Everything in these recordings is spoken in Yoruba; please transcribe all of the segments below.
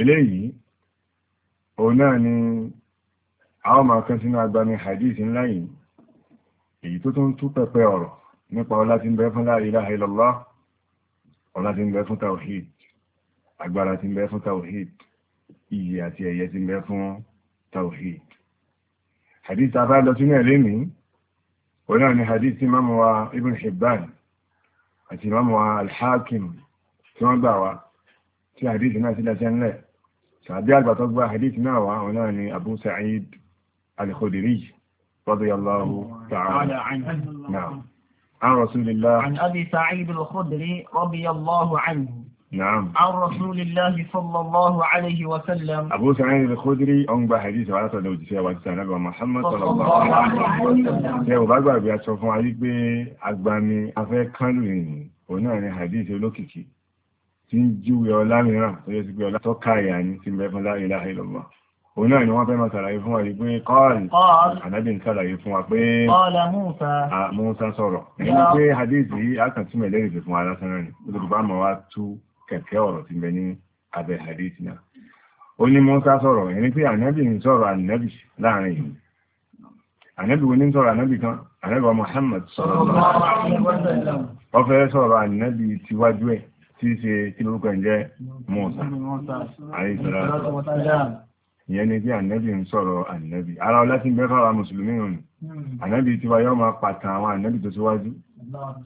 eléyìí òun náà ni àwọn máa kan sínú agbami hadith ńlá yìí èyí tó tún tú pẹpẹ ọ̀rọ̀ nípa ọlá tí ń bẹ fún la ilaha illallah ọlá tí ń bẹ fún tawhid agbára tí ń bẹ fún tawhid iyì àti ẹ̀yẹ tí ń bẹ fún tawhid hadith abá lọ sínú ẹ̀lé mi òun náà ni hadith tí máa wa ibn hibban àti máa wa alhakim tí wọ́n gbà wá tí hadith náà sílẹ̀ sẹ́ńlẹ̀ sàbí àgbàtọ́ gba hadith náà wá àwọn náà ni Abu Sa'id al-Khudri radiyallahu ta'ala anhu عن رسول الله عن أبي سعيد الخدري رضي الله عنه نعم عن رسول الله صلى الله عليه وسلم أبو سعيد الخدري أنبى حديث على صدوج سيوة سنة محمد صلى الله عليه وسلم سيوة بأبي أتشوفون عليك بأكبر من أفاق كانوا هنا هنا حديث لوكيكي tí ń júwe ọlá mìíràn tó yẹ sí pé ọlá tó káyà ní ti mẹ́fún láàrin láàrin lọ́mọ òun náà ni wọ́n fẹ́ máa sàlàyé fún wa yìí pé kọ́ọ̀lì ànábì ń sàlàyé fún wa pé Mùsá sọ̀rọ̀ nínú pé hadith yìí a kàn túmọ̀ lẹ́rìí fún wa lásán náà ni olùdùbá máa wá tú kẹ̀kẹ́ ọ̀rọ̀ ti bẹ ní abẹ́ hadith náà ó ní Mùsá sọ̀rọ̀ ẹni pé ànábì ń sọ̀rọ̀ ànábì láàrin yìí ànábì wo ní sọ̀rọ̀ ànábì kan ànábì wa Muhammad sọ̀rọ̀ ọ̀fẹ́ sọ̀rọ̀ ànábì tiwájú ẹ̀ tí í ṣe kí lórúkọ ẹ̀jẹ́ Mùsá àìsàrà ìyẹn ni kí ànẹ́bì ń sọ̀rọ̀ ànẹ́bì ara ọlá tí ń bẹ fáwọn mùsùlùmí rùn ànẹ́bì tí wa yọ́ máa pàtà àwọn ànẹ́bì tó síwájú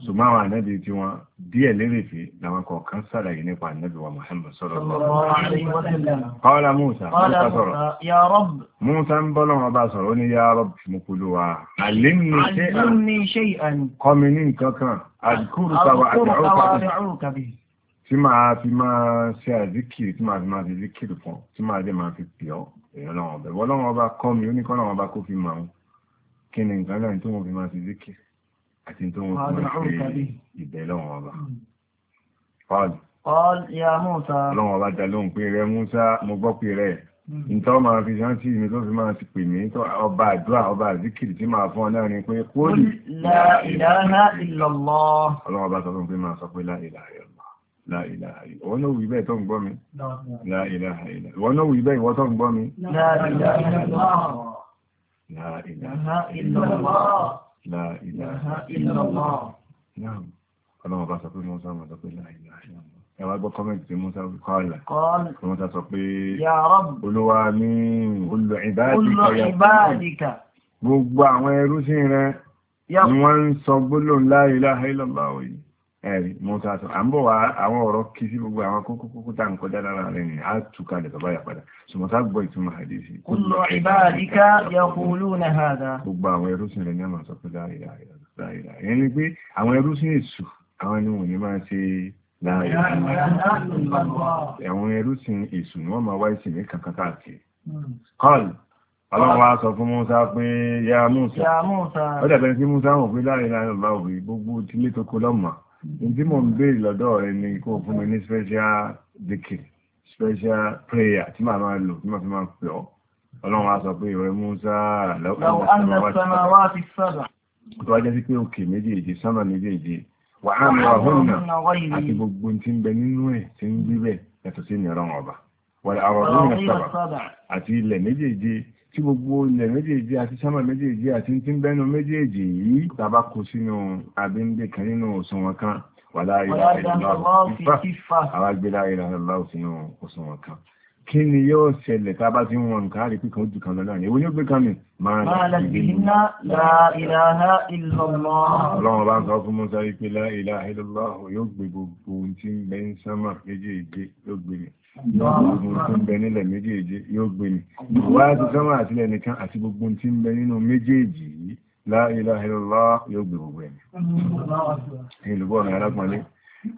ṣùgbọ́n àwọn ànẹ́bì tí wọ́n díẹ̀ lérè fi làwọn kọ̀ọ̀kan sàlàyé nípa ànẹ́bì wa Muhammad sọ̀rọ̀ kọ́lá Musa Musa sọ̀rọ̀ Musa ń bọ́ lọ́wọ́ bá sọ̀rọ̀ ní yá rọ́b mukulu wa àlẹ́ mi ṣe kọ́mi ní nǹkan kan àdìkúrú tí máa fi máa ṣe àzíkìrì tí máa fi máa ṣe zíkìrì fún tí máa dé máa fi pè ọ́ èèyàn lọ́wọ́ ọ̀bẹ̀ wọ́n ọba kọ́ mi oníkọ́ lọ́wọ́ ọba kó fi mọ̀ ọ́n kí ni nǹkan náà tó wọ́n fi máa ṣe zíkìrì àti tó wọ́n fi máa ṣe ìbẹ̀ lọ́wọ́ ọba. lọ́wọ́ ọba dá lóhùn pé rẹ Musa mo gbọ́ pé rẹ ntọ́ hmm. máa fi rántí mi tó fi máa ti pè mí ọba àdúrà ọba àzíkìrì tí máa fún ọ náà ni pé kó lè. la ilaha illallah. ọlọ́wọ́ bá sọ fún pé máa sọ pé la ilaha illallah. La ilaha illa. Wọ́n náà wí bẹ́ẹ̀ tó ń gbọ́ mi. La ilaha illa. Wọ́n náà wí bẹ́ẹ̀ ìwọ́ tó ń gbọ́ mi. La ilaha illa. La ilaha illa. La ilaha illa. Náà, ọlọ́run bá sọ pé mo sọ mọ̀ pé la ilaha illa. Ẹ wá gbọ́ kọ́mẹ̀tì tí Musa fi kọ́ àlà. Kọ́ Musa sọ pé Olúwa mi, olù ìbádìkà. Gbogbo àwọn ẹrú sí rẹ̀ ni wọ́n ń sọ gbólóhùn la ilaha illa Allah yìí. ẹ̀rí a sọ à ń bọ̀ wá àwọn ọ̀rọ̀ kí sí gbogbo àwọn tá lára rẹ̀ a tù kalẹ̀ bàbá yà padà ṣùgbọ́n gbọ́ ìtumọ̀ gbogbo àwọn ẹrúsìn ní àmà sọ pé pé àwọn ẹrúsìn èṣù àwọn máa ṣe láìra. àwọn ẹrúsìn èṣù ni wọ́n máa wá ìsìn ní kankan káàkiri. Ọlọ́run sọ fún Musa pé Ó dàbẹ̀ sí gbogbo tí mo ń béèrè lọ́dọ̀ rẹ ni kó fún mi ní special dikir special prayer tí màá máa lò tí màá fi máa pè ọ́ ọlọ́run á sọ pé ìwé musa lọ́wọ́ àmọ́sánáwá ti sábà tó wájá sí pé òkè méjèèjì sánmà méjèèjì wà á mọ ọ̀húnnà àti gbogbo tí ń bẹ nínú ẹ̀ tí ń gbíbẹ̀ yàtọ̀ sí ìrọ̀rùn ọba wà á rọ̀ ọ̀húnnà sábà àti ilẹ̀ méjèèjì tí gbogbo ilẹ̀ méjèèjì àti sámà méjèèjì àti tí ń bẹ́nu méjèèjì yìí tàbá kó sínú àbíndé kan nínú òṣùwọ̀n kan wà láàrin ìlàlọ́wọ́ sínú òṣùwọ̀n kan kí ni yóò ṣẹlẹ̀ tàbá tí wọn nǹkan àrí pín kan ojú kan lọ́nà ìwé yóò gbé kan mi máa láti iná láìláha ìlọ́lọ́ ọlọ́run bá ń sọ fún mọ́sá wípé láìláha ìlọ́lọ́ yóò gbé gbogbo ohun tí ń bẹ ń sánmà méjèèjì yóò gbé mi gbogbo tó ń bẹ nílẹ̀ méjèèjì yóò gbé ni wá ti sánmà àtìlẹ̀ nìkan àti gbogbo tí ń bẹ nínú méjèèjì yìí la ilaha illallah yóò gbé gbogbo ẹni ìlúbọ̀ ní alápọ̀lẹ́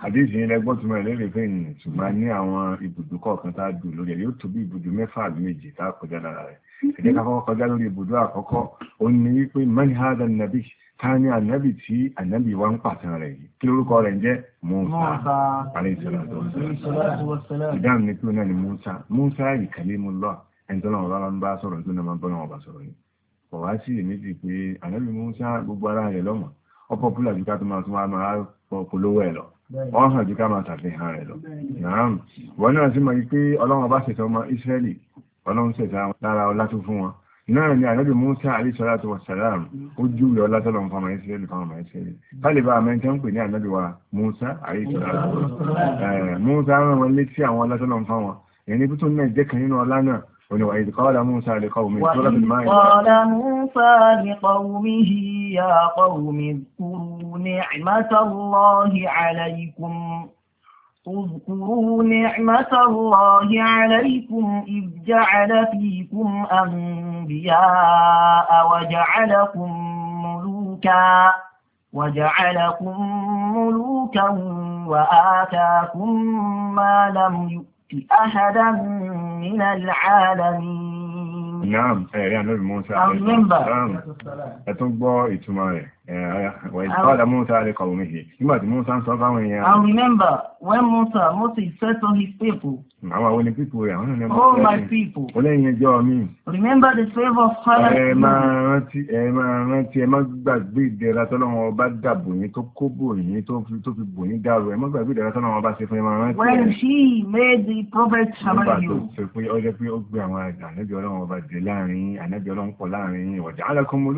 àdéjì ilẹ̀ gbọ́tùmọ̀ ìlérè fẹ́ ènìyàn ṣùgbọ́n ní àwọn ibùdó kọ̀ọ̀kan tá a dùn lórí ẹ̀ yóò tó bí ibùdó mẹ́fà àbí tá a kọjá lára rẹ̀ ẹ̀jẹ̀ ká kọ́kọ́ kọjá lórí ibùdó àkọ́kọ́ ó ní wípé man hadha nabi ta ni ànábì tí ànábì wa ń pàtàn rẹ̀ yìí kí lórúkọ rẹ̀ ń Musa aleyhisalatu wasalam ìdáhùn ní pé náà ni Musa Musa yìí kalimullah ẹ̀ńtọ́nà ọ̀rọ̀ ń bá sọ̀rọ̀ tó náà máa ń bọ́nà ọ̀bà sọ̀rọ̀ yìí kò wá sí èméjì pé ànábì Musa gbogbo ara rẹ̀ lọ́mọ ọ̀pọ̀ púlà ju ká tó máa tún wá máa polówó ẹ̀ lọ wọ́n hàn ju ká máa tàfihàn rẹ̀ lọ wọn náà sì mọ̀ pé Ọlọ́run bá ṣẹ̀tọ́ ọmọ Ísírẹ́lì Ọlọ́run ṣẹ̀tọ́ lára ọlá tó fún wọn náà ni ànábì Musa alayhi salatu wa salam ó júwe ọlá tọ́lọ̀ nǹkan ọmọ ìsírẹ́lì fún ọmọ ìsírẹ́lì kálíbà àmẹ́ńtẹ́ ń pè ní ànábì wa Musa alayhi salatu wa salam Musa rán wọn létí àwọn ọlá tọ́lọ̀ nǹkan wọn ẹni tó tún náà jẹ́ kan nínú ọlá náà òní wà ìdí kọ́ọ̀lá Musa lè kọ́ omi tó lábìlì máa ń yà. Kọ́ọ̀lá Musa lè kọ́ omi yìí yà kọ́ omi kúrú ní àmàtàlọ́hì alaykum. اذكروا نعمة الله عليكم إذ جعل فيكم أنبياء وجعلكم ملوكا وجعلكم ملوكا وآتاكم ما لم يؤت أحدا من العالمين نعم يا نبي موسى عليه السلام أتنبأ إتماعي Wàìsíkọ́lá Musa àríkọ̀wò méjì. Nígbà Musa ń sọ fáwọn èèyàn. I remember when Musa, Moses said to his people. Àwọn àwọn ní rẹ̀, àwọn ní ọmọ All my people. Olẹ́yìn ẹjọ́ mi. Remember the favor of Father. Ẹ máa rántí, ẹ máa rántí, ẹ má gbàgbé ìdẹ̀ra dàbò yín tó kó bò yín tó fi bò yín dàrú. Ẹ má gbàgbé ìdẹ̀ra tọ́lọ́wọ́n ọba ṣe fún ẹ máa rántí. When she made the prophet Samuel. Nígbà tó ṣe pé ó pé ó gbé àwọn ànábì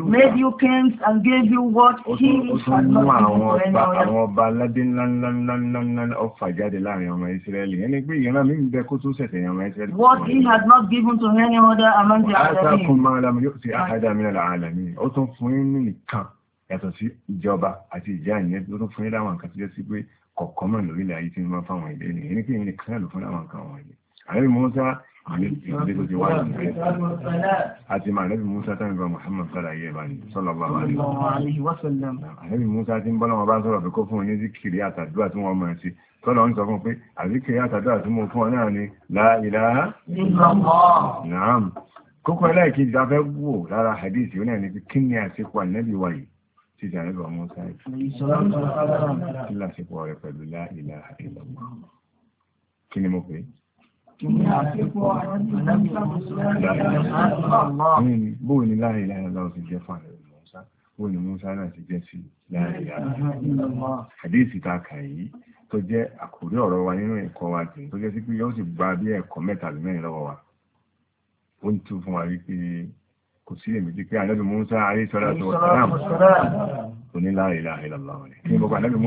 Made you kings and gave you what he had not àwọn ọba aládé ńláńláńláńlá ọfà jáde láàrin ọmọ Ísírẹ́lì ẹni pé ìran mi ń bẹ kó tó ṣẹ̀ṣẹ̀ ọmọ Ísírẹ́lì. what he had not given to any other among the other people. àtàkùn máa lamu yóò ṣe àádá mi lára àlà mi ó tún fún yín ní nìkan yàtọ̀ sí ìjọba àti ìjà ìyẹn ó tún fún yín láwọn nǹkan tó jẹ́ sí pé kọ̀ọ̀kan mọ̀ lórílẹ̀ ayé tí wọ́n fáwọn ilé nìyẹn ní kí àti màálẹ́bí musa tán ìgbà muhammad sálàyé bá ní sallallahu alaihi wa sallam àlẹ́bí musa tí ń bọ́lá wọn bá sọ̀rọ̀ pé kó fún un ní zikiri àtàdúrà tí wọ́n mọ̀ sí tọ́lọ̀ ń sọ fún pé àzikiri àtàdúrà tí mo fún ọ náà ni la ilaha illallah naam kókó ẹlẹ́ẹ̀kejì fẹ́ wò lára hadith yóò náà ni kí ni àsìkò àlẹ́bí wa yìí tí ìjà àlẹ́bí wa mú Bó ni láàrin láàrin láwọn ti jẹ́ fún àrẹ̀ Mọ́sá, bó ni Mọ́sá náà ti jẹ́ sí láàrin láàrin. Àdéhìsì ta kà yìí tó jẹ́ àkórí ọ̀rọ̀ wa nínú ẹ̀kọ́ wa tì tó jẹ́ sí pé yóò sì gba bí ẹ̀kọ́ mẹ́ta lè mẹ́rin lọ́wọ́ wa. Ó ń tú fún wa rí pé kò sí èmi ti pé ànábì Mọ́sá ayé sọ́dá tó wà sáà òní láàrin láàrin lọ́wọ́ ni. Ní gbogbo ànábì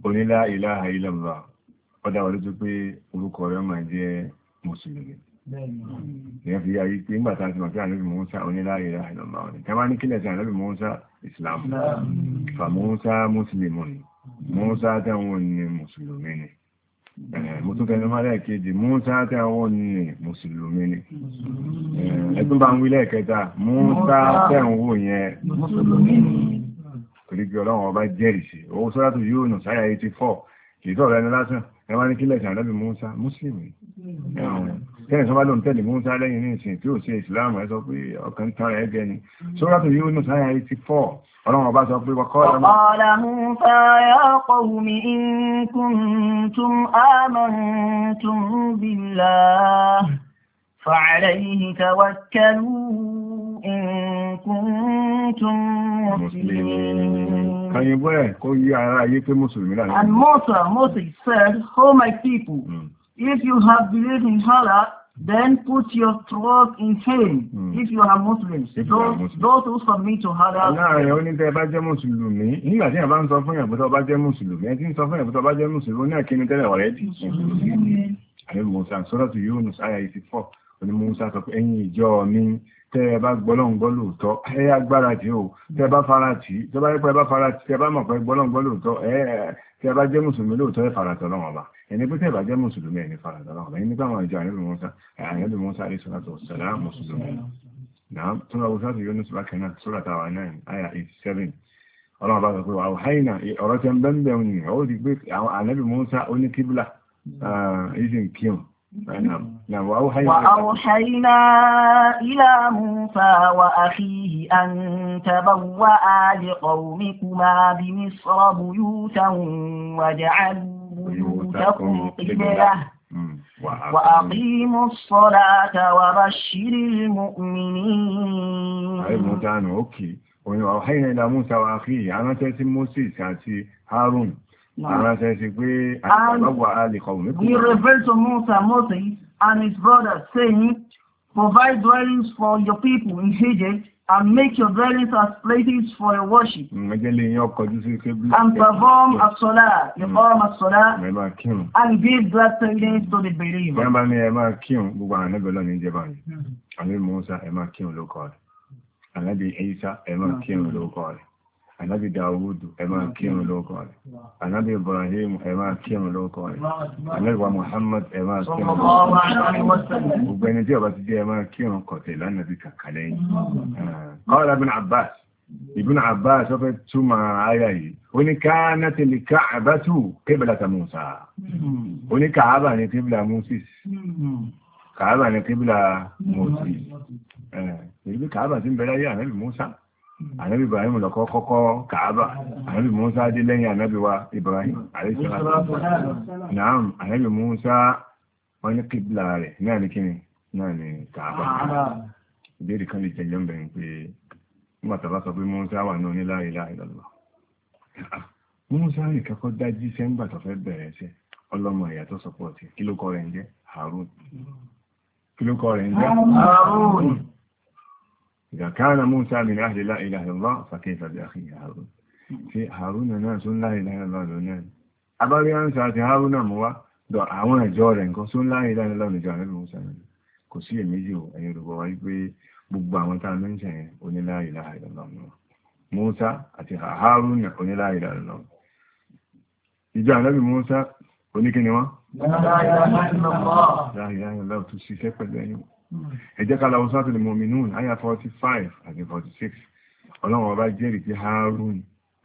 onílá ìláhà ìlàmà ọdá wà lójú pé orúkọ rẹ̀ máa jẹ́ mùsùlùmí ìyẹn fi yá wípé nígbà tá a ti mọ̀ sí ànábì Mùsá onílá ìláhà ìlàmà ọ̀nà tí a bá ní kílẹ̀ sí ànábì Mùsá ìsìlámù fà Mùsá mùsùlùmí ni Mùsá táwọn ní mùsùlùmí ni mo tún tẹnu máa lẹ́ẹ̀kejì Mùsá ni ẹ̀tún bá ń wí lẹ́ẹ̀kẹta Mùsá tẹ̀wọ̀n yẹn mùsùlùmí ni torí pé ọlọ́run ọba jẹ́rìí sí owó sọ́dọ̀tù yóò nù sáyà 84 kìí sọ̀rọ̀ lásán ẹ wá ní kílẹ̀ ìsàn lẹ́bi Musa mùsùlùmí tẹ́lẹ̀ sọ́ba ló ń Musa lẹ́yìn ní ìsìn tí ó ṣe ìsìláàmù ẹ sọ pé ọkàn tán rẹ̀ ni sọ́dọ̀tù yóò nù sáyà 84 ọlọ́run ọba sọ pé wọ́kọ́ ọ̀rọ̀ mọ́. ọ̀la إن كنتم Can you wear? Kó yí ara yí pé Mùsùlùmí láàrin. And Musa, Moses said, O oh, my people, mm. if you have believed in Allah, then put your trust in him hmm. if you are Muslims. If those, Muslim. those who submit to Allah. Láàrin ó ní tẹ́ bá jẹ́ Mùsùlùmí, nígbà tí ìyàbá ń sọ fún ìyàbútọ́ bá jẹ́ Mùsùlùmí, ẹ ti ń sọ fún ìyàbútọ́ bá jẹ́ Mùsùlùmí ní àkíní tẹ́lẹ̀ ọ̀rẹ́ dì. Àlẹ́ Mùsà, sọ́dọ̀ tí Yunus, àyà 84, ó ní Mùsà sọ pé ẹ̀yin ìjọ mi tẹ́ ẹ bá gbọ́lọ́n gbọ́ lóòótọ́ ẹ agbára tí o tẹ́ ẹ bá fara tì tẹ́ bá yẹpẹ́ bá fara tì tẹ́ bá mọ̀ pé gbọ́lọ́n gbọ́ lóòótọ́ ẹ tẹ́ ẹ bá jẹ́ mùsùlùmí lóòótọ́ ẹ fara tọ̀ lọ́wọ́ ọba ẹni pé tẹ́ ẹ bá jẹ́ mùsùlùmí ẹni fara tọ̀ lọ́wọ́ ọba ẹni pé àwọn ìjọ àyẹ̀lú mọ́sá àyẹ̀lú mọ́sá àyẹ̀lú sọ́lá mùsùlùmí نعم سورة وفاة يونس بكنا سورة وعنان آية 87 الله بارك فيه وأوحينا أرجم بنبني عودي بيت عن أبي موسى أولي كبلة إذن كيوم وأوحينا إلى موسى وأخيه أن تبوأ لقومكما بمصر بيوتا وجعلوا بيوتكم قبلة وأقيموا الصلاة وبشر المؤمنين أي أوكي وأوحينا إلى موسى وأخيه أنا تأتي موسى تأتي هارون And He revealed to Musa, Moses and his brothers saying, Provide dwellings for your people in Egypt and make your dwellings as places for your worship. Mm, and perform as-salah, perform mm. as-salah. And give glad tidings to the believers. Mẹ́ máa ní ẹ máa kírun gbogbo àwọn ẹgbẹ́ mm. lọ́nà Isa ẹ máa kírun lókọ̀ Ànábì Dawudu ẹ máa kírun lóko rẹ̀. Ànábì Ibrahim ẹ máa kírun lóko rẹ̀. Ànábì wa Muhammad ẹ máa kírun lóko rẹ̀. Gbogbo ẹni tí ọba ti jẹ́ ẹ máa kírun kọ̀tẹ̀ lánàá bí kàkà lẹ́yìn. Ah, qala Ibn Abbas. Ibn Abbas ọ fẹ́ túmọ̀ ayà yìí. Ó ní káánátì lè káàbátù qiblata Musa. Hmm. Ó ní káàbà ní qibla Moses. Hmm. Káàbà ní qibla hmm. Moses. Eh, èyí bí káàbà ti ń bẹ̀rẹ̀ ayé Ànábì Musa. Mm-hmm. ànábì ibrahim lọ́kọ́ kọ́kọ́ kàábà mm-hmm. ànábì musa dé lẹ́yìn ànábì wa ibrahim àríṣẹ́lá naam ànábì musa wọ́n ní kíbla rẹ̀ náà ní kíni náà ní kàábà ìbéèrè kan lè jẹjọ ń bẹ̀rẹ̀ pé nígbàtà bá sọ pé musa wà ah, ní la ilaha illallah musa rìn kẹ́kọ́ dájí sẹ́ńgbà tó fẹ́ bẹ̀rẹ̀ ṣe ọlọ́mọ ìyá tó sọpọ̀ sí kí ló kọ́ rẹ̀ ń jẹ́ harun mm-hmm. kí ló kọ́ rẹ̀ ń jẹ́ harun إذا كان موسى من أهل لا إله إلا الله فكيف بأخيه هارون في هارون ناس لا إله إلا الله لنا أبابي أن سأتي هارون موا دو أعوان جورن كسون لا إله إلا الله نجعل موسى kò sí èméjì ò ẹ̀yin olùgbọ́ wa wípé gbogbo àwọn tá a mẹ́ńṣẹ̀ yẹn onílá ilaha illallah Musa àti Haruna onílá ilaha illallah ìjọ ànábì Musa oníkíni wọn láàrín láàrín lọ́wọ́ tó ṣiṣẹ́ pẹ̀lú ẹ̀yìn ẹ jẹ́ ká lọ sọ́tò ní mọ̀mínún àyà 45 àti 46 ọlọ́run ọba jẹ́rìí pé Harun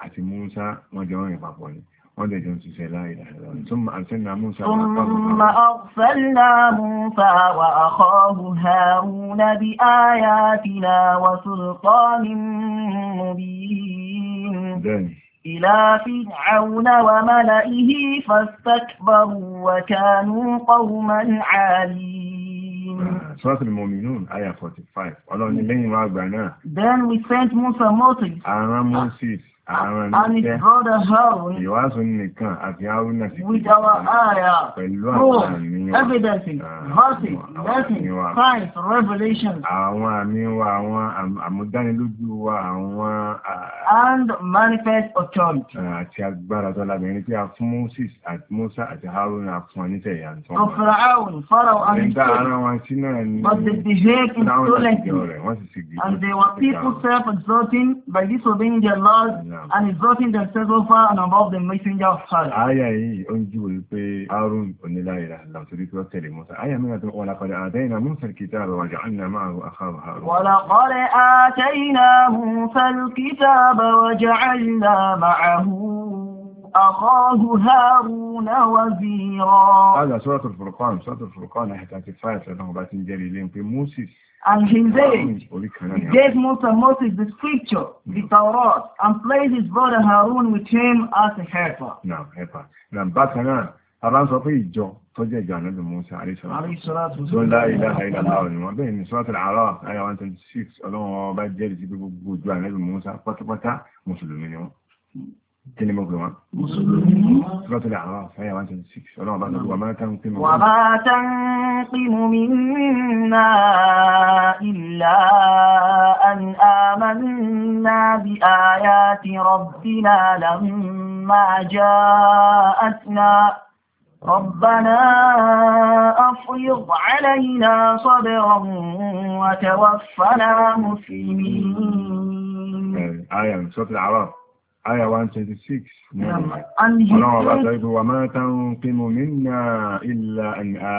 àti Musa wọ́n jọ rìn papọ̀ ni wọ́n lè jọ ti ṣe láìlà ìlọrin tó máa ṣe na Musa wà ọ̀fẹ́lá Musa wà ní mọ̀bí فاستكبروا وكانوا قوما عالين Suratul Mu'minun àyà 45 ọlọ́run lẹ́yìn wá àgbà náà. Then we sent Musa Moses. Àrán Moses. And his brother Harun, with our ayah, proof, evidences, verses, lessons, signs, revelations. Àwọn àmì wa, àwọn àmúdánilójú wa, àwọn. And manifest authority. Àti agbára tó lábẹ̀rin tí a fún Moses àti Musa àti Harun àfún àníṣẹ́ ìyá tó. Of Faraon, Pharaoh and his people. But they behaved insolently. Wọ́n sì sì And they were people self-exalting by disobeying their laws. And he brought in themselves over and above the messenger of Salah. Àyà yìí ó ń júwe pé Harun oníláyà làtúrí tí wọ́n tẹ̀lé Musa. Àyà mìíràn tó wọ́n lakọ̀dẹ̀ àdáyìnà Musa kìtà rẹ̀ wàjà ànà máa rú àkàrà Harun. Wọ́n lakọ̀dẹ̀ àtẹ̀yìnà Musa kìtà أخاه هارون وزيرا هذا سورة الفرقان سورة الفرقان حتى تفاية لأنه باتن جليلين في موسيس and his age. He gave Musa Moses the scripture, the mm. Torah, and placed his brother Harun with him as a helper. Now, helper. Now, bákan náà, bàbá ń sọ pé ìjọ tó jẹ́ ìjọ ànábì Musa àríṣọ́lá la ilaha illallah ni wọ́n bẹ́ẹ̀ ni Suratul A'raf àyà 126 ọlọ́run ọba jẹ́rìí sí gbogbo ìjọ ànábì Musa pátápátá mùsùlùmí ni wọ́n. تاني موقع سورة الأعراف هي وما تنقم وما تنقم منا إلا أن آمنا بآيات ربنا لما جاءتنا ربنا أفرض علينا صبرا وتوفنا مسلمين آية من سورة الأعراف Aya 126 ni ọlọ́wọ́ bá wà máa tán kí nínà ilẹ̀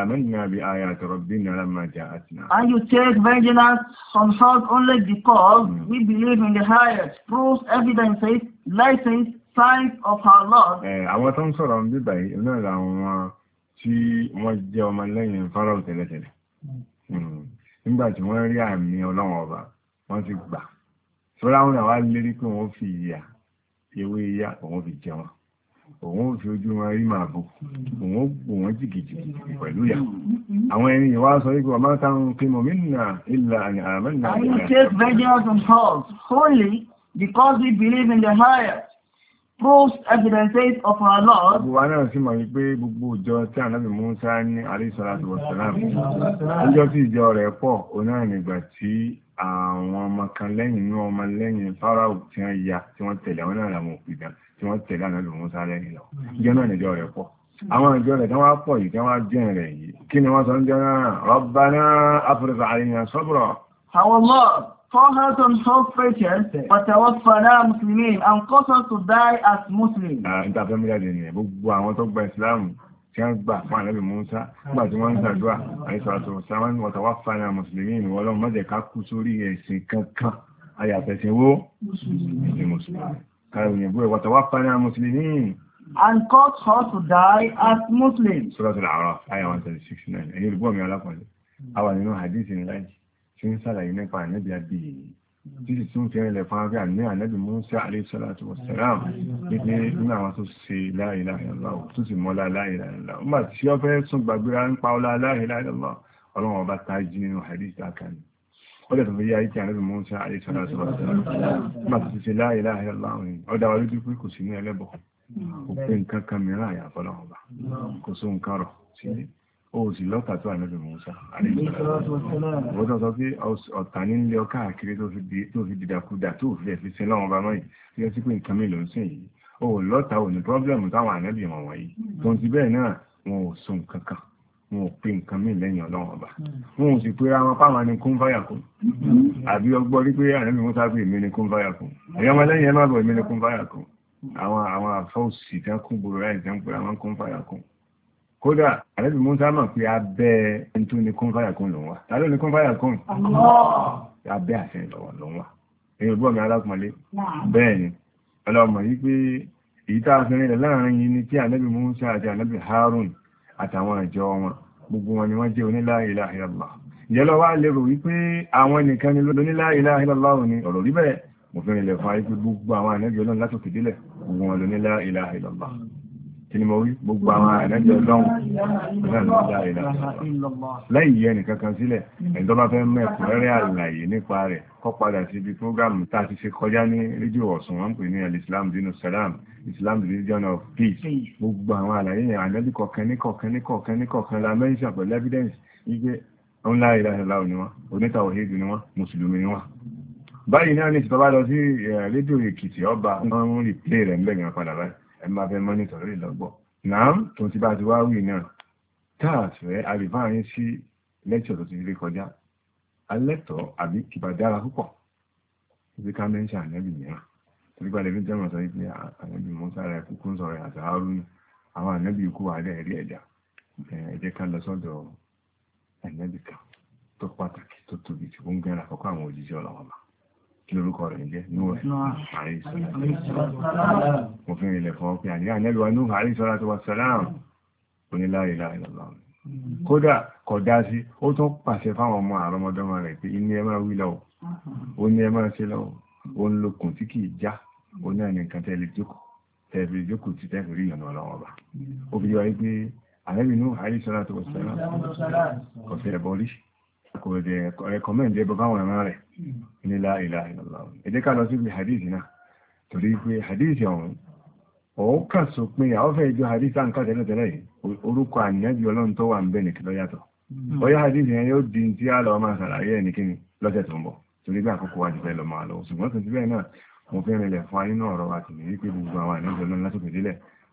àmìnà bí aya àtọ̀rọ̀bí ní ọlọ́mà àtìnà. And you take vengeance from God only because mm. we believe in the highest proof, evidences, license, signs of our Lord. Eh, àwọn tó ń sọ̀rọ̀ ń bíbà yìí náà làwọn tí wọ́n jẹ́ ọmọ lẹ́yìn Fáráò tẹ́lẹ̀tẹ́lẹ̀. Hmm. Nígbà tí wọ́n rí àmì ọlọ́wọ́ ọba, wọ́n ti gbà. Sọ́lá náà wá lérí pé wọ́n fi ìyà ewé yá òun fi jẹun òun fi ojú wọn rí màá bò òun ò wọn jìgìjìgì pẹ̀lú yà àwọn ẹni ìwà sọ wípé ọmọ táwọn pé mọ̀ mínà ìlà àmì àmì I because we believe in the higher proves evidences of our Lord àwọn ọmọ kan lẹ́yìn inú ọmọ lẹ́yìn fáráù tí wọ́n ya tí wọ́n tẹ̀lé àwọn náà làwọn òpìdá tí wọ́n tẹ̀lé ànábì Mùsá lẹ́yìn lọ ìjọ náà nìjọ rẹ̀ pọ̀ àwọn ìjọ rẹ̀ tí wọ́n pọ̀ yìí tí wọ́n jẹ́ rẹ̀ yìí kí ni wọ́n sọ ń jẹ́ náà Rabbana afrika àríyàn sọ́bùrọ̀. àwọn mọ́ fọ́hátọ́n sọ́fẹ́kẹ̀ẹ́ pàtàwọ́fàdá mùsùlùmí and kọ́sọ̀ to die as muslim. ìtàfẹ́mílẹ̀ tí wọ́n gbà fún Musa nígbà tí wọ́n ń gbàdúrà àìsàtò sáwọn wọ̀tàwà fàyà mùsùlùmí ìwọ̀ ọlọ́run má jẹ́ kú sórí ẹ̀sìn kankan ayàfẹ̀sìn wó mùsùlùmí káyọ̀ òyìnbó ẹ̀ wọ̀tàwà fàyà mùsùlùmí. and cause her to die as Muslim. sọ́dọ̀ tó làárọ̀ àyà one thirty six nine ẹ̀yin olùgbọ́ mi alákọ̀ọ́lẹ̀ àwọn nínú hadith ńlá yìí tí ń sàlàyé nípa ànábì abiyì títí tí ó fi ẹ̀rẹ̀ fún abẹ́ àní ànẹ́bì Musa aléṣọ́láàtì wọ̀sẹ̀ráàmù nígbé nínú àwọn tó ṣe la ilaha illallah tó sì mọ́lá la ilaha illallah nígbà tí ó fẹ́ sún gbàgbéra ń pa ọlá la ilaha illallah ọlọ́run ọba òsì lọ́tà tó ànábì Mùsá wọ́n sọ pé ọ̀tà ní ilé ọkà àkiri tó fi dìdàkudà tó fi ẹ̀fi sin lọ́wọ́ bá mọ́yì tí ó sì pé nǹkan mélòó ń sìn yìí ó lọ́tà ò ní pọ́blẹ́mù táwọn ànábì wọn wọ̀nyí hmm. tó ń ti bẹ́ẹ̀ náà wọn ò so nǹkan wọn ò pe nǹkan mí lẹ́yìn ọlọ́run ọba hmm. wọn ò sì pé ara wọn páwọn ni kún fáyà kún hmm. àbí ọgbọ́n rí pé ànábì Mùsá pé èmi ni kún fáyà kún ẹ̀yọ́ ọmọ lẹ́yìn ẹ má bọ̀ èmi ni kún fáyà kún àwọn àwọn àfọ́ òsì tí wọ́n kún gbòòrò láì tí wọ́n pe àwọn kún fáyà kún kódà àlẹ́bí Musa mọ̀ pé abẹ́ ẹni tó ní kún fáyà kún lòun wà ta ní kún fáyà kún abẹ́ àṣẹ ìlọ́wọ́ lòun wà èyí òbúrò mi alákùnlé bẹ́ẹ̀ ni ọlọ́mọ yìí pé èyí tá a fi rìnlẹ̀ láàrin yìí ni tí àlẹ́bí Musa àti àlẹ́bí Harun àtàwọn ìjọ wọn gbogbo wọn ni wọ́n jẹ́ oní la ilaha wá lérò wípé àwọn nìkan ni lóní la ilaha ọ̀rọ̀ rí bẹ́ẹ̀ mo fi rìnlẹ̀ fún ayé pé gbogbo àwọn àlẹ́bí Ọlọ́run látòkè délẹ̀ gbogbo wọn lóní la kí ni mo wí gbogbo àwọn àìlẹ́jọ́ lọ́hùn lẹ́yìn yẹ nìkan kan sílẹ̀ ẹ̀dọ́ bá fẹ́ mẹ́kù rẹ́rẹ́ àlàyé nípa rẹ̀ kọ́ padà sí ibi prógámù tá a ti ṣe kọjá ní rédíò ọ̀sùn wọn pè ní al-islam dinu salam islam religion of peace gbogbo àwọn àlàyé yẹn àlẹ́bí kọ̀ọ̀kan ní kọ̀ọ̀kan ní kọ̀ọ̀kan ní kọ̀ọ̀kan la mẹ́ńṣà pẹ̀lú evidence wípé ó ń láyé láyé láwọn ni wọn onítàwọ̀hídì ni wọn mùsùlùmí ni wọn báyìí náà ní ìtìpá bá lọ sí eh, rédíò èkìtì ọba wọn ń rí pé rẹ̀ ń bẹ̀rẹ̀ padà báyìí ẹ máa fẹ́ mọ́nítọ̀ lórí lọ́gbọ̀ náà tó ti bá ti wá wì náà táàsì rẹ̀ àrífà yín sí lẹ́tọ̀ tó ti rí kọjá alẹ́tọ̀ àbí kìbàdára púpọ̀ ibi ká mẹ́ńṣà ànẹ́bì mìíràn torí gbàdé fi jẹ́mọ̀ sọ pé ah, ànẹ́bì Mùsá rẹ̀ kúkú ń sọ̀rọ̀ àti Hárúnà àwọn ànẹ́bì ikú wà lẹ́ rí ẹ̀dá ẹ jẹ́ ká lọ sọ́dọ̀ ànẹ́bì kan tó pàtàkì tó tóbi tí ó ń gẹ́ra àkọ́kọ́ àwọn òjíṣẹ́ ọlọ́wọ́ máa kí lórúkọ rẹ̀ jẹ́ níwọ̀ òfin ilẹ̀ fọ́ pé àníyà nẹ́lùwà ní àrí sọ́lá tó wà sàlám oníláyé láìlọ́lọ́ kódà kọ̀dá sí ó tún pàṣẹ fáwọn ọmọ àrọmọdọ́mọ rẹ̀ pé inú ẹ máa wí lọ́wọ́ ó ní ẹ máa ṣe lọ́wọ́ ó ń lókun tí kìí já ó náà ní nǹkan tẹ́lẹ̀ jókòó tẹ́lẹ̀ jókòó ti tẹ́lẹ̀ rí ìyànà ọlọ́wọ́ bá ó fi yọ wáyé àrẹ́bìnú àrí sọ́lá wà sàlám kọ̀fẹ́ ẹ̀bọ kò jẹ́ rẹ̀kọ́mẹ́ǹdì ẹbọ fáwọn wa rẹ̀ ní la ilaha illallah ẹ jẹ́ ká lọ síbi hadith náà torí pé hadith ọ̀hún ọ̀hún kà sọ pé o fẹ́ jọ hadith à ń kà tẹ́lẹ̀ tẹ́lẹ̀ yìí orúkọ àníyànjú ọlọ́run tó wà ń bẹ̀ nìkan lọ́yàtọ̀ hmm. hadith yẹn yóò di tí a lọ máa ṣàlàyé wa ti mo wa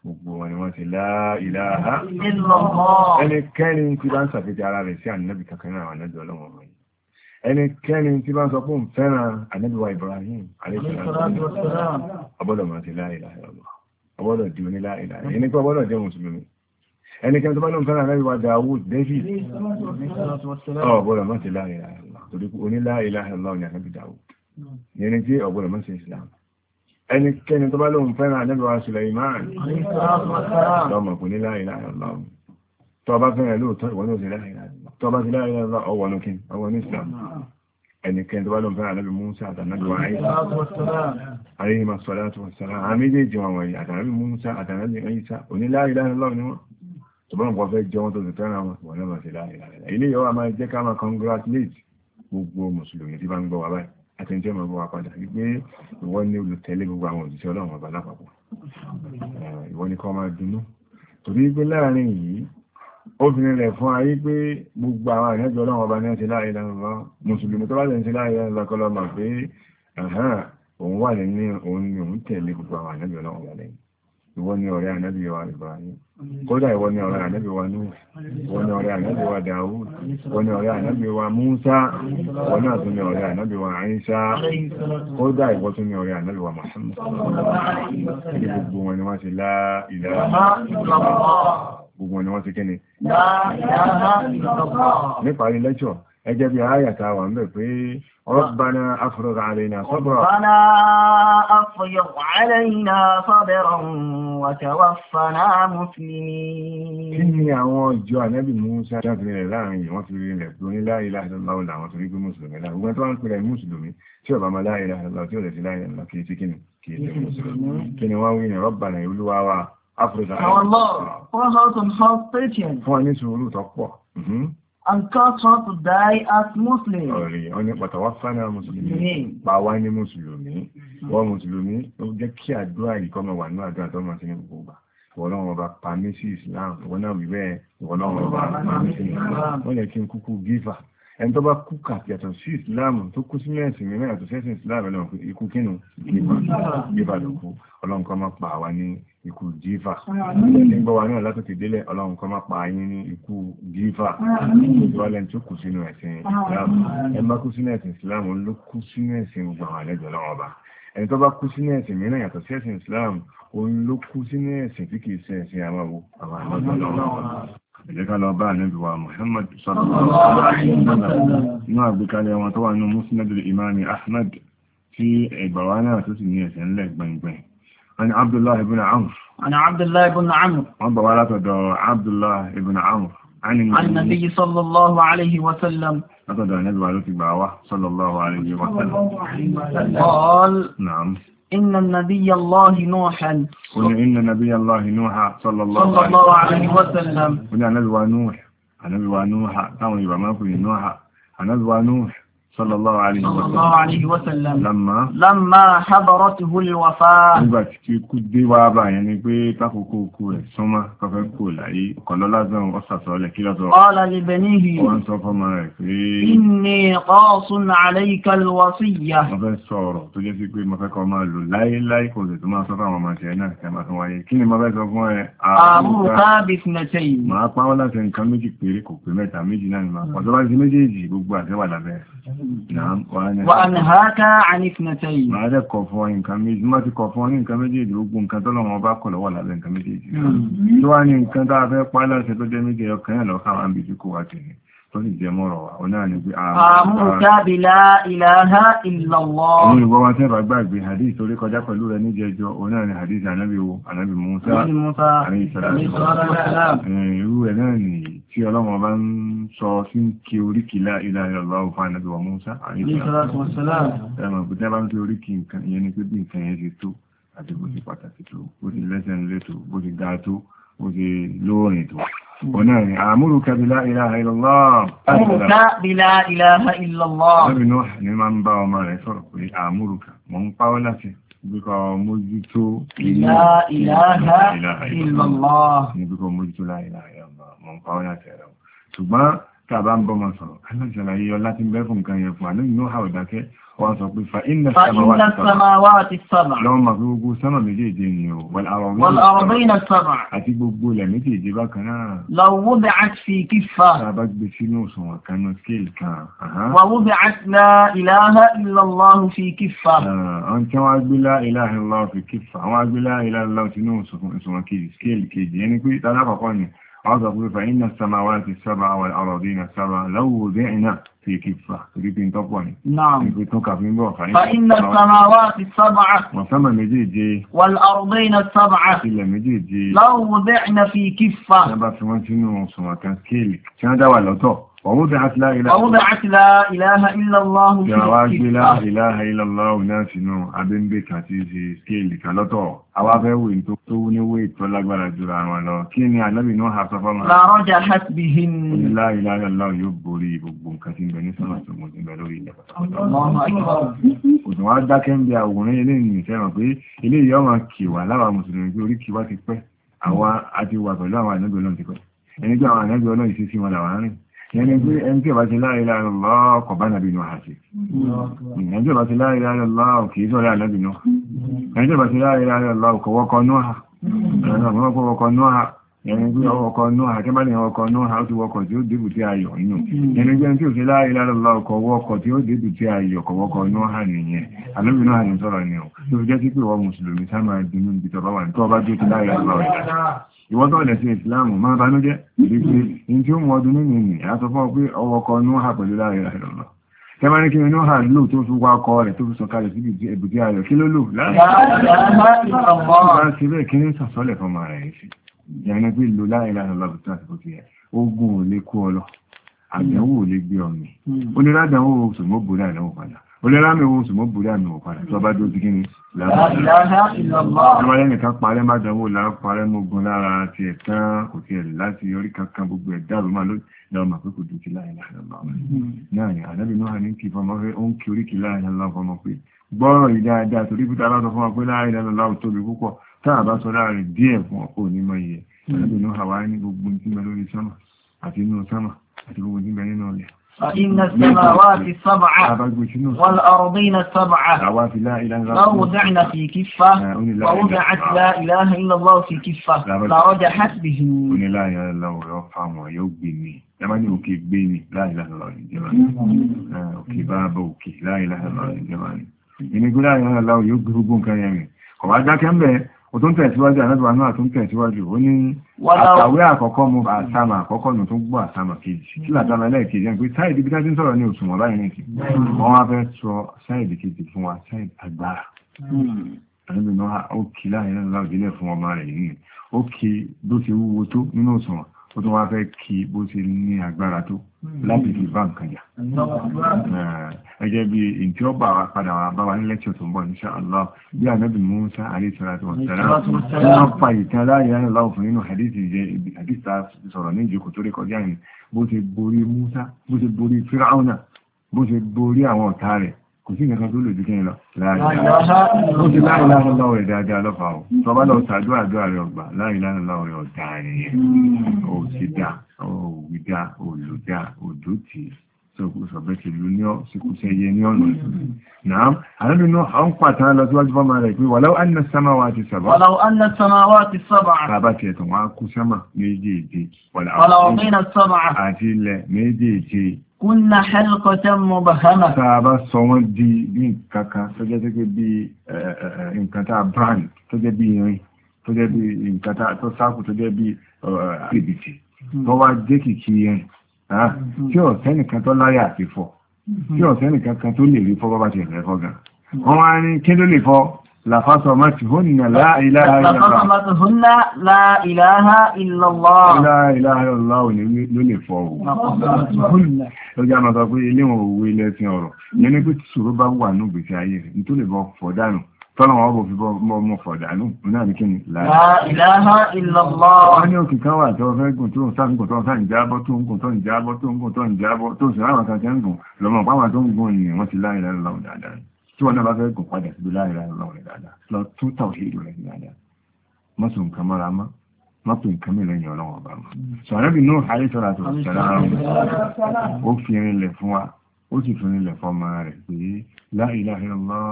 gbogbo wọn ni wọ́n ti la ilaha illallah ẹnikẹ́ni tí bá ń sàfihàn ara rẹ̀ sí ànábì kankan náà àwọn ànábì ọlọ́wọ́n wọn yìí ẹnikẹ́ni tí bá ń sọ fún fẹ́ràn ànábì wa Ibrahim ọgbọ́dọ̀ máa ti la ilaha illallah ọgbọ́dọ̀ di oní la ilaha ẹni pé ọgbọ́dọ̀ jẹ́ mùsùlùmí ẹnikẹ́ni tó bá lóun fẹ́ràn ànábì wa Dawud David ọgbọ́dọ̀ máa ti la ilaha ẹnikẹ́ni tó bá lóun fẹ́ràn anẹ́bẹ̀wà Suleiman lọ́mọ̀ kò ní láàrin láàrin lọ́wọ́ tó bá fẹ́ràn lóòótọ́ ìwọ́n ló sì láàrin tó bá ti láàrin lọ́wọ́ ọwọ́ ní kín ọwọ́ ní Islam ẹnikẹ́ni tó bá lóun fẹ́ràn anẹ́bẹ̀ Musa àtànàbẹ̀wà Isa àríyí ma sọ láti wọ́n sára àmì méjèèjì wọn wọ̀nyí àtànàbẹ̀ Musa àtànàbẹ̀ Isa òní láàrin láàrin lọ́wọ́ ni wọ́n tó bá ń pọ̀ fẹ́ jẹ́ wọn tó sì wọn wọ́n lọ́mọ̀ sí láàrin ilé yọ máa jẹ́ ká máa congratulate gbogbo mùsùlùmí tí bá ń gbọ́ báyìí àti ìjọ máa bọ́ wa padà wípé ìwọ ní olùtẹ̀lé gbogbo àwọn òjíṣẹ́ ọlọ́run ọba lápapọ̀ ìwọ ní kó máa dunú torí pé láàrin yìí ó fi rẹ̀ fún ayé pé gbogbo àwọn àrẹ́jọ ọlọ́run ọba ní ẹ̀sẹ̀ láàrin lọ́wọ́ mùsùlùmí tó bá lẹ́sẹ̀ láàrin lọ́kọlọ́ mà pé òun wà ní òun ní òun tẹ̀lé gbogbo àwọn àrẹ́jọ ọlọ́run ọba lẹ́yìn ìwọ ní ọ̀rẹ́ ànábì wa Ibrahim kódà ìwọ ni ọ̀rẹ́ ànábì wa Nuhu ìwọ ni ọ̀rẹ́ ànábì wa Dawud ìwọ ni ọ̀rẹ́ ànábì wa Musa ìwọ náà tún ni ọ̀rẹ́ ànábì wa Isa kódà ìwọ tún ni ọ̀rẹ́ ànábì wa Muhammad ربنا أفرغ علينا صبرا ربنا أفرغ علينا صبرا وتوفنا مسلمين kí ni àwọn ìjọ ànábì Mùsá jáfẹ́rẹ̀ láàrin wọ́n fi rí rẹ̀ tó ní la ilaha illallah làwọn torí pé mùsùlùmí láàrin gbogbo tó wá ń pèrè mùsùlùmí tí ọba ma la ilaha illallah tí ó lè fi la ilaha illallah kìí tí kí ni kìí tí mùsùlùmí kí ni wọ́n wí ní Rabbana Olúwa wa Áfíríkà. Àwọn lọ́ọ̀ fún ọ̀sán tó ń sọ Àǹkọ́sọ́tù dáí at Muslim. Ọ̀rẹ́ ọ ní pàtàwáfánà Mùsùlùmí, pàwá ní Mùsùlùmí, wọ́n Mùsùlùmí, ó jẹ́ kí àdúrà ìkọ́mọ̀ wà ní àdúrà tó máa ti ní gbogbo gbà ìwọ̀lọ́wọ̀n ọba pàmí sí islam ìwọ̀n náà wíwẹ́ ìwọ̀lọ́wọ̀n ọba pàmí sí islam wọ́n yẹ kí n kúkú gífà ẹni tó bá kú kà yàtọ̀ sí islam tó kú sí mẹ́sìn mìíràn yàtọ̀ sẹ́sìn islam ẹ̀lọ́wọ̀n ikú kínú gífà ló kú ọlọ́nkọ́ máa pa àwa ní ikú jífà nígbà wa náà látòkè délẹ̀ ọlọ́run kan máa pa yín ní ikú jífà ìwálẹ̀ tó kù sínú ẹ̀sìn islam ẹ má kú sínú ẹ̀sìn islam ló kú sínú ẹ̀sìn gbogbo àwọn àlejò ọlọ́run ọba ẹni tó bá kú sínú ẹ̀sìn mìíràn yàtọ̀ sí ẹ̀sìn islam òun ló kú sínú ẹ̀sìn tí kìí ṣe ẹ̀sìn àwọn àwọn àlejò ọlọ́run tó wà عن عبد الله بن عمرو عن عبد الله بن عمرو عن الله عبد الله بن عمرو عن النبي صلى الله عليه وسلم أتدى النبي عليه البعوة صلى الله عليه وسلم قال نعم إن النبي الله نوحا إن نبي الله نوحا صلى الله, صلى الله عليه وسلم قلنا نبي نوح نبي نوح تاوني بما كل نوح نبي نوح صلى الله عليه وسلم صلى الله عليه وسلم لما لما حضرته الوفاة nígbà tí kú dé wá bá yẹn ni pé takoko kú rẹ̀ súnmọ́ kọfẹ́ kú láyé ọ̀kọ̀lọ́ lásán ọ̀sàtọ̀ọ̀lẹ̀ kí lọ́sọ̀ قال لبنيه wọ́n sọ fọ́mọ rẹ̀ pé إني قاص عليك الوصية wọ́n fẹ́ sọ̀rọ̀ tó jẹ́ sí pé mo fẹ́ kọ́ máa lò láéláé kò lè tó máa sọ fáwọn ọmọ ṣẹ́ náà kẹ́ máa tún wáyé kí ni mo fẹ́ sọ fún ẹ àmúta bìtìnẹ̀tẹ̀yìn máa pa wọ́n láti nǹkan méjì péré kò pé mẹ́ta méjì náà ni máa pọ̀ tó bá ti méjèèjì gbogbo àtẹ́wà lábẹ́ wàhánàháká ànífinatẹ́yì. Màá dẹ̀ kọ̀ fún ọyìn kan méjì, má ti kọ̀ fún ọyìn kan méjèèjì ogun nǹkan tọ́lọ̀ wọn bá kọ̀ lọ́wọ́ lábẹ́ nǹkan méjèèjì. Tó wá ní nǹkan tá a fẹ́ pa láṣẹ tó jẹ́ ọkàn yẹn lọ́kàn wá ń bí tí kò wá tẹ̀lé tó sì jẹ mọ́rọ̀ wà ó náà ni pé àmúrùkábìlá ìlàhá ìlọ̀wọ́ òun ìwọ́ wá tẹ́bà gbàgbé hadith torí kọjá pẹ̀lú rẹ̀ ní jẹjọ ó náà ni hadith anábì wo anábì Musa eh, irú ẹ̀ náà ni tí ọlọ́wọ́n bá ń sọ sí ń ké oríkì láìlá ìlọ̀lọ́ fún anábì wa Musa ẹ̀mọ̀ pé tẹ́bà ń ké oríkì nǹkan ìyẹn ni pé bí nǹkan yẹn ti tó àti bó ti pàtàkì tó ونعم أعمرك بلا إله إلا الله أعمرك بلا إله إلا الله أبي نوح لمن باو ما يفرق أعمرك من قولك بك مجدت لا إله إلا الله بك مجدت لا إله إلا الله من قولك يا رب tàbá ń bọ́mọ sọ̀rọ̀ aláṣàlàyé ọlá tí ń bẹ́ fún nǹkan yẹn fún àlóyìn ní ọ̀hà ìdákẹ́ wọ́n sọ pé fa iná sàmáwá ti sábà lọ́wọ́ ma fi gbogbo sánà méjèèjì ni o wọ́n àrọ̀bẹ́ iná sábà àti gbogbo ilẹ̀ méjèèjì bákan náà lọ́wọ́ bẹ̀ àti fi kí fa tàbá gbé sínú òṣùwọ̀n kan ní scale kan wọ́wọ́ bẹ̀ àti la ìlàhà ìlàlọ́hùn fi kí fa عاوز فإن السماوات السبع والأراضين السبع لو وضعنا في كفة تريد أن تقوى نعم فإن السماوات السبع مجيد جي والأرضين السبع إلا مجيد جي لو وضعنا في كفة نبقى في منتين وصمتان كيلك شنو دوا لو تو ووضعت لا إله ووضعت لا إله إلا الله جواز لا إله إلا الله ناسنو أبن بك تيزي سكيل كالوتو أو أبو إن تكتوني ويت ولا قبل جرع ولا كيني النبي نوح صفا لا رجحت بهن لا إله إلا الله يبوري بقوم كثير بني سنة سمود بلوري الله أكبر òtùn wá dákẹ́ ń bí àwòrán ilé ìrìnṣẹ́ràn pé ilé ìyọ́ máa kìwà láwà mùsùlùmí pé orí kìwà ti pẹ́ àwọn àti wà pẹ̀lú àwọn ànábì ọlọ́run ti pẹ́ ẹni pé àwọn ànábì ọlọ́run ìṣesí wọn làwọn rìn yẹni pé ẹni tí ó bá ti la ilaha illallah kò bá nàbí inú àṣì ẹni tí ó bá ti la ilaha illallah kì í sọ́rọ̀ ànábì inú ẹni tí ó bá ti la ilaha illallah kò wọ́kọ̀ núhà ẹni tí ó wọ́kọ̀ núhà yẹni pé ọkọ̀ núhà tí bá ní ọkọ̀ núhà ó ti wọ́kọ̀ tí ó débù tí ayọ̀ inú yẹni pé ẹni tí ó ti la ilaha illallah kò wọ́kọ̀ tí ó débù tí ayọ̀ kò wọ́kọ̀ núhà nìyẹn ànábì inú àyẹ̀ sọ̀rọ̀ ni ó tó fi jẹ́ sí pé wọ́n mùsùlùmí sá ìwọ́tọ̀ lẹ̀ sí ìsìláàmù máa bá nújẹ́ ìdíkiri in tí ó mú ọdún nínú ìní àtọ́ fún pé ọwọ́ kọ núhà pẹ̀lú láàrin ìrọ̀ lọ tẹ́bá ní kí ni núhà lò tó fi wá kọ rẹ̀ tó fi sọ kalẹ̀ síbi ẹ̀bùdí ayọ̀ kí ló lò láàrin ìrọ̀ lọ olórámi owó sùmọ́ bùrí àmì wò padà tó bá dúró ti gíní lábàá lẹ́nìkan parẹ́ má dánwò lára parẹ́ mógun lára ti ẹ̀tàn kò tiẹ̀ láti orí kankan gbogbo ẹ̀dá àrùmá lọ́wọ́ mà pé kò dùn sí láàrin náà ni ànábì náà ní kí fọmọ fẹ́ ó ń kí oríkì láàrin náà fọmọ pé gbọ́rọ̀ yìí dáadáa torí bí tàbá sọ fún wa pé láàrin náà láwù tóbi púpọ̀ táà bá sọ láàrin díẹ̀ fún ọ ní mọ iye ànábì náà wà ní gbogbo tí mẹ lórí sánmà àti inú sánmà àti gbogbo tí mẹ nínú ọlẹ̀ فإن السماوات السبعة والأرضين السبعة لو وضعنا في كفة ووضعت لا إله إلا الله في كفة لرجحت به لا إله إلا الله يرحم ويبني Yàmá ní òkè gbé ní láìláìlọ́ ìjọba ní. Òkè bá bá òkè láìláìlọ́ ìjọba ní. Ìnigbó láìláìlọ́ yóò gbé gbogbo nǹkan yẹn rìn. Kọ̀wá dákẹ́ ń bẹ̀ẹ́ ó tó ń tẹ̀síwájú àlọ́dọ̀wà náà tó ń tẹ̀síwájú ó ní àtàwé àkọ́kọ́ mu àtàmà àkọ́kọ́ nù tó gbọ́ àtàmà kejì kí làtàmà lẹ́ẹ̀kejì ẹni pé sáìdì bí dájú ń sọ̀rọ̀ ní òṣùwọ̀n báyìí nìkì wọ́n wá fẹ́ sọ sáìdì kejì fún wa sáìdì agbára hmm. àníbi náà ó kí láàrin náà láàbílẹ̀ fún ọmọ rẹ̀ yìí ó kí bó ti wúwo tó nínú òṣùwọ̀n ó tún wá fẹ́ kí bó ṣe ní agbára tó hmm. láti fi bá nǹkan jà hmm. eh, ẹgẹ́ bí i tí ó bà wá padà wá bá wa ní lẹ́kṣọ̀ tó ń bọ̀ insha Allah bí anábì Musa aléṣọ́láṣọ́ wọ́n fa ìtàn láàyè aláwọ̀ fún nínú hadith jẹ́ ibi hadith ta sọ̀rọ̀ ní ìjókòó tó rékọjá yìí bó ṣe borí Musa bó ṣe borí Firauna bó ṣe borí àwọn ọ̀tá rẹ̀ kò sí nǹkan tó lòdì kíni lọ láàrin ti láàrin láàrin lọ́wọ́ rẹ̀ dáadáa lọ́fà ọ̀ tó bá lọ sàdó àdúrà rẹ̀ ọgbà láàrin láàrin lọ́wọ́ rẹ̀ ọ̀dà rẹ̀ yẹn ò sí dá òwì ti lu ní ọ́ síkúṣẹ́ yẹ ní ọ̀nà náà àrẹ́bí náà àwọn pàtàkì lọ síwájú fọ́mọ rẹ̀ pé wàláwó anna samawati sab'a wàláwó anna samawati sab'a bàbá tiẹ̀ tàn wá kú Kúnlá ṣẹ́lọ́kọ́ tẹ́ mọ́ bá hánà. Tá a bá sọ wọ́n di bí nǹkan kan tó jẹ́ gẹ́gẹ́ bí nǹkan tá a brand tó jẹ́ bí irin tó jẹ́ bí nǹkan tá a sáàkù tó jẹ́ bí àbìbìtì mm-hmm. tó wá jẹ́ kìkì irin mm-hmm. tí ọ̀sẹ́ nìkan tó láyà àti fọ́ mm-hmm. tí ọ̀sẹ́ nìkan kan tó lè rí fọ́ bá bá ti rẹ̀ fọ́ gan. Wọ́n wá ní kí ló lè fọ́ لخصمتهن لا إله إلا الله لخصمتهن لا إله إلا الله لا إله إلا الله lónìí fọ́wọ́ lọ́jọ́ àmà sọ pé ilé wọn òwe ilẹ̀ ti ọ̀rọ̀ yẹni pé tí ṣòro bá wà ní ìgbésí ayé rẹ̀ tó lè bọ́ fọ̀dánù tọ́lọ̀wọ́ bò fi bọ́ mọ́ fọ̀dánù náà ní kí ni la ilaha illallah wọ́n ní òkè kan wà tó fẹ́ gùn tó ń sáàgùn tó ń sáà ń jábọ́ tó ń gùn tó ń jábọ́ tó ń gùn tó ń jábọ́ tó sì ráwọn kan tẹ́ ń gùn lọ́mọ pàwọn tó ń gùn ìyẹn wọ́n ti la ilaha illallah dáadáa tí wọn náà bá fẹ́ gùn padà síbi láàrin láàrin ọlọ́run rẹ̀ dáadáa lọ tún tàwọn ìlú rẹ̀ dáadáa má sùn nǹkan mọ́ra mọ́ má pè nǹkan mi lẹ́yìn ọlọ́run ọba mọ́ sọ̀rọ̀bì náà ayé sọ̀rọ̀ àti òṣìṣẹ́ ó fi rinlẹ̀ fún wa ó sì fi rinlẹ̀ fún ọmọ rẹ̀ pé la ilaha illallah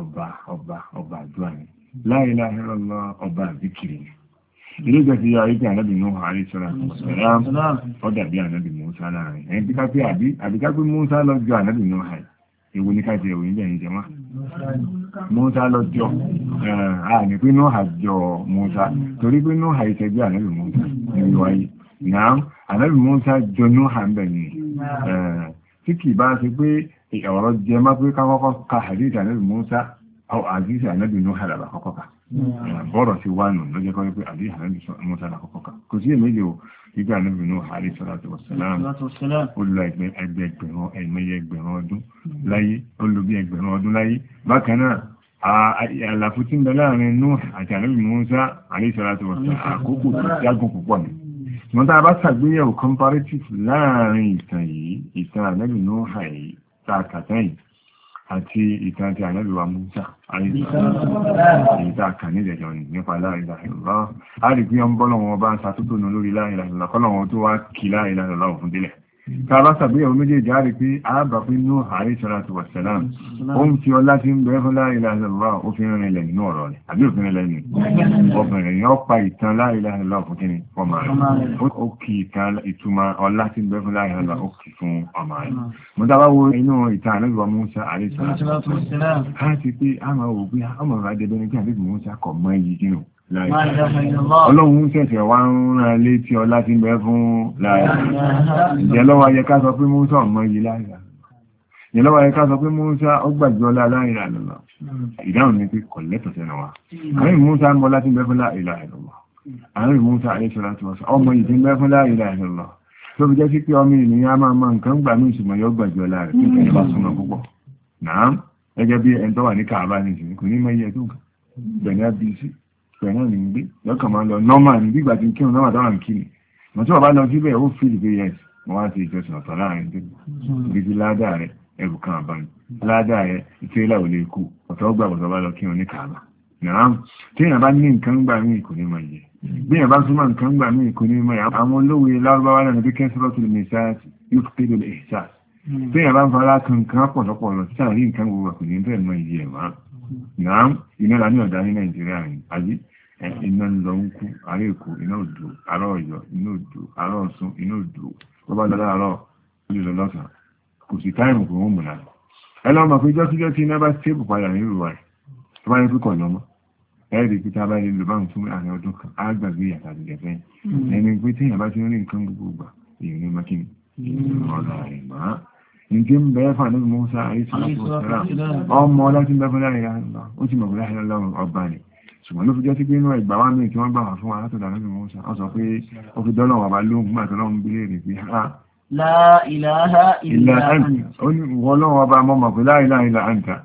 ọba ọba ọba àdúrà ni la ilaha illallah ọba àbíkiri ni ilé ìjọ ti yọ ayé tí ànábì mú àárí sọ́ra ọ̀dàbí ànábì èwo ní káàkiri ìròyìn jẹ́ ìjẹ máa Mùsá lọ jọ àní pé Nóhà jọ Mùsá torí pé Nóhà ìṣẹ́gbẹ́ ànábì Mùsá níbi wáyé náà ànábì Mùsá jọ Nóhà ń bẹ̀ ni tí kì bá ṣe pé ọ̀rọ̀ jẹ má pé kákọ́kọ́ ka hadith ànábì Mùsá àdíṣì ànábì Nóhà làbà kọ́kọ́ ka bọ́rọ̀ sí wánù lọ́jọ́ kọ́ pé àdíṣì ànábì Mùsá làkọ́kọ́ ka kò sí èmi lè o nígbà níbi ní àárí sọ́látù wàsálàmù ó lọ ẹgbẹ̀rún ẹ̀mẹ́yẹ ẹgbẹ̀rún ọdún láyé ó lò bí ẹgbẹ̀rún ọdún láyé bákan náà àlàfo tí ń bẹ láàrin nú àti ànábì Mùsá àárí sọ́látù wàsálàmù àkókò tó jágùn púpọ̀ ni ṣùgbọ́n tá a bá ṣàgbéyẹ̀wò comparative láàrin ìtàn yìí ìtàn ànábì Nuh yìí tá a kàtán yìí àti ìtàn tí ànábì wa Mùsá àìsà kàní ìjẹjọ ni nípa la ilaha illallah a rí pé ọmọ bọ́lọ̀ wọn bá ń sàtútò lórí tàbá sàbíyàwó méjèèjì àrí pé àábà pé ní ààrẹ sọ́ràtù wàsàlám ó ń fi ọlá tí ń bẹ̀rẹ̀ fún láìláìláà òfin rìn lẹ̀ nínú ọ̀rọ̀ rẹ̀ àbí òfin rìn lẹ́nu òfin rìn yọ́ pa ìtàn láìláìláà fún kíni ọmọ rẹ̀ ó kì ìtàn ìtumọ̀ ọlá tí ń bẹ̀rẹ̀ fún láìláìláà ó kì fún ọmọ rẹ̀ mo dábà wo inú ìtàn àlejò Musa àrí sọ́ràtù wàsàlám Ọlọ́run tẹ̀sẹ̀ wá ń rán ilé tí ọlá ti bẹ fún láàrín. Ìjẹ́ lọ́wọ́ ayẹ ká sọ pé Músa ọmọ yìí láàrín. Ìjẹ́ lọ́wọ́ ayẹ ká sọ pé Músa ó gbàgbé ọlá láàrín àlọ́lá. Ìdáhùn ni pé kò lẹ́tọ̀ sẹ́nà wa. Àárín Músa ń bọ́ láti bẹ fún láàrín àlọ́lá. Àárín Músa àyẹ́sọ̀rọ̀ àti wọ́sọ̀ ọmọ yìí ti bẹ fún láàrín àlọ́lá. Tó fi jẹ́ sí pé ọmọ ènìyàn máa ma nǹkan gbà ní ìṣùmọ̀ yóò gbàgbé ọlá rẹ̀ tó pẹ̀ náà ní gbé lọ́kàn máa ń lọ nọ́mà ní bí ìgbà tí ń kírun nọ́mà táwọn ń kírun mọ̀ tí wọ́n bá lọ síbẹ̀ ó fi ìgbé yẹn wọ́n wá sí ìjọsìn ọ̀tọ̀ láàrin tó ibi tí ládàá rẹ̀ ẹrù kan àbáni ládàá rẹ̀ ìtẹ́lá ò lè kú ọ̀tọ̀ gbà ọ̀tọ̀ bá lọ kírun ní kààbà nàám tí èèyàn bá ní nǹkan gbà mí kò ní mọ iye bí èèyàn bá súnmọ́ nǹkan gbà mí kò ní mọ iye àwọn olówe lárúbáwá náà bí kẹ́sìrọ́ tó lè mè sáà yóò fi tẹ́lẹ̀ ẹ̀ṣáà tí èèyàn bá ń fara kankan pọ̀lọpọ̀ lọ sí àrí nǹkan gbogbo kò ní bẹ́ẹ̀ mọ iye ẹ̀ náà iná la ní ọ̀dá ní nàìjíríà rìn àbí iná ń lọ ń kú ará èkó iná òdò ará ọ̀yọ́ iná òdò ará ọ̀ṣun iná òdò tó bá lọ́dọ̀ àárọ̀ ó lè lọ lọ́sàn kò sí táìmù kò wọ́n múra ẹ lọ́mọ pé jọ́síjọ́ tí iná bá tébù padà ní ìrùwà tó bá yẹ pé kọ̀ lọ́mọ ẹ̀rì pé tá a bá lè lò bá ń fún àárín ọdún kan á gbàgbé yàtà àti ìjẹ̀fẹ́ hmm. ẹni pé téèyàn bá ti ń rí nǹkan gbogbo gbà ìdí ń bẹ̀ẹ́ fà ní Musa àìsànlọ́pọ̀sára ọmọ ọlọ́tí bẹ́fẹ́lá rẹ̀ lọ́wọ́ ó ti mọ̀ láhìlá lọ́rùn ọba ni ṣùgbọ́n ló fi jẹ́ sí pé inú ìgbà wá mìí tí wọ́n gbà wá fún wa látọ̀dá lọ́wọ́ Musa ó sọ pé ó fi dọ́lọ̀ wà bá lóhùn gbà tọ́lọ́ ń bílé rè pé ha láìláha ìlà àǹtà ó ní wọ́n lọ́wọ́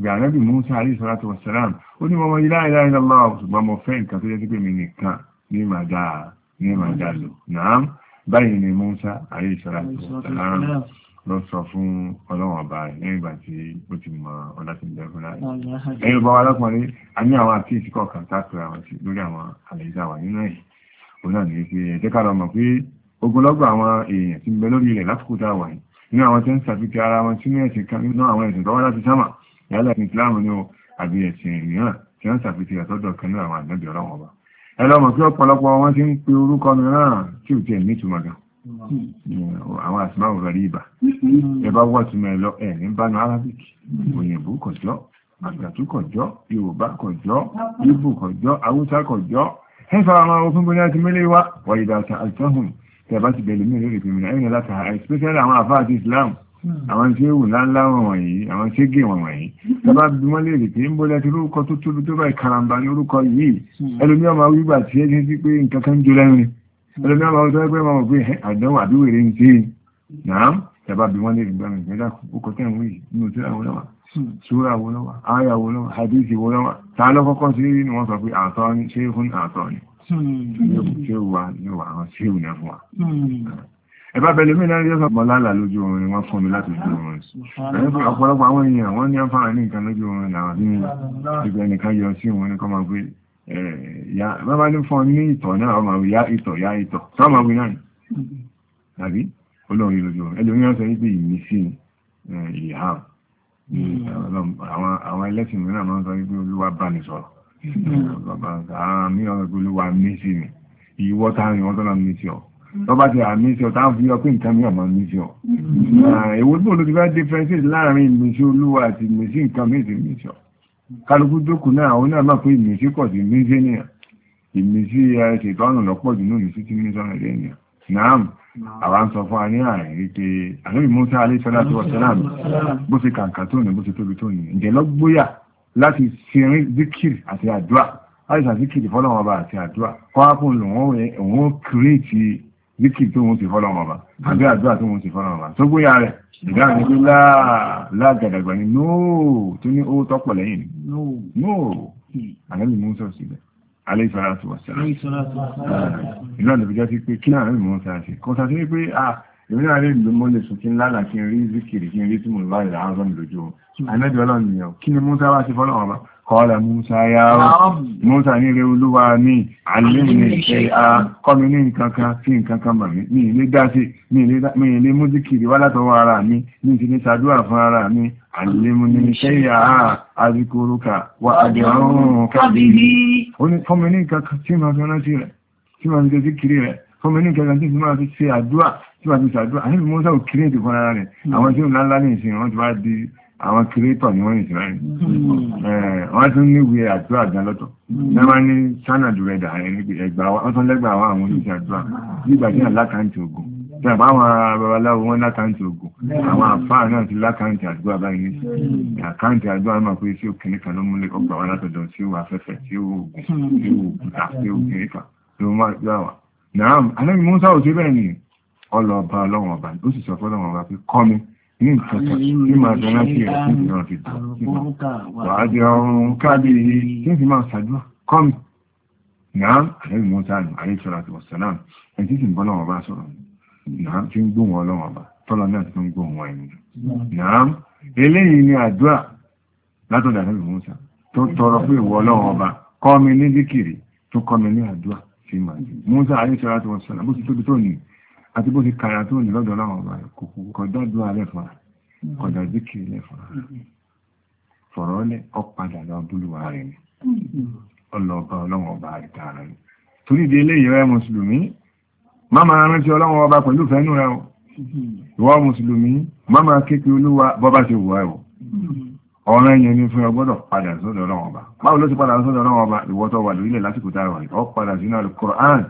ìgbà ànábì Musa alayhi salatu wa salam ó ní wọ́n ilá ilá ilá lọ́wọ́ ṣùgbọ́n mo fẹ́ nǹkan tó yẹ sí pé mi nìkan ní màá dáa ní màá dáa lò náà báyìí ni Musa alayhi salatu wa salam lọ sọ fún ọlọ́wọ̀n ọba rẹ̀ lẹ́yìn ìgbà tí ó ti mọ ọ̀dá tí ń bẹ fún láàrín ẹ̀yìn ọba wa lọ́kùnrin a ní àwọn àkíyèsí kọ̀ọ̀kan tápẹ́ àwọn sí lórí àwọn àlẹ́sà wà nínú ẹ̀ òun tá yálà ní islam ní o àbí ẹ̀sìn mìíràn tí wọ́n ṣàfihàn àtọ́dọ̀ kan náà àwọn ànábì ọlọ́wọ́n ọba ẹ lọ́mọ pé ọ̀pọ̀lọpọ̀ wọn ti ń pe orúkọ mìíràn tí ò tiẹ̀ nítumọ̀ gan àwọn àsìmáwò rẹ̀ ibà ẹ bá wá túnmọ̀ ẹ lọ ẹ̀ ní bánu arabic òyìnbó kò jọ àgbàtú kò jọ yorùbá kò jọ ibo kò jọ haúsá kò jọ ẹ fara àwọn òfin bóyá ti mélé wa wà ìdàtà àtọ́hùn tẹ̀ bá ti bẹ̀lẹ̀ mí lórí pèmìnà ẹ̀yìn láti àìsí pé Hmm. àwọn tí ó wù láńlá wọ̀nyí àwọn tí gè wọ̀nyí hmm. tàbá bí wọ́n lè rí pé ń bọ́lẹ̀ tí orúkọ tó tóbi tó báyìí karamba ní orúkọ yìí hmm. ẹlòmí ọmọ wígbà tí ẹ ti pé nǹkan kan jó lẹ́rin ẹlòmí ọmọ tó ẹgbẹ́ ọmọ pé àdánwò àbíwèrè ń ṣe náà tàbá bí wọ́n lè rí gbàmì ìgbẹ́dà kókò tẹ̀ ń wí ní òtún àwọn náà súra wo lọ́wọ́ àyà wo lọ́wọ́ hadisi wo lọ́wọ́ ta ló kọ́kọ́ sí ní wọ́n sọ pé àtọ́ ni ṣé fún àtọ́ ni ṣé wà ní wà àwọn ṣé wù ẹ̀bá bẹ̀lẹ̀ mí náà yọ́sọ̀ bọ̀ lálà lójú orin wọ́n fún mi láti ojú orin ẹ̀yẹ́bùn ọ̀pọ̀lọpọ̀ àwọn èèyàn wọ́n ní àǹfààní nìkan lójú orin làwọn bí ìgbẹ̀ nìkan yọ sí òun ní kọ́ máa gbé ẹ̀yà bábá ní fún ní ìtọ̀ náà ọmọ ya ìtọ̀ ya ìtọ̀ tó máa gbé náà tàbí olórin lójú orin ẹlòmí ọ̀sẹ̀ wípé ìmísí ìhà àwọn ẹlẹ́sìn mìíràn máa ń sọ wípé olúwa bá ní sọ̀rọ̀ mm-hmm. bàbá àmì ọ̀rọ̀ olúwa mí sí ni ìwọ́ta ni wọ́n tọ́lá lọ́bá ti àmì sí ọ̀tá fi yọ pé nǹkan mìíràn máa mí sí ọ̀. Mm-hmm. Ah, èwo tó ló ti fẹ́ differences láàrin ìmísí olúwa àti ìmísí nǹkan mìíràn ti mí sí ọ̀. kálukú dókù náà àwọn náà máa pé ìmísí pọ̀ sí mísí ènìyàn ìmísí eh, ṣètò ọ̀nà lọ́pọ̀ jù náà ìmísí ti mí sọ́nà ènìyàn. naam àwa ń sọ fún wa ní àárín wípé àlóyè musa aléṣọlá tó ọ̀sẹ̀ náà bó ṣe kàǹkà tó ní bó ṣe tóbi tó ní ǹjẹ́ lọ gbóyà láti ṣe zikiri àti àdúrà láti ṣàzikiri fọlọ́wọ́n ọba àti àdúrà kọ́ ápò lòun ó kírètì díkì tó wọ́n ti fọ́lọ̀ ọmọ bá àbí àdúrà tó wọ́n ti fọ́lọ̀ ọmọ bá tó gbóyà rẹ̀ ìdá ní pé láàgàdàgbà ni nóò tó ní owó tọ́pọ̀ lẹ́yìn ni nóò àlẹ́bí mú sọ sílẹ̀ alẹ́ ìsọ́ra tó wà sẹ́lẹ̀ ìlú àdàbí jẹ́ sí pé kí náà àlẹ́bí mú sọ sí kò sọ sí pé à ah, èmi náà lè lo mọ́lẹ̀ sùn kí n lálà kí n rí zikiri kí n rí tí mo láyè kọ́ọ̀lá Musa ya rọ̀. Musa ní ilé olúwa ní àlèmù ní ṣe a kọ́mi ní nǹkankan sí nǹkankan bà mí. Mi ilé dá sí, mi ilé múzíkìrì wá látọwọ́ ara mi, mi ti ní ṣàdúrà fún ara mi. Àlèmù ní ṣe ya àzíkúrúkà wà àdìrún kábìrì. Ó ní fọ́mi ní nǹkankan tí máa fi rántí rẹ̀, tí máa fi zíkìrì rẹ̀, fọ́mi ní nǹkankan tí àwọn kìrìtọ̀ ni wọ́n yìí rẹ̀ hmm. eh, wọ́n tún níwé àdúrà gan lọ́tọ̀ lẹ́wọ́n hmm. ní sánàdù rẹ̀ dà ẹgbà wọ́n tún lẹ́gbà àwọn àwọn oníṣẹ́ àdúrà nígbà tí wọ́n lákàntì ogun tí àbá àwọn babaláwo wọn lákàntì ogun àwọn àfáà náà ti lákàntì àdúrà báyìí ní hmm. àkántì àdúrà máa pé sí òkèrè kan ló múlẹ̀ ọgbà wọn látọ̀dọ̀ sí òwò afẹ́fẹ́ sí òògùn sí òògùn sí òkèrè kan ló máa gbà wà. náà alẹ́ mi mú sáwọ́ sí bẹ́ẹ̀ ni ọlọ́ọ̀ba ọlọ́wọ̀n ọba ó sì ní ìkàkà tí máa dáná sí ẹ̀ tí ìdìmọ̀ fi dùn wàá jẹ ọrùn kábìrì tí ìdìmọ̀ sàdúrà kọ́mì náà àlẹ́bí mọ́ta àlù àríṣọ́lá ti wọ̀sán náà ẹ̀ tí ìsìn bọ́lọ́wọ́ bá sọ̀rọ̀ náà tí ń gbóhùn ọlọ́wọ́ bá tọ́lọ náà tí ń gbóhùn ẹ̀mí náà eléyìí ni àdúrà látọ̀dọ̀ àlẹ́bí mọ́ta tó tọrọ pé ìwọ ọlọ́wọ́ bá kọ́ mi ní díkìrì tó kọ́ mi ní àdúrà sí màá àti bó ti kàrà tó ní lọ́dọ̀ láwọn ọba kọ̀dọ́dọ́ alẹ́ fún wa mm-hmm. kọ̀dọ̀ zikiri lẹ́ fún wa mm-hmm. fọ̀rọ̀ lẹ́ ọ̀padà lọ búlùwà rẹ̀ ni ọlọ́ọ̀bá mm-hmm. ọlọ́wọ̀n ọba àríta rẹ̀ ni torí di eléyìí rẹ̀ mùsùlùmí má máa rántí ọlọ́wọ̀n ọba pẹ̀lú fẹ́nu rẹ̀ o ìwọ mùsùlùmí má máa képe olúwa bọ́bá ti wù ẹ́ o ọ̀rọ̀ yẹn ni fún ọgbọ́dọ̀ padà sọ́dọ̀ ọlọ́wọ̀n ọba báwo ló ti padà sọ́dọ̀ ọlọ́wọ̀n ọba ìwọ wà lórílẹ̀ lásìkò tá a wà ọ padà sínú Al-Qur'an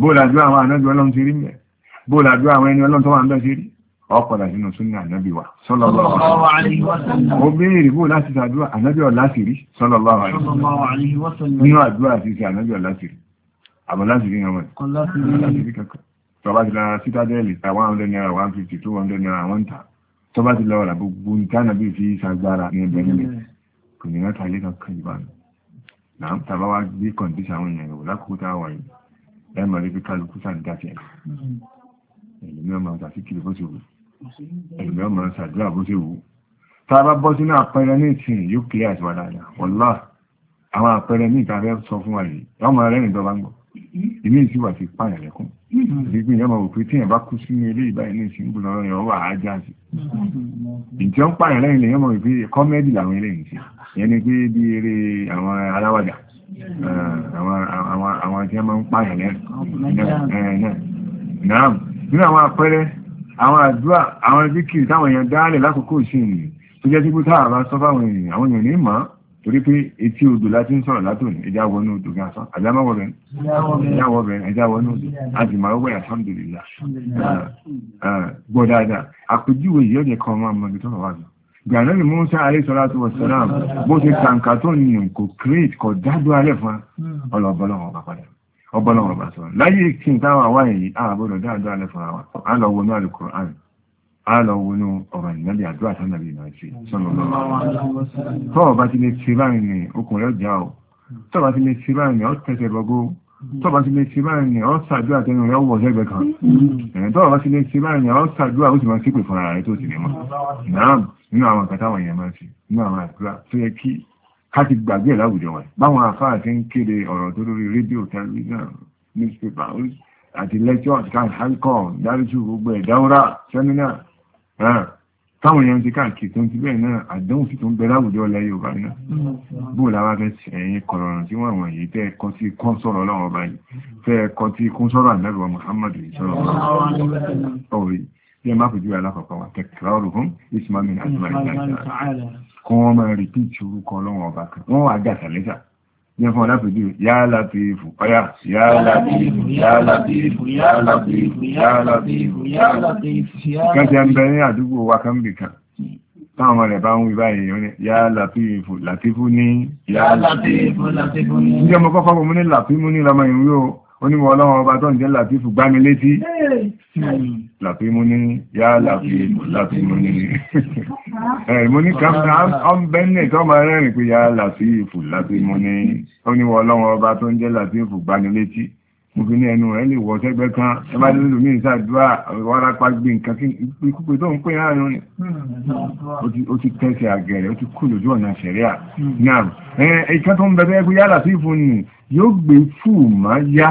bó làjú àwọn ànájú ọlọ́run ti rí mẹ́ bóòlù àdúrà àwọn ẹni ọlọ́run tó wà ń bẹ́ sí rí ọ̀pọ̀dà sínú súnà ànábì wa sallallahu alaihi wasallam ó béèrè bó láti sàdúrà ànábì ọ̀lá sí rí sallallahu alaihi wasallam nínú àdúrà sí sí ànábì ọ̀lá sí rí àbọ̀ láti rí ọmọ ẹ̀ tọba ti lára citadeli ta 100 naira 150 200 naira 1 ta tọba ti lọ́wọ́ gbogbo nǹkan ànábì fi ṣàgbára ní ẹgbẹ́ nílẹ̀ kò ní láta ilé kankan ìbánu náà tàbá wá gbé kọ̀ǹdíṣà àwọn èèyàn ìwò lákòókò ẹlòmíràn máa tàṣíkiri bó ṣe wù ẹlòmíràn máa ṣàdúrà bó ṣe wù tá a bá bọ́ sínú àpẹẹrẹ ní ìsìn yóò kílẹ̀ àti wà dáadáa wọ́lá àwọn àpẹẹrẹ ní ìta fẹ́ sọ fún wa yìí wọ́n máa rẹ́rìn ìjọba ń gbọ́ ìmí ìsìn wà ti pààyàn lẹ́kùn ìgbìyànjú ìyá máa wò pé tíyàn bá kú sínú ilé ìbáyìí ní ìsìn gbọ́dọ̀ ọ̀rọ̀ yẹn wà á já sí ìjọ ń pààyàn lẹ́yìn lèyàn mọ̀ pé kọ́mẹ́dì làwọn eléyìí sí yẹn ni pé bí eré àwọn aláwàdà àwọn tí wọ́n máa ń pààyàn lẹ́yìn náà nínú àwọn àpẹẹrẹ àwọn àdúrà àwọn zikiri táwọn èèyàn dálẹ̀ lákòókò sí ìrìn tó jẹ́ sípò táà bá sọ fáwọn èèyàn àwọn èèyàn ní mọ̀ torí pé etí odò láti ń sọ̀rọ̀ látòní ẹjá wọnú odò gan sán àjámọ́wọ́bẹ̀ ẹjáwọ́bẹ̀ ẹjáwọ́nú odò àti màáwọ́ alhamdulillah ah, gbọ́ dáadáa àpèjúwe yìí ọ̀dẹ̀ kan máa mọ̀ nítorí wà lọ gbàdánì Musa alayhisalatu wasalam bó ti kàǹkà tó nìyàn kò create kò dádó alẹ́ fún hmm. ọlọ́bọlọ́wọ́ pàpàdà ọbọ́lọ́wọ̀ bá sọ láyé kí n táwà wá èyí àbọ̀dọ̀ dáadáa lẹ́fọ̀ra wa a lọ alukur'an a lọ wọnú ọ̀rọ̀ ìnáde àdúrà sánàbí ìmọ̀ sí sọ́nà lọ́wọ́ tọ́ọ̀ bá ti lè ṣe báyìí ni okùn o tọ́ọ̀ bá ti lè ṣe báyìí ni ó tẹ̀sẹ̀ bọ́gó tọ́ọ̀ bá ti lè ṣe báyìí ni ó ṣàdúrà tẹnu rẹ̀ wọ̀ sẹ́gbẹ̀ kan tọ́ọ̀ bá ti lè ṣe báyìí ni ó ṣàdúrà ó sì máa ṣépè fúnra rẹ̀ tó sì ní mọ́ nínú àwọn kàtàwọn èèyàn máa ṣe nínú àwọn àdúrà tó yẹ kí káti gbàgbé ẹ̀ láwùjọ wa báwọn afáà ti ń kéde ọ̀rọ̀ tó lórí rédíò tẹlifíṣàn newspaper àti lectures kan alcohol dáríjú gbogbo ẹ̀ dáwúrà sẹ́mínà táwọn èèyàn ti káàkiri tó ń ti bẹ́ẹ̀ náà àdánwò sí tó ń bẹ láwùjọ ilẹ̀ yorùbá náà bó làwọn fẹ́ ẹ̀yìn kọ̀rọ̀rùn tí wọ́n wọ̀nyí tẹ́ ẹ̀kọ́ tí kún sọ̀rọ̀ ọlọ́run ọba yìí tẹ́ ẹ̀kọ́ tí kún sọ̀rọ̀ àdàbọ̀ muhammadu sọ̀rọ̀ ọ̀rọ̀ yìí bí ẹ má fojú alákọ̀ọ́kọ́ wa tẹ̀kọ́ ọ̀rọ̀ fún ismail àti marisol kọ́ wọ́n máa rìpíìtì orúkọ ọlọ́run ọba kan wọ́n wà gàtà lẹ́sà ní ẹ̀fọn alápèjú yá látífù ọ̀yá yá látífù yá látífù yá látífù yá látífù yá látífù kan ti ń bẹ ní àdúgbò wa kan bì kan táwọn rẹ̀ bá ń wí báyìí ó yá látífù látífù ní yá látífù látífù ní. ǹjẹ́ mo kọ́kọ́ mo ní látífù ní lọ́mọ ìwé o onímọ̀ ọlọ́run ọba tó ń jẹ́ làtífù gbá mi létí làfímú ní yá làfímú ní ẹ̀mú ní kàfíà ọmọbẹ́nẹ̀ tó máa rẹ́rìn pé yá làtífù làfímú ní onímọ̀ ọlọ́run ọba tó ń jẹ́ làtífù gbá mi létí mo fi ní ẹnu ẹ lè wọ sẹgbẹ kan ẹ bá nílò mí ìsàdúrà wárápá gbé nǹkan kí pípé tó ń pè láàrin ni hmm. ó ti tẹsẹ̀ àgẹrẹ ó ti kú lójú ọ̀nà sẹ̀ríà hmm. náà ẹ̀ka tó ń bẹ bẹ́ẹ̀ pé yálà sí ìfun ni yóò gbé fùmá yá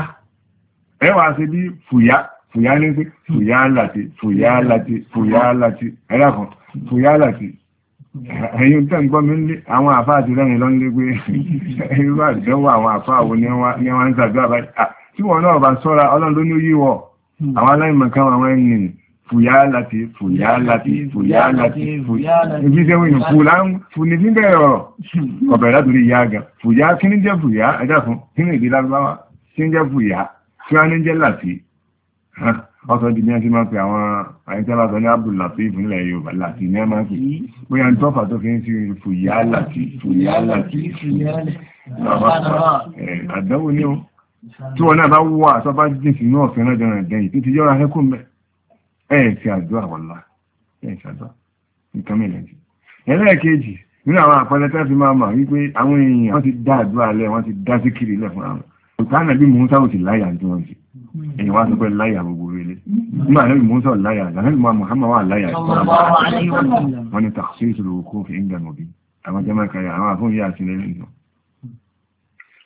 ẹwà ṣe bí fùyá fùyá lẹ́sẹ̀ fùyá láti fùyá láti fùyá láti ẹ̀dàkùn fùyá láti ẹ̀yìn tẹ́ ń gbọ́ mi ní àwọn àfá àti rẹ́rin lọ́n lé pé irú àdánwò àwọn àfá àwo ni wọ́n ń sàdúrà báyìí tí wọ́n náà bá sọ́ra ọlọ́run ló ní yí wọ̀ àwọn aláìmọ̀kan àwọn ẹ̀yìn fùyá láti fùyá láti fùyá láti fùyá láti ibi iṣẹ́ wọ̀nyí fùlá ń funi sí bẹ̀rẹ̀ ọ̀rọ̀ ọ̀bẹ̀rẹ̀ látòrí ìyá àgà fùyá kí ni jẹ́ fùyá ẹ̀dá fún kí ni ìdílágbáwá kí ni jẹ́ fùyá kí wá ní jẹ́ láti ọ̀sọ̀ di ní ẹṣin máa pè àwọn àyíkẹ́lá ọ̀sọ̀ ní Abdul Latif nílẹ̀ Yorùbá láti ní ẹmà pè bóyá ń tọ́fà tó fi ń fi fòyà láti fòyà láti àdánwò ní o tí wọn náà bá wọ àtọ́ bá jìn sínú ọ̀fẹ́ náà jẹun ẹ̀dẹ́yìn tó ti yọra ẹkùn mẹ́ ẹ̀ ti àdúrà wọ̀lá ẹ̀ ti àdúrà nǹkan mìíràn jù ẹlẹ́ẹ̀kejì nínú àwọn àpẹẹrẹ tá fi máa mọ̀ wípé àwọn èèyàn wọ́n ti dá àdúrà lẹ̀ wọ́n ti dá síkiri lẹ̀ fún àwọn ìpánà bí Musa ò sì láyà tí wọ́n sì ẹ̀yìn wá sọ pé láyà gbogbo rẹ̀lẹ̀ nígbà náà Musa ò láyà lánàá ìmọ̀ Muhammad wà láyà wọ́n ni tàṣí ìṣòro kó fi ń dànù bí àwọn jẹ́ mẹ́kàrí àwọn àfún yà sí lẹ́lẹ́ ìjọ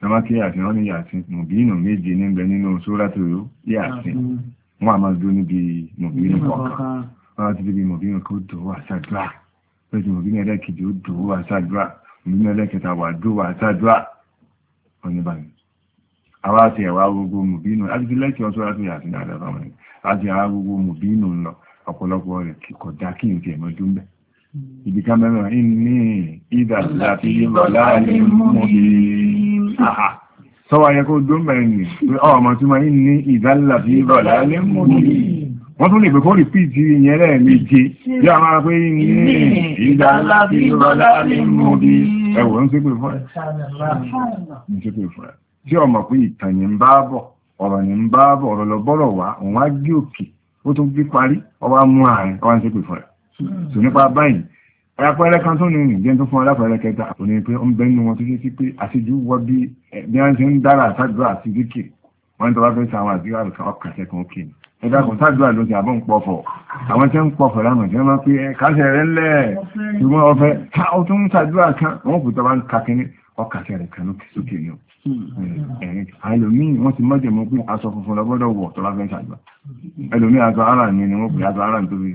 lọ́mọ́ kí yà sí wọ́n ni yà sí mùbínú méje níbẹ̀ nínú sóràtò yà sí wọ́n a máa dó níbi mùbínú kọ̀ọ̀kan wọ́n ti débi mùbínú kó dò wà sàdúrà lọ́sí mùbínú ẹlẹ́kejì ó dò wà sàdúrà mùbínú ẹlẹ́kẹta wà dò wà sàdúrà ọ̀nìbàmì àwọn àti ẹ̀wà gbogbo mùbínú láti ọ̀tọ́ àti àwọn gbogbo mùbínú lọ ọ̀pọ̀lọpọ̀ rẹ̀ kò dá kí n ti ibi ká mẹ́rin rẹ̀ ní wọ́n tún lè pẹ̀kọ́ rìpíìtì ìyẹn lẹ́ẹ̀mejì bí a máa pé ní ìdà láti yíbọ̀ láàrin mú bí ẹ̀wọ̀n ń fún ẹ̀ tí ọmọ pé ìtàn ní ń bá bọ̀ ọ̀rọ̀ ní ń bá bọ̀ ọ̀rọ̀ lọ bọ́rọ̀ wá òun á gé òkè ó tún gbé parí ọwá mú àárín ọwá ń ṣépè fún rẹ̀ tò hmm. nípa báyìí àpẹẹrẹ kan tó ní ìjẹ́ tó fún alápẹẹrẹ kẹta òní pé ó ń bẹ nínú wọn tó ṣe sí pé àṣejù wọ bí eh, bí wọ́n ṣe ń dára àtàdúrà àti díkì wọ́n tó bá fẹ́ sa àdúrà ọkàn ṣẹ́kùn òkè ni ẹ̀dá kò sáàdúrà ló ti àbọ̀ ń pọ̀fọ̀ àwọn tẹ́ ń pọ̀fọ̀ lánàá tí wọ́n pé ẹ kásẹ̀ rẹ̀ ńlẹ̀ ṣùgbọ́n ọfẹ́ ó tún ń sàdúrà kan wọ́n kò tọ́ bá ń ka kínní ọkàṣẹ́ rẹ̀ kan ni ó ẹlòmíì wọ́n ti mọ́jẹ̀ mọ́ pé aṣọ funfun lọ́gbọ́dọ̀ wọ̀ tó láfẹ́ ṣàgbà ẹlòmíì aṣọ ara ni wọ́n pè aṣọ ara tó fi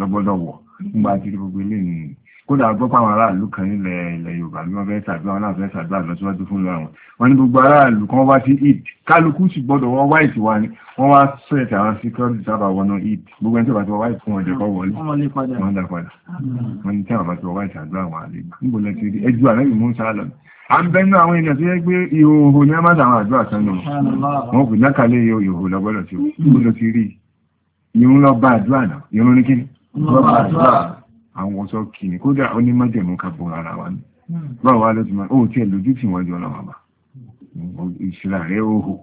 lọ́gbọ́dọ̀ wọ̀ nígbà gbogbo ilé nìyí kódà gbọ́ pàwọn aráàlú kan nílẹ̀ ilẹ̀ yorùbá ní wọ́n fẹ́ ṣàdúrà wọn náà fẹ́ ṣàdúrà lọ́síwájú fún lọ́rùn wọn ní gbogbo aráàlú kan wá sí id kálukú sì gbọ́dọ̀ wọ́n wáìtì wa ni wọ́n wá sẹ̀tì àwọn síkírọ́tì sábà wọnú id gbogbo ẹni tí wọ́n ti wọ́n wáìtì fún ọjọ́ kọ́ wọlé wọ́n dà padà wọ́n ní tí àwọn bá ti wọ́n wáìtì àdúrà wọn àlè níbo lẹ ti rí ẹjú àlẹ́yìn mú sá lọ a ń bẹ́nu àwọn ènìyàn tó yẹ pé ìhòhò ní a máa sàwọn àdúrà sánú wọn kò lákàlẹ̀ ìhòhò lọ́gbọ́dọ̀ tí ó lọ ti rí irun lọ bá àdúrà náà irun ní kí lọ bá àdúrà àwọn wọ́sọ́ kì ní kódà ó ní májẹ̀mú ká bọ́ ara wa ní báwo wá lọ́tí máa ó tí ẹ̀ lójú tí wọ́n jọ ọlọ́wọ́ bá ìṣìlá rẹ̀ ó hò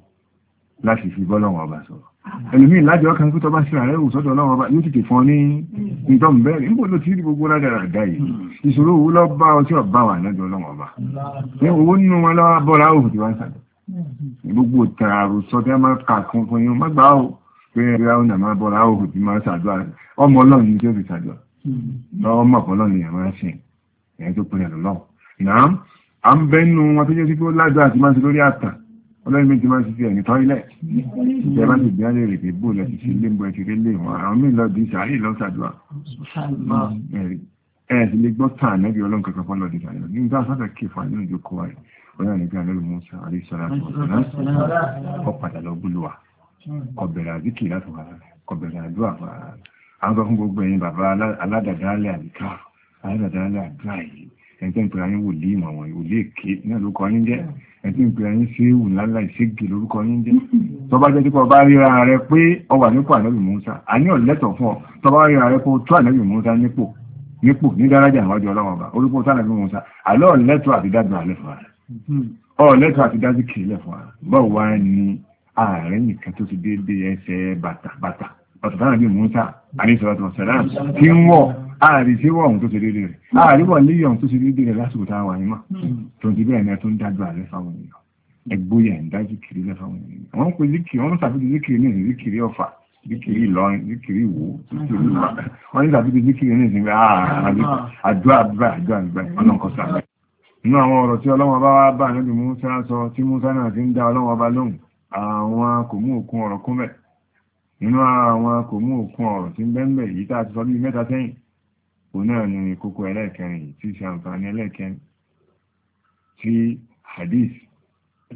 láti fi bọ́ lọ́wọ́ bá sọ̀rọ̀ ah. ẹlòmíì lájọ ọkàn pé tọba síra rẹ̀ òsọ́dọ̀ ọlọ́wọ́ bá yóò tètè fún ní hmm. ìdán bẹ́ẹ̀ níbo ló ti rí gbogbo ládàrà dá yìí hmm. ìṣòro owó lọ bá ọtí ọba wà lọ́dọ̀ ọlọ́wọ́ bá ní owó nínú wọn lọ́wọ́ bọ́ra ó ti wá ń hmm. gbogbo tààrù sọtẹ́ máa kà kún fún yín má gbà ó pé ẹgbẹ́ àwọn àmà bọ́ra ó ti máa sàdọ̀ ọmọ ọlọ́run ní tí ó fi sàdọ̀ Hmm. lọ́wọ́ mọ̀ fọ́lọ́ ni àwọn ẹ̀ṣẹ̀ ẹ̀yẹn tó pinnu lọ́wọ́ náà à ń bẹ́nu wọn tó jẹ́ sí pé ó lágbára ti máa ń ṣe lórí àtà ọlọ́rin méjì máa ń ṣe ẹ̀yìn tọ́ílẹ̀ ìjẹ́ bá ti bí alẹ́ rèé pé bóòlù ẹ̀ ti ṣe ilé ń bọ ẹ̀ṣẹ̀ lé wọn àwọn míì lọ di sàárè lọ́sàdúrà ẹ̀ sì lè gbọ́ tàn náà bí ọlọ́run kankan fọ́lọ́ di sàárè nígbà sọ́tà kí fún àyè ìjókòó wa ọ̀yà nígbà lọ́rùn Musa àríṣọ́lá ọ̀pàdà lọ́gbùlùwà kọ̀bẹ̀rẹ̀ àdúrà fún ara rẹ̀ àwọn sọ fún gbogbo ẹ̀yin bàbá aládàdálẹ̀ àdìkà aládàdálẹ̀ àdìkà yìí ẹ̀tẹ́ ìpìlẹ̀ ayé wò léèmọ̀ àwọn ìwòlé èké náà lórúkọ yín jẹ́ ẹ̀tẹ́ ìpìlẹ̀ ayé ṣe wù lálá ìṣègì lórúkọ yín jẹ́ tọba jẹ́ tí ọba ríra rẹ pé ọwà nípò ànábì Mùsá àní ọ̀lẹ́tọ̀ fún ọ tọba ríra rẹ pé ó tó ànábì Mùsá nípò nípò ní dáradà àwájú ọlọ́wọ́n ọba orúkọ tó ànábì Mùsá àlọ́ ọ̀lẹ́tọ̀ àti dájú alẹ́ fún ọ̀tọ̀tánà bí Musa àríṣọ́tọ̀ sẹ̀lám tí ń wọ̀ àríṣíwọ̀ ohun tó ṣe dédé rẹ̀ àríwọ̀ léyọ̀ ohun tó ṣe dédé rẹ̀ lásìkò tá a wà tó ti bẹ́ẹ̀ náà ń dájú àlẹ́ fáwọn èèyàn ẹgbóyà ń dájú kiri lẹ́fàwọn èèyàn wọ́n pe zikiri wọ́n ṣàfihàn zikiri ní ìlú zikiri ọ̀fà zikiri ìlọrin zikiri ìwò wọ́n ṣàfihàn zikiri ní ìsinmi ah, àdúrà àdúrà àdúrà ọ̀nà kan sàbẹ̀ nínú àwọn kò mú òkun ọ̀rọ̀ tí ń bẹ́ẹ̀mẹ̀ yìí tá a ti sọ bí mẹ́ta sẹ́yìn òun náà ni kókó ẹlẹ́ẹ̀kẹrin tí ṣe àǹfààní ẹlẹ́ẹ̀kẹrin tí hadith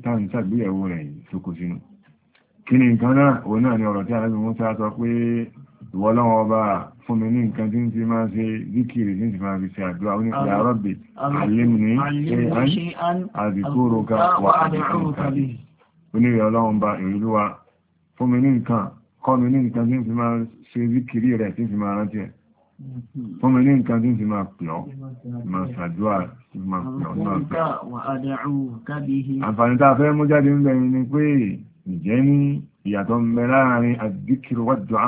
táwọn ìṣàgbéyẹ̀wò rẹ̀ yìí sókò sínú kí ni nǹkan náà òun náà ni ọ̀rọ̀ tí alábi musa sọ pé ìwọ lọ́wọ́ ọba fún mi ní nǹkan tí ń ti máa ṣe díkìrì tí ń ti máa fi ṣe àdúrà ó ní pé àrọ́bì àlémùní ṣe án àdìkúrò ká wà àdìkúrò ká ó ní ìrẹ̀ ọlọ́run ba ìrírí wa fún mi ní nǹkan kọ́nu ní nǹkan tí ń fi máa ṣe zíkìrí rẹ̀ tí ń fi máa rántí ẹ̀ fún mi ní nǹkan tí ń fi máa pìọ́ ma ṣàdúrà tí ma pìọ́ náà àǹfààní tá fẹ́ mú jáde ń bẹ̀rẹ̀ ni pé ìjẹ́ ní ìyàtọ̀ ń bẹ láàrin àdìkìrì wà dùá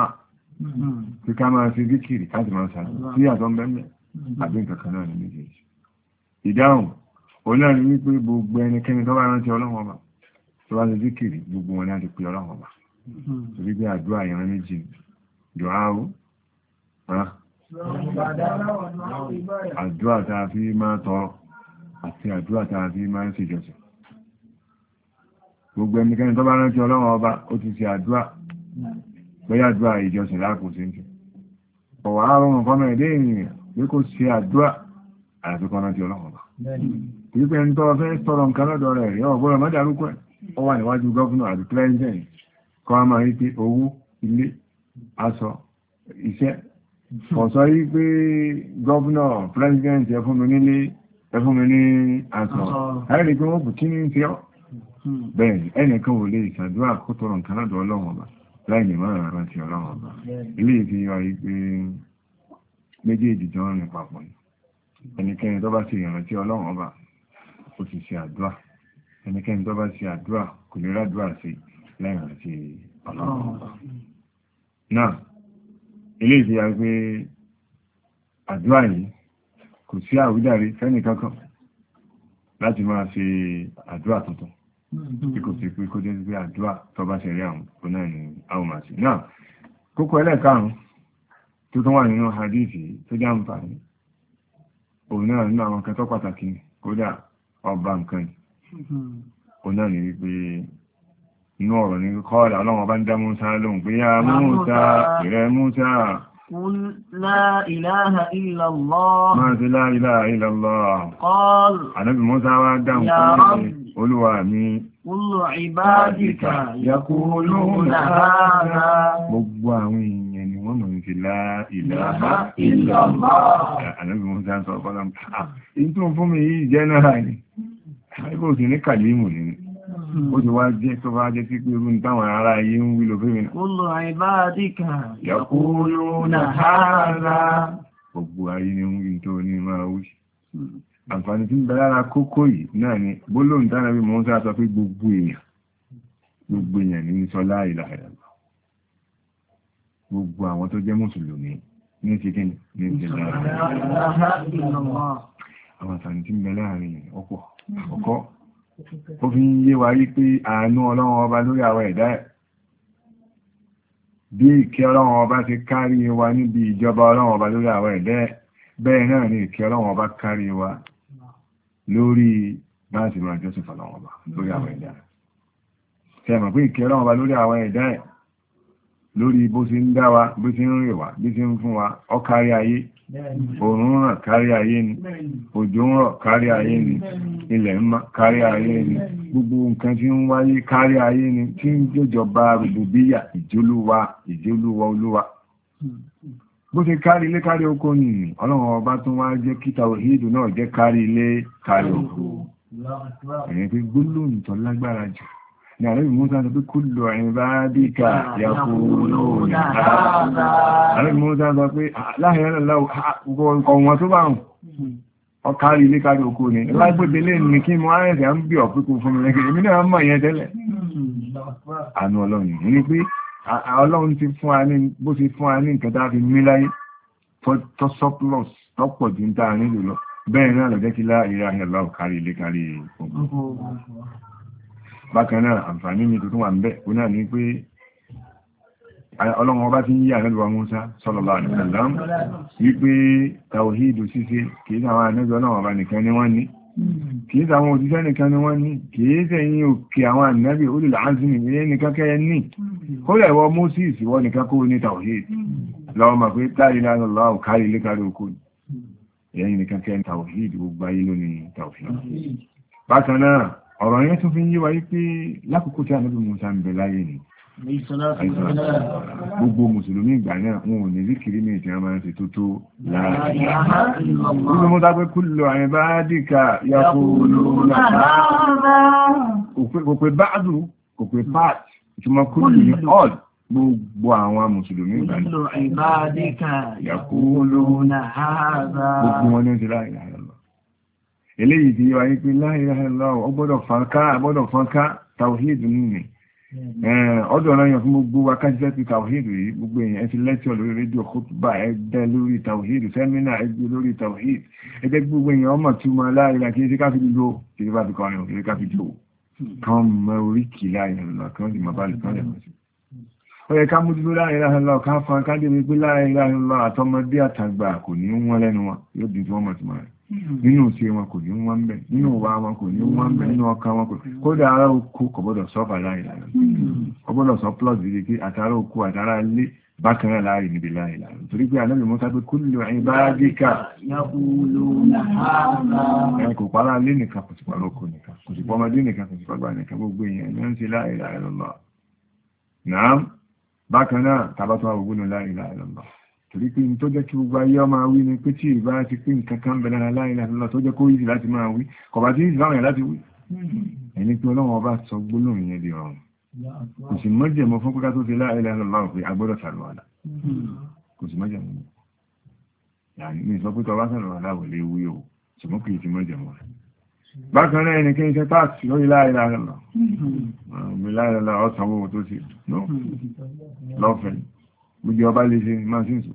kí ká máa ṣe zíkìrí ká máa ṣàdúrà sí ìyàtọ̀ ń bẹ àbí nǹkan kan náà ní méjèèjì ìdáhùn torí pé àdúrà ìran méjì dùn áhù àdúrà tá a fi máa tọrọ àti àdúrà tá a fi máa ń ṣèjọsìn gbogbo ẹnikẹ́ni tó bá rántí ọlọ́run ọba ó ti ṣe àdúrà bóyá àdúrà ìjọsìn láàkó sí ń tẹ ọ̀wà àrùn ọ̀fọ́mọ ẹ̀dẹ́ ènìyàn pé kó ṣe àdúrà àyàfikọ́ rántí ọlọ́run ọba kìí pé ń tọ́ fẹ́ tọrọ nǹkan lọ́dọ̀ rẹ̀ rí ọ̀gbọ́n ọmọdé arúgbó ẹ̀ ọ wà níwájú gọ́fúnà àti pírẹ́ńtẹ̀yìn kọ́ máa rí pé owó ilé aṣọ iṣẹ́ ọ̀sọ́ yí pé gọ́vnà pírẹsidẹ́ntì ẹ fún mi nílé ẹ fún mi ní aṣọ ẹ̀rì pé wọ́n kù kí ní fi ọ́ hmm. bẹ́ẹ̀ ẹnìkan ò lè ṣàdúrà kó tọrọ nǹkan lọ́dọ̀ ọlọ́run ọba láì ní mọ́ ẹ̀rọ ti ọlọ́run ọba ilé ìfihàn yí pé méjèèjì jọ ń papọ̀ ni ẹnikẹ́ni tó bá ṣe ìrántí ọlọ́run ọba ó ti ṣe àdúrà ẹnikẹ́ni tó bá ṣe àdúrà kò lè rádúrà sí i láì rántí ọlọ́run náà ilé ìfìyà pé àdúrà yìí kò sí àwíjàre fẹ́nì kankan láti máa ṣe àdúrà tuntun tí mm-hmm. kò sí pé kó jẹ́ pé àdúrà tó bá ṣe rí àwọn tó náà ni àwọn máa ṣe náà kókó ẹlẹ́ẹ̀karùn-ún tó tún wà nínú hadithi tó jẹ́ àǹfààní òun náà nínú àwọn kan tó pàtàkì kódà ọba nǹkan mm-hmm. òun náà ni wípé inú ọ̀rọ̀ ní kọ́ọ̀lá ọlọ́wọ́ bá ń dá Músá lóhùn pé yá Músá ìrẹ́ Músá máa sí la ilaha illallah ànábì Músá wá dáhùn fún olúwa mi Kullu ibadika yaquluna hadha gbogbo àwọn èèyàn ni wọ́n mọ̀ sí la ilaha illallah ànábì Músá sọ fọ́lá ó ti wá jẹ́ tó bá jẹ́ sí pé irú táwọn ará ayé ń wí lò fẹ́mi náà. Kullu ibadika yaquluna hadha. Gbogbo ayé ni ń wí tó ní máa wí. Àǹfààní tí ń bẹ lára kókó yìí náà ni gbólóhùn tára bí mo ń sá sọ pé gbogbo èèyàn gbogbo èèyàn ní sọ la ilaha illallah. Gbogbo àwọn tó jẹ́ mùsùlùmí ní ti kí ni ti láàrin. Àwọn àǹfààní tí ń bẹ láàrin ọ̀pọ̀ ọ̀kọ́ ó fi ń yé wa rí pé àánú ọlọ́run ọba lórí àwọn ẹ̀dá ẹ̀ bí ìkẹ́ ọlọ́run ọba ti kárí wa níbi ìjọba ọlọ́run ọba lórí àwọn ẹ̀dá ẹ̀ bẹ́ẹ̀ náà ni ìkẹ́ ọlọ́run ọba kárí wa lórí báńsì máa jọ́sìn fọlọ́run ọba lórí àwọn ẹ̀dá ẹ̀ tẹ́mọ̀ pé ìkẹ́ ọlọ́run ọba lórí àwọn ẹ̀dá ẹ̀ lórí bó ti ń dá wa bó ti ń rìn wa bí ti ń fún wa ó ayé òòrùn ń ràn kárí ayé ni òjò ń rọ̀ kárí ayé ni ilẹ̀ ń kárí ni gbogbo nǹkan tí ń wáyé kárí ayé ni tí ń jọjọba rùbùbíyà ìjólúwa ìjólúwa olúwa bó ṣe kárí ilé kárí oko nìyí ọlọ́run ọba tó wá jẹ́ kíta òhìdù náà ilé kárí oko pé gbólóhùn tó lágbára jù Yàrá ìmú sáàtọ̀ pé kúlò ìbádìíkà yàkúrò náà. Yàrá ìmú sáàtọ̀ pé láàrin ọ̀wọ̀n tó bá ń ọkàrí ilé kárí oko ni. Lágbóde lè ní kí mọ́ àrẹ̀sẹ̀ ń bí ọ̀pípò fún mi lẹ́gbẹ̀ẹ́. Èmi náà mọ̀ pé ọlọ́run ti fún tó surplus tọ́pọ̀ jù ń lọ. Bẹ́ẹ̀ náà lọ jẹ́ kí láàrin ọ̀kárí ilé kárí oko bákan náà àǹfààní mi tuntun wà ń bẹ ó náà ní pé ọlọ́run ọba ti ń yí ànábì wa Mùsá sallallahu alaihi wasallam wípé tàwíìdù ṣíṣe kìí sáwọn ànábì ọlọ́run ọba nìkan ni wọ́n ní kìí sáwọn òṣìṣẹ́ nìkan ni wọ́n ní kìí sẹ́yìn òkè àwọn ànábì ulul azmi ilé nìkan kẹ́yẹ ní kó lè wọ Moses wọ nìkan kó ní tàwíìdù bákan náà ọ̀rọ̀ yẹn tún fi ń yé wa wípé lákòókò tí ànábì Mùsá ń bẹ láyé ni gbogbo mùsùlùmí ìgbà náà wọn ò ní zikiri ní ìtìyàn máa ń ṣe tó tó láàrin nínú mú dágbé kúlò àyẹ̀bá dìkà yàkó olóòrùn kò all gbogbo àwọn mùsùlùmí ìgbà yàkó olóòrùn gbogbo wọn ní ó ti eléyìí ti wáyé pé láìláìláwọ̀ ọgbọ́dọ̀ fànká àgbọ́dọ̀ fànká tàwíìdù nìyẹn ọdọ̀ ọ̀rọ̀ yàn fún gbogbo wa kájíṣẹ́ ti tàwíìdù yìí gbogbo èèyàn ẹ ti lẹ́tọ̀ lórí rédíò kótóbà ẹgbẹ́ lórí tàwíìdù sẹ́mínà ẹgbẹ́ lórí tàwíìdù ẹgbẹ́ gbogbo èèyàn ọmọ tí mo láìláì kí ká fi lo kí ká fi kọrin kí ká fi jò kán mọ orí kì láìláìláì kán lè mọ bá lè kán lè mọ sí ó yẹ ká mójútó láìláìláì ká fọn ká dé wípé láìláìláì àtọmọdé àtàgbà kò ní wọn lẹ́nu wọn yóò di tí wọn mọ sí mọ rẹ nínú tí wọn kò ní wọ́n mẹ́ nínú wa wọn kò ní wọ́n mẹ́ nínú ọkàn wọn kò kódà ara oko kò gbọ́dọ̀ sọ fàláìlànà kò gbọ́dọ̀ sọ plus ìdí kí àtàrà oko àtàrà lé bákan náà láàrin níbi láìlànà torí pé anábì Mùsá pé kullu ibadika ẹ kò pàrà lé nìkan kò sì pàrà oko nìkan kò sì pọmọdé nìkan kò sì pàgbà nìkan gbogbo èèyàn ní ń ṣe láìlànà náà bákan náà tabatọ́ àwògbónú láìlànà torí pé tó jẹ́ kí gbogbo ayé ọmọ wí ni pé tí ìbá ti pín nǹkan kan bẹ̀rẹ̀ lára láìlà lọ tó jẹ́ kó ìsì láti máa wí kọ̀bá tí ìsì láwọn yà láti wí ẹni pé ọlọ́run ọba sọ gbólóhùn yẹn di ọ̀run kò sì mọ́jẹ̀mọ́ fún pípa tó ti láìlà lọ́wọ́ pé agbọ́dọ̀ sàlùwàlà kò sì mọ́jẹ̀mọ́ yàní ní sọ pé tọba sàlùwàlà wò lè wí o ṣùgbọ́n kì í ti mọ́jẹ̀mọ́ rẹ̀ bákan náà ẹni kí ṣe táàsì lórí láìlà lọ mi láìlà ọ̀sán owó tó ṣe lọ́fẹ̀ẹ́ gbogbo ọba lè ṣe máa ṣe ń sùn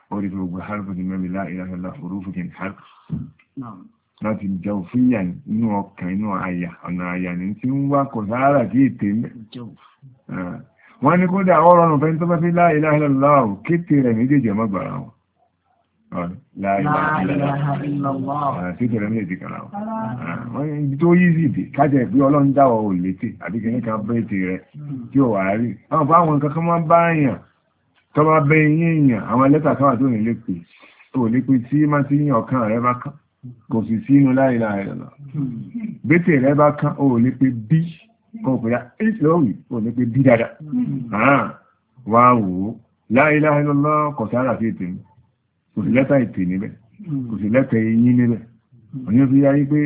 orí gbogbo harfi ní mẹ́rin láìláìlá orúfù kí n harfi láti jawfiya inú ọkàn inú àyà ọ̀nà àyà ní tí ń wá kò sáárà kí ètè mẹ́ wọ́n ní kódà ọ̀rọ̀ ọ̀nà fẹ́ni tó bá fi láìláìlá ò kéte rẹ̀ méjèèjì ọmọ gbàrà wọn Títí rẹ̀ méjèèjì kan láwọn. Wọ́n ní ibi tó yí sí ìdè kájẹ̀ pé ọlọ́run dáwọ̀ ò létè àbí kìíní kan bẹ́ẹ̀ tè rẹ̀ tọba bẹ yín èèyàn àwọn lẹ́tà kan wà tó nílé pè tó lè pè tí má ti yín ọ̀kan rẹ bá kán kò sì sí inú láìla rẹ lọ bẹ́tẹ̀ rẹ bá kán ó lè pè bí kan pè lọ́wì ó lè pè bí dada wá wò ó láìla rẹ lọ kò sára sí ètè mi kò sí lẹ́tà ètè níbẹ̀ kò sí lẹ́tà eyín níbẹ̀ òyìn fi yáyí pé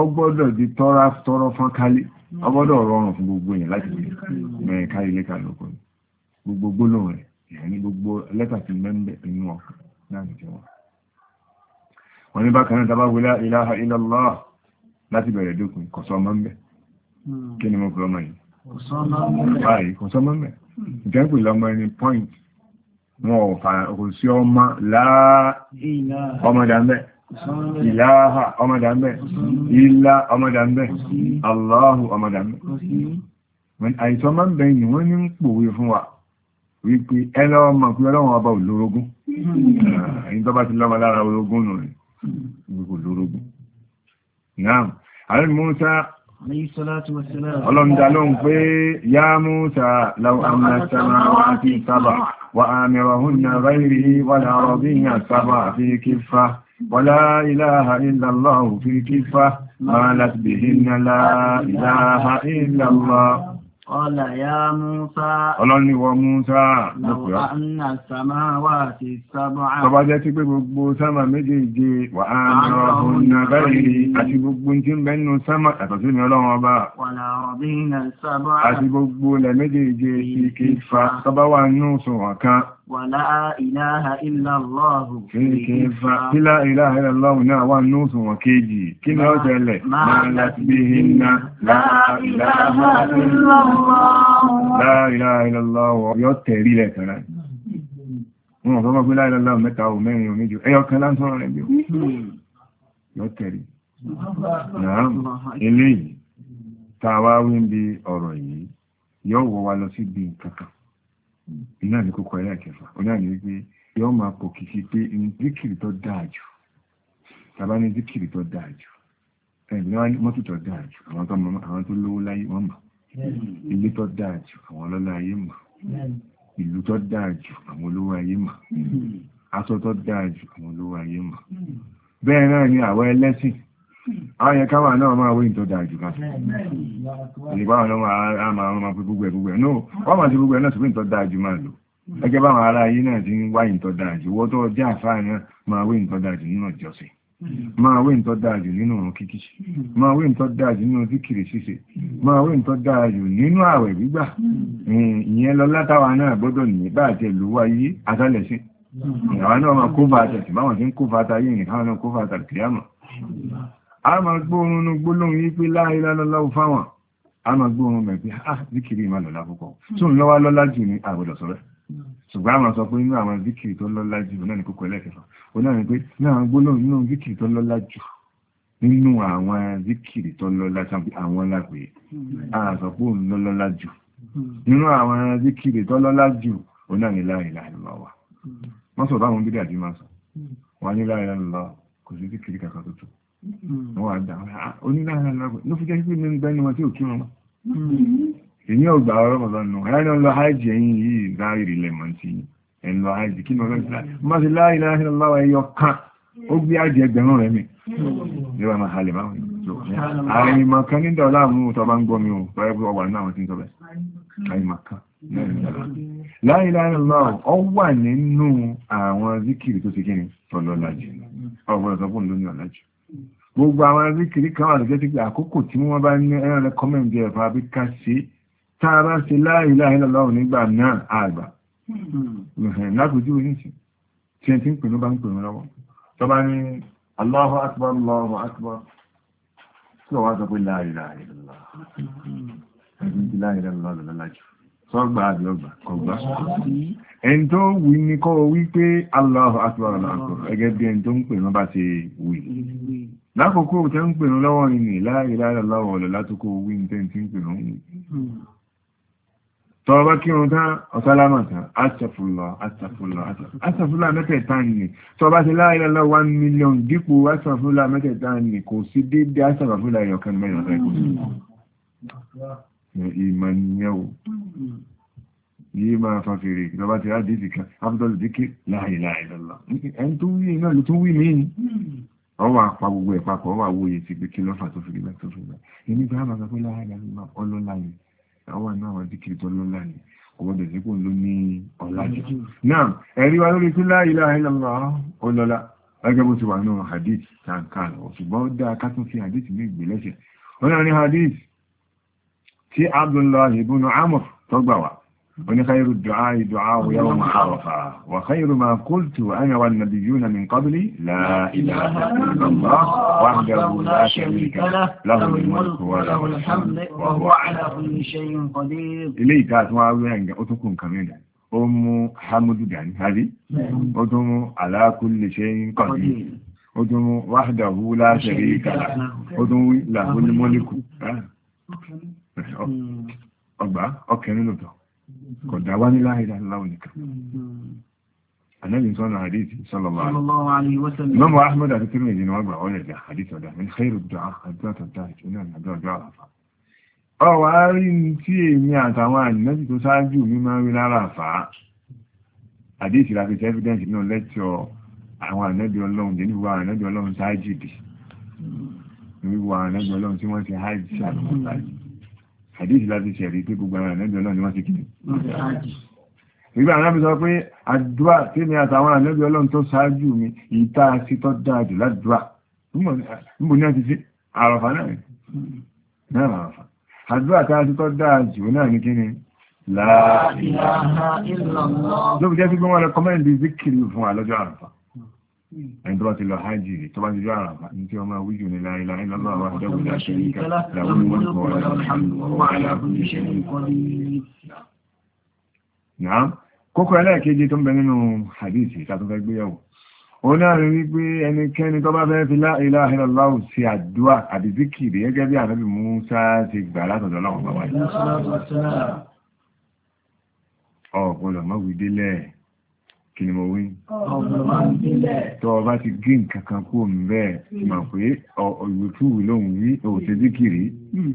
ọgbọ́dọ̀ di tọ́ra tọ́rọ fọ́n kálí ọgbọ́dọ̀ rọrùn fún gbogbo èèyàn láti gbé mẹ́rin kárí lẹ́ka lóko gbogbo gbólóhùn rẹ̀ ní gbogbo lẹ́tà ti mẹ́mbẹ̀ inú ọkà láti jẹ wọn wọ́n ní bákan náà tàbá wílá ilaha illallah láti bẹ̀rẹ̀ dókun kọ̀sọ́ mẹ́mbẹ̀ hmm. kí ni mo pè ọmọ yìí kọ̀sọ́ mẹ́mbẹ̀ ìjẹ́pù lọmọ ẹni point wọn ò fà kò sí ọmọ láà ọmọdà mẹ́ ìlàáhà ọmọdà mẹ́ ìlà ọmọdà mẹ́ wípé ẹlọ ọmọ pé ọlọ́run ọba olórogún hmm. ẹni tó bá ti lọ́mọ lára ológun nù rẹ̀ gbogbo olórogún náà ààrẹ Musa ọlọ́mdà lóhun pé yá Musa láwọn amúnásámá wá sí sábà wà àmì ọ̀hún náà báyìí wà láàrọ̀ bí i sábà fi kífà wàlá ìlàhà ìlàlọ́ ìlàlọ́ Ọlá ya Músa. Ọlọ́ni wọ Músa. Lọ́wọ́ àánà sàmá wà ti sábọ̀. Tọba jẹ́ ti pé gbogbo sámà méjèèjì wà á nà ọ̀hún nà báyìí àti gbogbo tí ń bẹ́nu sámà àtọ̀ sí ولا إله إلا الله لا إله إلا الله نعوى النوس وكيجي كما وجل مالت بهن لا إله إلا الله لا إله إلا الله يتري لك wọn fọ́mọ́ pé láìlọ́ láwọn mẹ́ta ò mẹ́rin ò méjì ẹyọ kan láńsọ́rọ̀ rẹ̀ bí ó yọ tẹ̀rí náà eléyìí tàwa wí ń bí ọ̀rọ̀ iná ní kókó ẹ̀yà kẹfà oní àná wípé yọ́ máa pò kì sí pé ní díkìrì tó dáa jù tàbá ní díkìrì tó dáa jù ẹ̀yìn wá ní mọ́tò tó dáa jù àwọn tó lówó láyé wọ́n mọ̀ ilé tó dáa jù àwọn ọlọ́lá ayé mọ̀ ìlú tó dáa jù àwọn olówó ayé mọ̀ aṣọ tó dáa jù àwọn olówó ayé mọ̀ bẹ́ẹ̀ náà ni àwa ẹlẹ́sìn àwọn yẹn káwà náà máa wéyìn tó dáa jù lásìkò ìgbà wọn náà máa máa fi gbogbo ẹ̀ gbogbo ẹ̀ náà wọ́n máa ti gbogbo ẹ̀ náà sùgbìn tó dáa jù máa lò ẹgẹ́ báwọn ará ayé náà ti ń wáyìn tó dáa jù wọ́n tó jẹ́ àfáà náà máa wéyìn tó dáa jù nínú ìjọsìn máa wé ǹtọ́ dáadì nínú ọ̀rọ̀ kíkí máa wé ǹtọ́ dáadì nínú zíkìrì ṣíṣe máa wé ǹtọ́ dáadì nínú ààwẹ̀ gbígbà ìyẹn lọ látàwà náà gbọ́dọ̀ nìyẹn bá àti ìlú wáyé asálẹ̀sí àwọn náà máa kó fàtà sí báwọn ti ń kó fàtà yìí nìkan náà kó fàtà kìyàmọ̀ a ma gbóòrùn ní gbólóhùn yí pé la ilaha illallah fáwọn a ma gbóòrùn mẹ̀ pé ah zikiri ma lọ́lá púpọ̀ tún lọ́wọ́ lọ́lá jù ní àgbọ̀dọ̀ sọ́rẹ́ hmm. ṣùgbọ́n a ma sọ pé nínú àwọn zikiri tó lọ́lá jù náà ní kókó ẹlẹ́kẹfà ó náà ní pé náà gbólóhùn nínú zikiri tó lọ́lá jù nínú àwọn zikiri tó lọ́lá sábì àwọn lápè hmm. a sọ pé òun ló lọ́lá jù hmm. nínú àwọn zikiri tó lọ́lá jù ó náà ní la ilaha illallah wọ́n sọ báwọn bídà jí máa la ilaha illallah kò sí wọ́n wà ah, dà onílára lọ́gbọ̀ ló fi jẹ́ sí mi ń gbẹ́ni wọn tí ò kí wọn mọ́ èyí ọgbà ọ̀rọ̀ mọ̀ lọ́nà ẹ̀rọ ń lọ háìjì ẹ̀yìn yìí láì rí lẹ́mọ̀ tí ẹ̀ ń lọ háìjì kí ni ọlọ́run ti láì má ti láì láì lọ́wọ́ ẹyọ kan ó gbé àjẹ ẹgbẹ̀rún rẹ̀ mi ní wàá máa halẹ̀ báwọn ààrẹ mi máa kan nídà ọláàmú tó bá ń gbọ́ mi ò báyẹ̀ ọwà náà ti ń sọ bẹ́ẹ̀ ààrẹ máa kan láì láì gbogbo àwọn zikiri kan wà lọ́jọ́ pípẹ́ àkókò tí wọ́n bá ní ẹran ẹ̀fà àbí ká ṣe a bá ṣe la ilaha illallah nígbà náà àgbà hmm. lágbójú oníṣẹ́ tí ẹ ti ń pè bá ń pè mí lọ́wọ́ Allahu Allahu tí wọ́n wá sọ pé sọ́gbà àbí ọgbà kọgbà ẹn tó wí ní kọ́ wí pé Allahu Akbar Allahu ẹgẹ́ bí ẹn tó ń pè náà bá ti wí lákòókò tẹ́ ń pè náà lọ́wọ́ ni nì láàrí láàrí lọ́wọ́ ọ̀lọ́ látòkò wí ní tẹ́ ń pè náà tọ́ bá kí wọn tán ọ̀sálámà tán astaghfirullah astaghfirullah astaghfirullah mẹ́tẹ̀ẹ̀ta ni tọ́ bá ti láàrín lọ one million dípò astaghfirullah mẹ́tẹ̀ẹ̀ta ni kò sí déédéé astaghfirullah ẹ̀yọ̀kan mẹ́rin ọ̀sẹ̀ kò sí ìmọ̀ nìyẹn o mm-hmm. yìí máa fa fèrè ìjọba ti rádi ìsìnká afdọ́lù díkì láìláìlọ́lá ẹni tó wí iná ló tó wí mí ní ọwọ́ apá gbogbo ẹ̀ papọ̀ ọwọ́ àwòye ti pé kí lọ́fà tó fìrí tó fìrí ẹni bá bàbá tó láìláìlọ́lá ọlọ́lá ni ọwọ́ iná àwọn díkì tó lọ́lá ni ọwọ́ dẹ̀sí kò ló ní ọ̀làjì mm-hmm. náà ẹ̀rí wa lórí pé láìláìlọ́lá ọlọ́lá gẹ́gẹ́ bó ti wà nínú hadith tí Abdullahi ibn Amr tó gbà wá oní khairu du'a du'a yawm arafa wa khairu ma qultu ana wan nabiyyuna min qabli la ilaha illallah wahdahu la sharika lah lahul mulku wa lahul hamdu wa huwa ala kulli shay'in qadir ilé ita tun wa wi nga o hamdu dání hadi ó ala kulli shay'in qadir ó wahdahu la sharika lah ó tún mulku ọgbà ọkẹrin lòtọ̀ kò dá wá ní láìra láwọn nìkan annabi sọ́nà àdíjì sallallahu alaihi wasallam mọ́mọ́ ahmed àti kírò ìdí ni wọ́n gbà wọ́n lè dá àdíjì ọ̀dá ní khairu du'a àdúrà tó dá ìjọ náà àdúrà ọjọ́ àràfà ọwọ́ àárí tí èmi àtàwọn ànínájì tó ṣáájú mi máa ń rí lára àfà àdíjì láti ṣe evidence náà lẹ́tọ̀ àwọn ànábì ọlọ́run dé níwọ̀ ànábì ọlọ́run ṣáájú dì níwọ̀ ànábì ọlọ́run tí wọ́n ti hájì hadith láti ṣẹ̀rí pé gbogbo àwọn ànábì ọlọ́run ni wọ́n ti kí ni. nígbà àwọn ànábì sọ pé àdúrà tèmi àtàwọn ànábì ọlọ́run tó ṣáájú mi ìta sí tọ́ dáa jù ládùúrà níbo ni wọ́n ti ṣe àràfà náà ni náà àràfà àdúrà tá a ti tọ́ dáa jù náà ni kí ni. La ilaha illallah. jẹ́ sí pé wọ́n rẹ kọ́mẹ́ǹdì zikiri fún àlọ́jọ́ àràfà ẹni tó bá ti lọ hajj rí tó bá ti jọ àràfà ní tí wọ́n máa wíjù ní láìlá ìlọ́lọ́ àwọn àdẹ́gbẹ̀dẹ́ àṣíríkà láwọn ìwọ̀n kọ̀ wà láàrín ìṣẹ́lẹ̀ ìkọ́lẹ̀ náà kókó ẹlẹ́ẹ̀kejì tó ń bẹ nínú hadith ìtàtúfẹ́ gbéyàwó òun náà rí wípé ẹnikẹ́ni tó bá fẹ́ fi la ilaha illallah sí àdúà àti zikiri gẹ́gẹ́ bí ànábì Mùsá ti gbà látọ̀dọ̀ láwọn bàbá yìí ọ̀pọ̀lọpọ̀ wídélẹ̀ kí ni mo wí tọ́ ọba ti gé nǹkan kan kú òun bẹ́ẹ̀ ti hmm. mọ̀ pé ìwòtúwì lòun wí òòtí hmm. díkìrí hmm.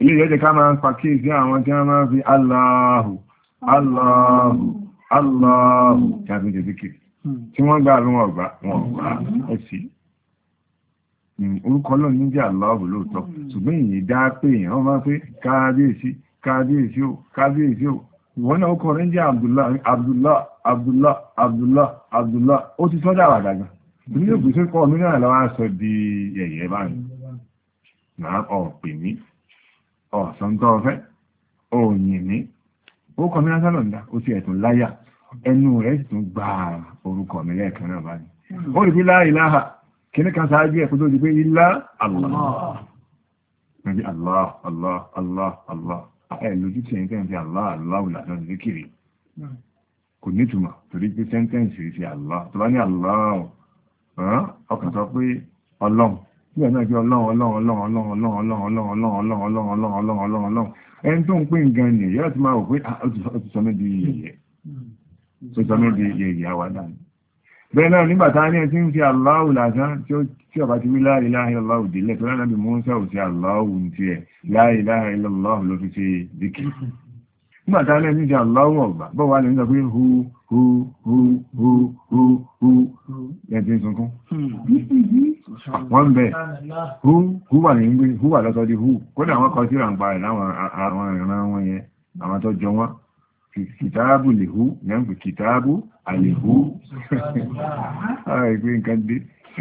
ilé ìyẹ́jẹ́ ká máa ń pa kíyèsí àwọn tí wọ́n máa ń fi Allahu Allahu Allahu tàbí díkìrí tí wọ́n gbà lọ́wọ́ ọ̀gbà wọn ọ̀gbà ẹ̀sì orúkọ náà ní jẹ́ lóòótọ́ ṣùgbọ́n èyí dá pé èèyàn wọ́n máa pé kábíyèsí kábíyèsí ò kábíyèsí ò ìwọ́n náà ó kọrin jẹ́ Abdullah Abdullah Abdullah Abdullah ó ti sọ́jà wà dàgbà ní yóò gbèsè kọ́ mí náà lọ́wọ́ sọ di yẹ̀yẹ́ báyìí náà ọ̀ pè mí ọ̀sọ̀ntọ́ ọ̀fẹ́ òyìn ní ó kọ̀ mí lásán lọ́nà ó ti ẹ̀tún láyà ẹnu rẹ̀ sì tún gba orúkọ mi lẹ́ẹ̀kan náà báyìí ó rí pé la ilaha kíní kan sáájú ẹ̀kú tó di pé ilá Allah nàbí Allah Allah Allah Allah ẹ̀ lójú tí ẹ̀yìn tẹ́ ń fi Allah Allah làdọ́ kò nítumọ̀ torí pé sẹ́ńtẹ́ǹsì sí Allah tó bá ní Allah ọkàn sọ pé ọlọ́run tí ẹ̀ náà jẹ́ ọlọ́run ọlọ́run ọlọ́run ọlọ́run ọlọ́run ọlọ́run ọlọ́run ọlọ́run ọlọ́run ọlọ́run ọlọ́run ọlọ́run ẹni tó ń pín nǹkan ni yóò ti máa rò pé ó ti sọ mí di yẹ̀yẹ́ tó sọ mí di yẹ̀yẹ́ àwàdà ni. bẹ́ẹ̀ náà nígbà tá a ní ẹ ti ń fi Allahu lásán tí ọba ti wí la ilaha illallahu délẹ̀ tó lánàá bí Mùsá ò ti Allahu ti ẹ̀ la ilaha illallahu ló fi ṣe dìkì nígbàtà alẹ́ níjà lọ́wọ́ ọ̀gbà bọ́ wà lẹ́yìn pé hu hu hu hu hu hu ẹ̀dẹ̀ tuntun wọ́n bẹ̀ hu hu wà lẹ́yìn pé hu wà lọ́sọ́ di hu kódà wọ́n kọ síra ń pa ẹ̀ láwọn ìran wọn yẹn àwọn tó jọ wọn kìtàbù lè hu ní àpò kìtàbù àlè hu ẹgbẹ́ nǹkan dé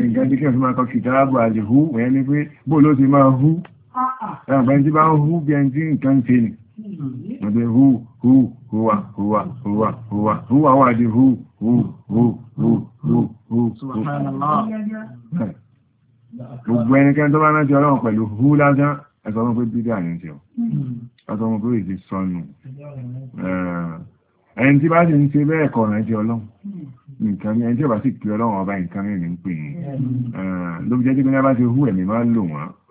nǹkan dé kí kọ kìtàbù àlè hu wọ́n yẹn ni pé bóòló ti máa hu ẹ̀rọ bá bá hu bí ẹni tí nǹkan ń ni Ọdẹ hù hù hùwà hùwà hùwà hùwà hùwà wà dé hù hù hù hù hù hù. Gbogbo ẹnikẹ́ni tó bá rántí ọlọ́run pẹ̀lú hù lásán, ẹ̀sọ́ wọn pé bídà ní ti ọ̀. Ọ̀sọ́ wọn pé èdè sọnù. Ẹni tí bá sì ń ṣe bẹ́ẹ̀ kọ̀ rántí ọlọ́run nǹkan ní ẹjọ́ bá sì pé ọlọ́run ọba nǹkan ní ìpín ló jẹ́ tí gbẹ́nà bá ti hú ẹ̀mí máa lò wọ́n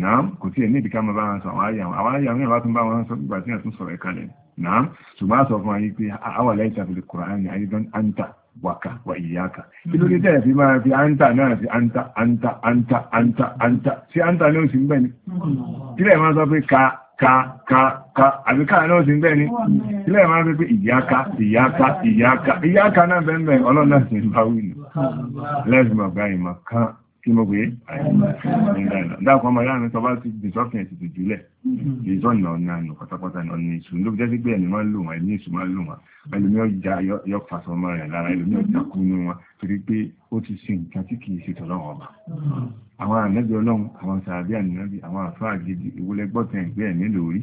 náà kò tí ẹ̀ ní ìdíkà máa bá wọn sọ àwọn àyà àwọn àyà wọn bá tún bá wọn sọ nígbà tí wọn tún sọ̀rọ̀ ẹ̀kalẹ̀ náà ṣùgbọ́n sọ fún ayé pé àwà lẹ́yìn tàbí kùrán ní ayé dán áńtà wàkà wà ìyáka kí ló dé tẹ́ẹ̀ fi máa fi áńtà náà sí áńtà áńtà áńtà áńtà áńtà sí áńtà ní òsì ń bẹ̀ ni kí lẹ́ẹ̀ máa sọ pé ka ka ka ka àbí ká náà sì ń bẹ̀ ni kí lẹ́ẹ̀ máa sọ pé ìyáka ìyáka ìyáka ìyáka náà bẹ́ẹ̀ mẹ́ ọlọ́run náà sì ń bá wí kí mo gbé dákọ̀ ọmọ yára tó bá ti dìsọ́fìn ẹ̀sì tó jùlẹ̀ ìsọ́ ìnà ọ̀nà ànà pátápátá ìnà ọ̀nà ìṣù ló jẹ́ sí pé ẹni máa ń lò wọn ẹni ìṣù máa ń lò wọn ẹlòmí ọjà yọ fàṣọ ọmọ rẹ̀ lára ẹlòmí ọjà kú nú wọn torí pé ó ti ṣe nǹkan tí kì í ṣe tọ́lọ́wọ́ ọba àwọn ànábì ọlọ́run àwọn sàbí ànábì àwọn àfáà gidi ìwúlẹ̀ gbọ́tẹ̀ ìgbẹ́ ẹ̀mí lórí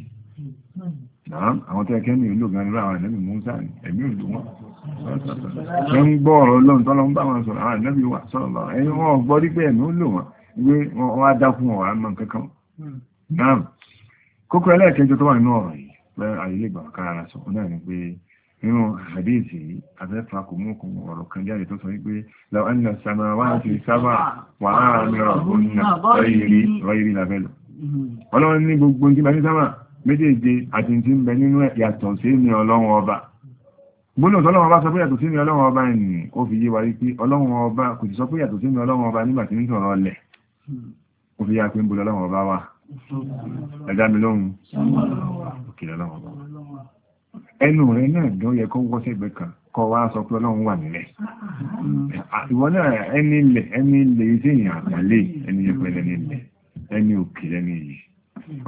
àwọn tẹ́kẹ́ mi ò lò gan-an lọ́wọ́ àwọn tó ń gbọ́ ọ̀rọ̀ lọ́n tọ́lọ ń bá wọn sọ̀rọ̀ àwọn ìlẹ́bí wà sọ́ọ̀lọ́ ẹ̀yìn wọn gbọ́ dípé ẹ̀mí ó lò wọn wé wọn wá dá fún ọ̀rọ̀ àmọ́ kankan náà kókó ẹlẹ́ẹ̀kẹjọ tó wà nínú ọ̀rọ̀ yìí pé àyílẹ̀ ìgbà kára sọ náà ni pé nínú àdéhìsì yìí afẹ́fà kò mú okùn ọ̀rọ̀ kan jáde tó sọ wípé làwọn ẹni náà sàmà wá gbónà tọ́lọ́wọ́ bá sọ pé yàtọ̀ sí mi ọlọ́wọ́ ọba ẹni ó fi yé wa pé ọlọ́wọ́ ọba kò ti sọ pé yàtọ̀ sí mi ọlọ́wọ́ ọba nígbà tí ń sọ̀rọ̀ ọlẹ̀ ó fi yá pé ń bo lọ́wọ́ ọba wa ẹ̀dá mi lóhun òkè lọ́wọ́ ọba ẹnu rẹ náà dán yẹ kó wọ́ sẹ́gbẹ́ kan kọ́ wá sọ pé ọlọ́run wà nílẹ̀ ìwọ náà ẹni ilẹ̀ ẹni ilẹ̀ iṣẹ́ ìyàn àpàlẹ́ ẹni yẹpẹrẹ ẹni ilẹ̀ ẹni òkè ẹni yìí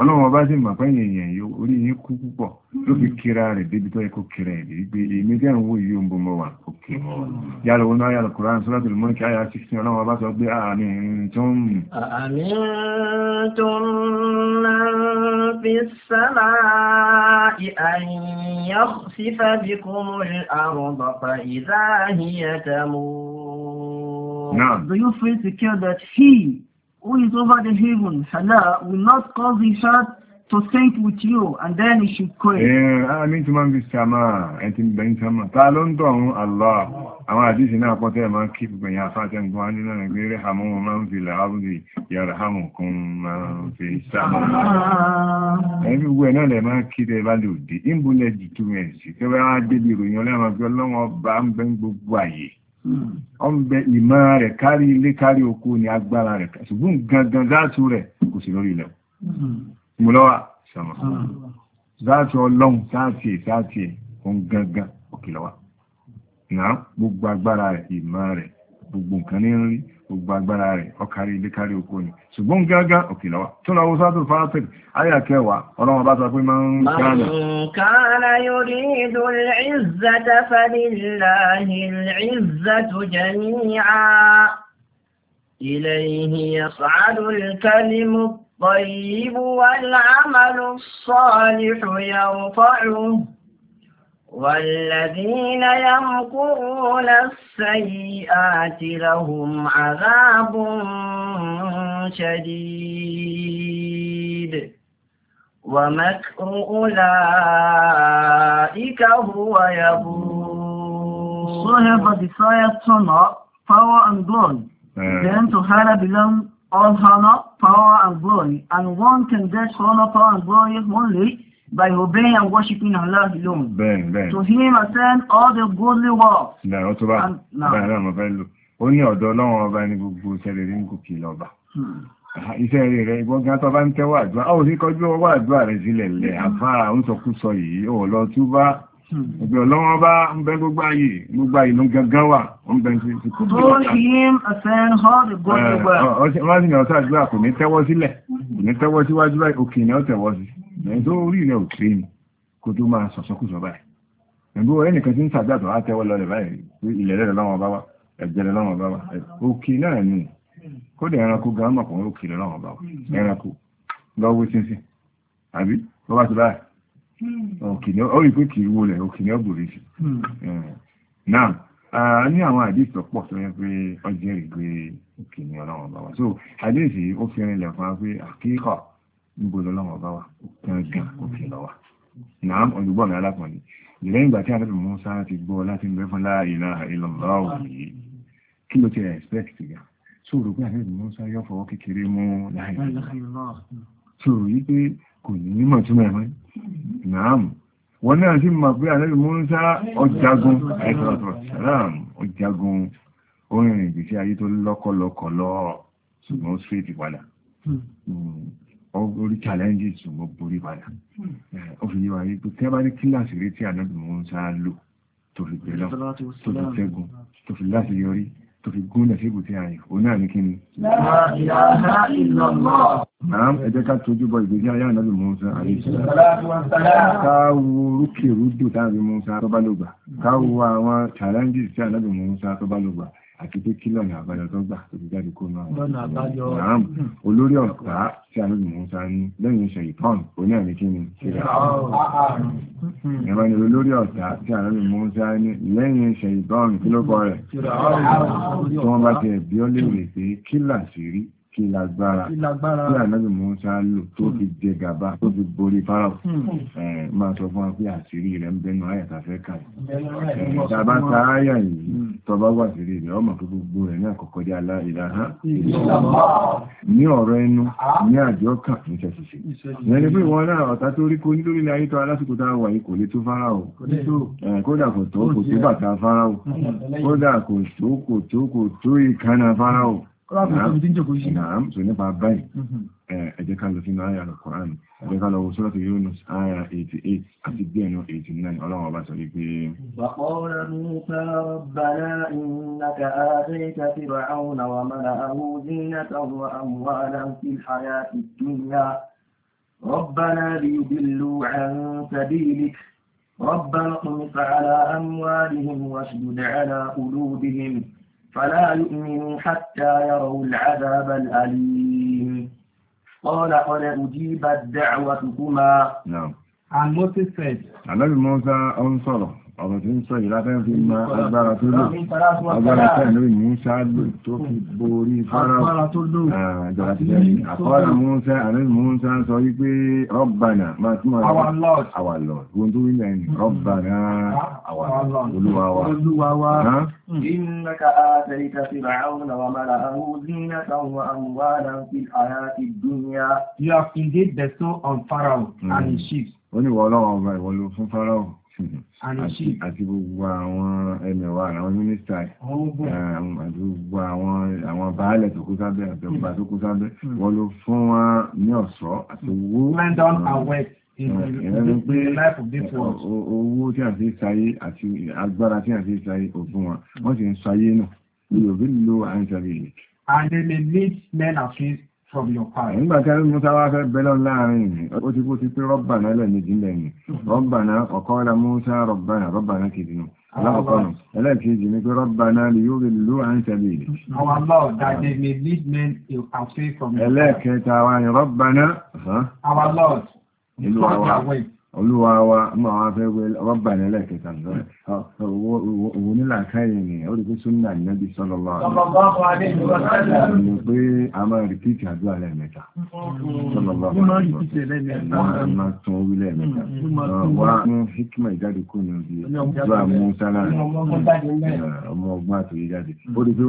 ọlọ́run ọba sì mọ̀ pé èèyàn yìí orí yín kú púpọ̀ ló fi kíra rẹ̀ débi tó yẹ kíra ẹ̀ lè gbé èmi tí àwọn òye ń bọ̀ mọ̀ wà òkè mọ̀ wà. wọn náà yálà Kùránì Suratul Mulk àyà sísè ọlọ́run ọba sọ pé àmì tó ń mú. àmì tó ń lọ fi sábà àyàn sífà bí kúmùl àrùn bàbá ìdáhìyàtàmù. Now, do you feel secure that he who is over the heaven, Allah, will not cause his heart to think with you, and then he should pray. Àmì eh, ah, tí máa ń fi sàmà, ẹ ti gbẹ̀yìn sàmà. Ta ló ń dọ̀run Allah? Àwọn àdíṣì náà pọ́tẹ́ ẹ̀ máa ń kí gbẹ̀yìn àfáàtẹ́ nǹkan á nínú ẹgbẹ́ rẹ̀ hàmú wọn máa ń fi làábùdì yàrá hàmù kan máa ń fi sàmà. Ẹni gbogbo ẹ̀ náà lẹ̀ máa kí ọ ń bẹ ìmọ̀ rẹ̀ kárí ilé kárí oko ni agbára rẹ̀ ṣùgbọ́n gangan záàtù rẹ̀ kò sí lórí ilẹ̀ mo sọ̀rọ̀ záàtù ọlọ́run sáàtì sáàtì ohun gangan òkè náà gbogbo agbára ìmọ̀ rẹ̀ gbogbo nǹkan ní rí gbogbo agbára rẹ̀ ọkàrí ilé kárí oko ni ṣùgbọ́n gágá òkè lọ́wọ́ tó lọ́wọ́ sátò faratik ayà kẹwàá ọlọ́wọ́ bá sọ pé máa ń kánà. kánà yorí ìlú ìzà tafàdí láàrin ìzà tó jẹ níyà والذين يمكرون السيئات لهم عذاب شديد ومكر أولئك هو يبور So have a desired honor, power and glory. Mm. Then to Allah belong all honor, power and glory. And one can get honor, power and glory only by obeying and worshiping Allah alone. Bẹ́ẹ̀ni, bẹ́ẹ̀ni. To him ascend all the godly works. Bẹ́ẹ̀ni, ó tó bá bẹ́ẹ̀ni náà mo fẹ́ lò. Ó ní ọ̀dọ̀ ọlọ́run ọba ní gbogbo ìṣẹ̀lẹ̀ rí ń gòkè lọ́ba. Hmm. Iṣẹ́ rẹ̀ rẹ̀ ìgbọ́n gan tó bá ń tẹ́wọ́ àdúrà. Ó sì kọjú ọwọ́ àdúrà rẹ̀ sílẹ̀ lẹ̀ àfáà ń sọkúsọ yìí. Ó lọ tú bá Ìgbẹ̀ hmm. ọlọ́wọ́ bá ń bẹ gbogbo ayé, gbogbo ìlú gangan wà, ó ń bẹ sí kú. Tó kí ń ẹ̀fẹ́ ń họ́ ìgbọ́ ìgbà. Wọ́n sì ní ọ̀sá àdúrà kò ní tẹ́wọ́ sílẹ̀, kò ní tẹ́wọ́ síwájú báyìí, òkè ni ó tẹ́wọ́ sí ẹni tó rí rẹ̀ ò kéré ni kó tó máa sọ̀sọ́kùsọ báyìí ẹ̀gbọ́ ẹnìkan tí ń sàgbàtọ̀ á tẹ́wọ́ lọlẹ̀ báyìí ilẹ̀ rẹ̀ lọ́wọ́ bá wá ẹ̀jẹ̀ rẹ̀ lọ́wọ́ bá wá òkè náà ni kódà ẹranko gan mọ̀ pọ̀ òkè rẹ̀ lọ́wọ́ bá wá ẹranko lọ́wọ́ sínsìn àbí wọ́n bá ti báyìí òkè ni ó rí pé kì í wo lẹ̀ òkè ni ó gbòòrè sí náà a ní àwọn àdéhìí tó pọ̀ tó yẹ pé ọjọ́ ìgbé òkè ni ọlọ́wọ́ bá wá so àdéhìí ó fi rinlẹ̀ fún wa pé àkíkọ̀ níbo lọ́lọ́wọ́ bá wà gangan òfin lọ́wà náà olùgbọ́ mi alákùnrin ìlẹ́yìn ìgbà tí a lọ́dún Mùsá ti gbọ́ láti bẹ́ fún la ilaha illallah yìí kí ló ti expect ga sóòrò pé àlọ́dún Mùsá yọ fọwọ́ kékeré mú la ilaha illallah sóòrò yìí pé kò ní nímọ̀ túmọ̀ ẹ̀mọ́ náà wọ́n náà ọgbórí challenges mo borí padà hmm. eh, ó fi yíwa wípé tẹ́ bá ní kíláàsì rí tí ànábì mò ń sáá lò tó fi gbẹ̀lọ́ tó fi ṣẹ́gun tó fi láti yọrí tó fi gún lẹ́sẹ̀gùn tí a yìí ó náà ní kíni. Màá ẹ ká tójú bọ ìgbésí ayé ànábì mò ń sá àyè Ká wo rúkèrúdò táàbí mò ń sá tó bá lò gbà. Ká wo àwọn challenges tí ànábì mò ń sá tó bá lò gbà àti pé kí lọ́nà àbáyọ tó gbà tó fi jáde kó náà lọ́nà àbáyọ ọ̀ràn olórí ọ̀tá tí alóògùn musa ní lẹ́yìn iṣẹ́ ìtọ́n oní àmì kí ni ṣẹlẹ̀ ìrànlẹ́ olórí ọ̀tá tí alóògùn ní lẹ́yìn iṣẹ́ ìtọ́n kí ló kọ rẹ̀ tí wọ́n bá ti ẹ̀bí ọ́ léèrè pé kí làṣírí kí lágbára tí ànábì Mùsá lò tó hmm. fi jẹ gàba tó fi borí fáráò hmm. máa sọ fún wa pé àṣírí rẹ̀ ń bẹnu àyà tàfẹ́ kà tàbá ta àyà yìí tọba wà sí rẹ̀ ọmọ tó gbogbo rẹ̀ ní àkọ́kọ́ dé aláìláha ní ọ̀rọ̀ ẹnu ní àjọ kàn ní ṣẹṣiṣẹ ìyẹn ni pé wọn náà ọ̀tá tó rí kó nítorí ilé ayé tó alásìkò tá a wà yìí kò lè tó fáráò kódà kò tó kò tó bàtà fáráò hmm. kódà kò tó kò tó kò tó ìkànnà fáráò نعم سنة بابين أجاك الله في آية القرآن سورة يونس آية 88 أتدين 89 وقال موسى ربنا إنك آتيت فرعون وملأه زينة وأموالا في الحياة الدنيا ربنا ليضلوا عن سبيلك ربنا اطمس على أموالهم واشدد على قلوبهم فلا يؤمنوا حتى يروا العذاب الأليم قال قد أجيبت دعوتكما نعم عن موسى السيد عن Mọ́sá ọ ọ̀rọ̀ tí ń sọ yìí láfẹ́ fi ma agbára tó lò agbára tẹ́ lórí mú ṣáàlù tó fi borí fara àjọ̀rà ti lẹ́yìn àkọọ́lẹ̀ Mùsá àrẹ́lì Mùsá ń sọ wípé Rabbana máa túmọ̀ our Lord our Lord ohun tó wílẹ̀ ní hmm. Rabbana ah, our Lord olúwa wa hmm. innaka atayta fir'auna wa mala'ahu zinatan wa amwalan fil hayati dunya you have indeed bestowed on Pharaoh and his chiefs hmm. oníwọ̀ ọlọ́wọ̀ ọba ìwọ̀lú fún Pharaoh Mm-hmm. àti gbogbo àwọn ẹmẹ̀wà àwọn mínísítà um, àti gbogbo àwọn baálẹ̀ tó kó sábẹ́ àti tó kó sábẹ́ mm. wọ́n ló fún wa ní ọ̀ṣọ́ àti mm. owó mm. owó tí a fi sáyé àti agbára tí a fi sáyé òfin wọn wọ́n sì ń sáyé náà yóò bí lo àìsàrí ìlú. and they may lead men astray nígbà tí Musa wá fẹ́ bẹ́lọ̀ láàrin ó ti kú ti pé rọ́bàná lẹ́ẹ̀mejì lẹ́yìn rọ́bàná ọ̀kọ́lá Musa rọ́bàná rọ́bàná kìdì nù alákọ̀ọ́nà ẹlẹ́ẹ̀kejì ni pé rọ́bàná lè yóò lè lú à ń tẹ̀lé ilẹ̀ ẹlẹ́ẹ̀kẹta wa ni rọ́bàná Our Lord, olúwa wa mọ́ àwọn afẹ́ wẹ́ rọ́bà nílẹ̀ kẹta òwò nílà káyẹ̀ ni ó rí pé súnmọ́ ànínábì sọ́lọ́ lọ́wọ́ rẹ̀ ni pé a máa rí jáde ó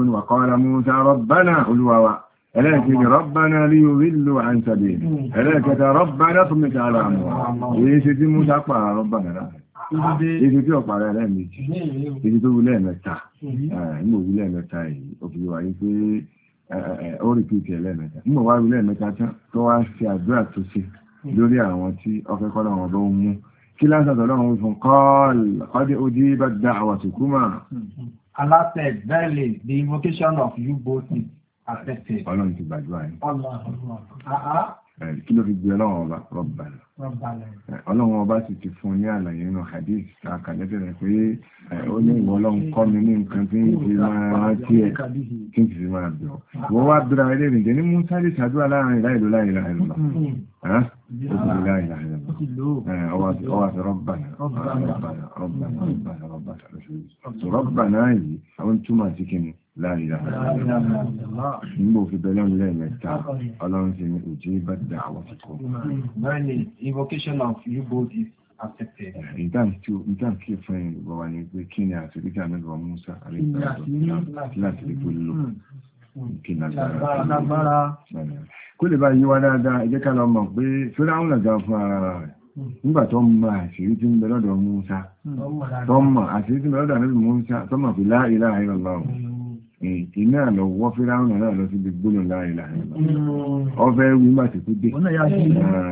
ní wà kọ́ ara musa rọ́bà náà olúwa wa ẹlẹ́ẹ̀kejì rọ́bánà rí orílò àǹtàbí ẹlẹ́ẹ̀kẹta rọ́bánà tó mẹ́ta ara mọ̀ èyí ṣe tí mú sápà rọ́bánà rá èyí tí ọ̀pá rẹ̀ lẹ́ẹ̀mejì èyí tó wulẹ̀ mẹ́ta nígbò wulẹ̀ mẹ́ta yìí òfin wà yí pé ó rí pípì ẹlẹ́ẹ̀mẹ́ta nígbò wá wulẹ̀ mẹ́ta tó wá ṣe àdúrà tó ṣe lórí àwọn tí ọfẹ́ kọ́ lọ́wọ́ bó mú kí lásàtọ̀ lọ́wọ́ fún kọ́ọ̀lù ọdí ojú bá dá àwọ̀ tìkú mà. aláṣẹ bẹ́ẹ̀ lè the invocation of you both affected. Ọlọ́run ti gbàdúrà yìí. Kí ló fi gbé ọlọ́run ọba rọ́bàlá? Ọlọ́run ọba sì ti fún ní àlàyé nínú hadith kàkàlẹ́tẹ̀ rẹ̀ pé ó ní ìwọ ọlọ́run kọ́ mi ní nǹkan tí ń fi máa rántí ẹ̀ kí n sì fi máa bẹ̀ ọ́. Wọ́n wá bíra ilé ìrìnjẹ́ ní Musa lè ṣàdúrà láàrin láìlú láìlá ìlú lọ. Ó sì láìlá ìlú lọ. Ọwọ́ sí rọ́bàlá, rọ́bàlá, rọ́bàlá, rọ́bàlá, rọ́bàlá. Rọ́bàlá yìí, àwọn túmọ̀ sí kíni láàrínà nígbò fi bẹ̀rẹ̀ ilẹ̀ mẹ́ta ọlọ́run sí ní òjò ìbá dá àwọn ti kọ́. invocation of you both is accepted. ìdá kí fún ìgbọ̀ wà ní pé kí ni àti ríkà mẹ́gbọ̀ Musa àríkà láti rí pé lò kí ni agbára kó lè bá yíwá dáadáa ẹ jẹ́ ká lọ mọ̀ pé fúnra ń lọ̀gá fún ara rẹ̀ hmm. nígbà tó mọ̀ àṣírí tí ń bẹ lọ́dọ̀ Musa hmm. tó mọ̀ àṣírí tí ń bẹ lọ́dọ̀ Musa tó mọ̀ fi la ilaha illallah hmm iná àlọ́ wọ́n fi ráhùn náà lọ síbi gbónà láàrin láàrin ọfẹ́ wí má ti kú dé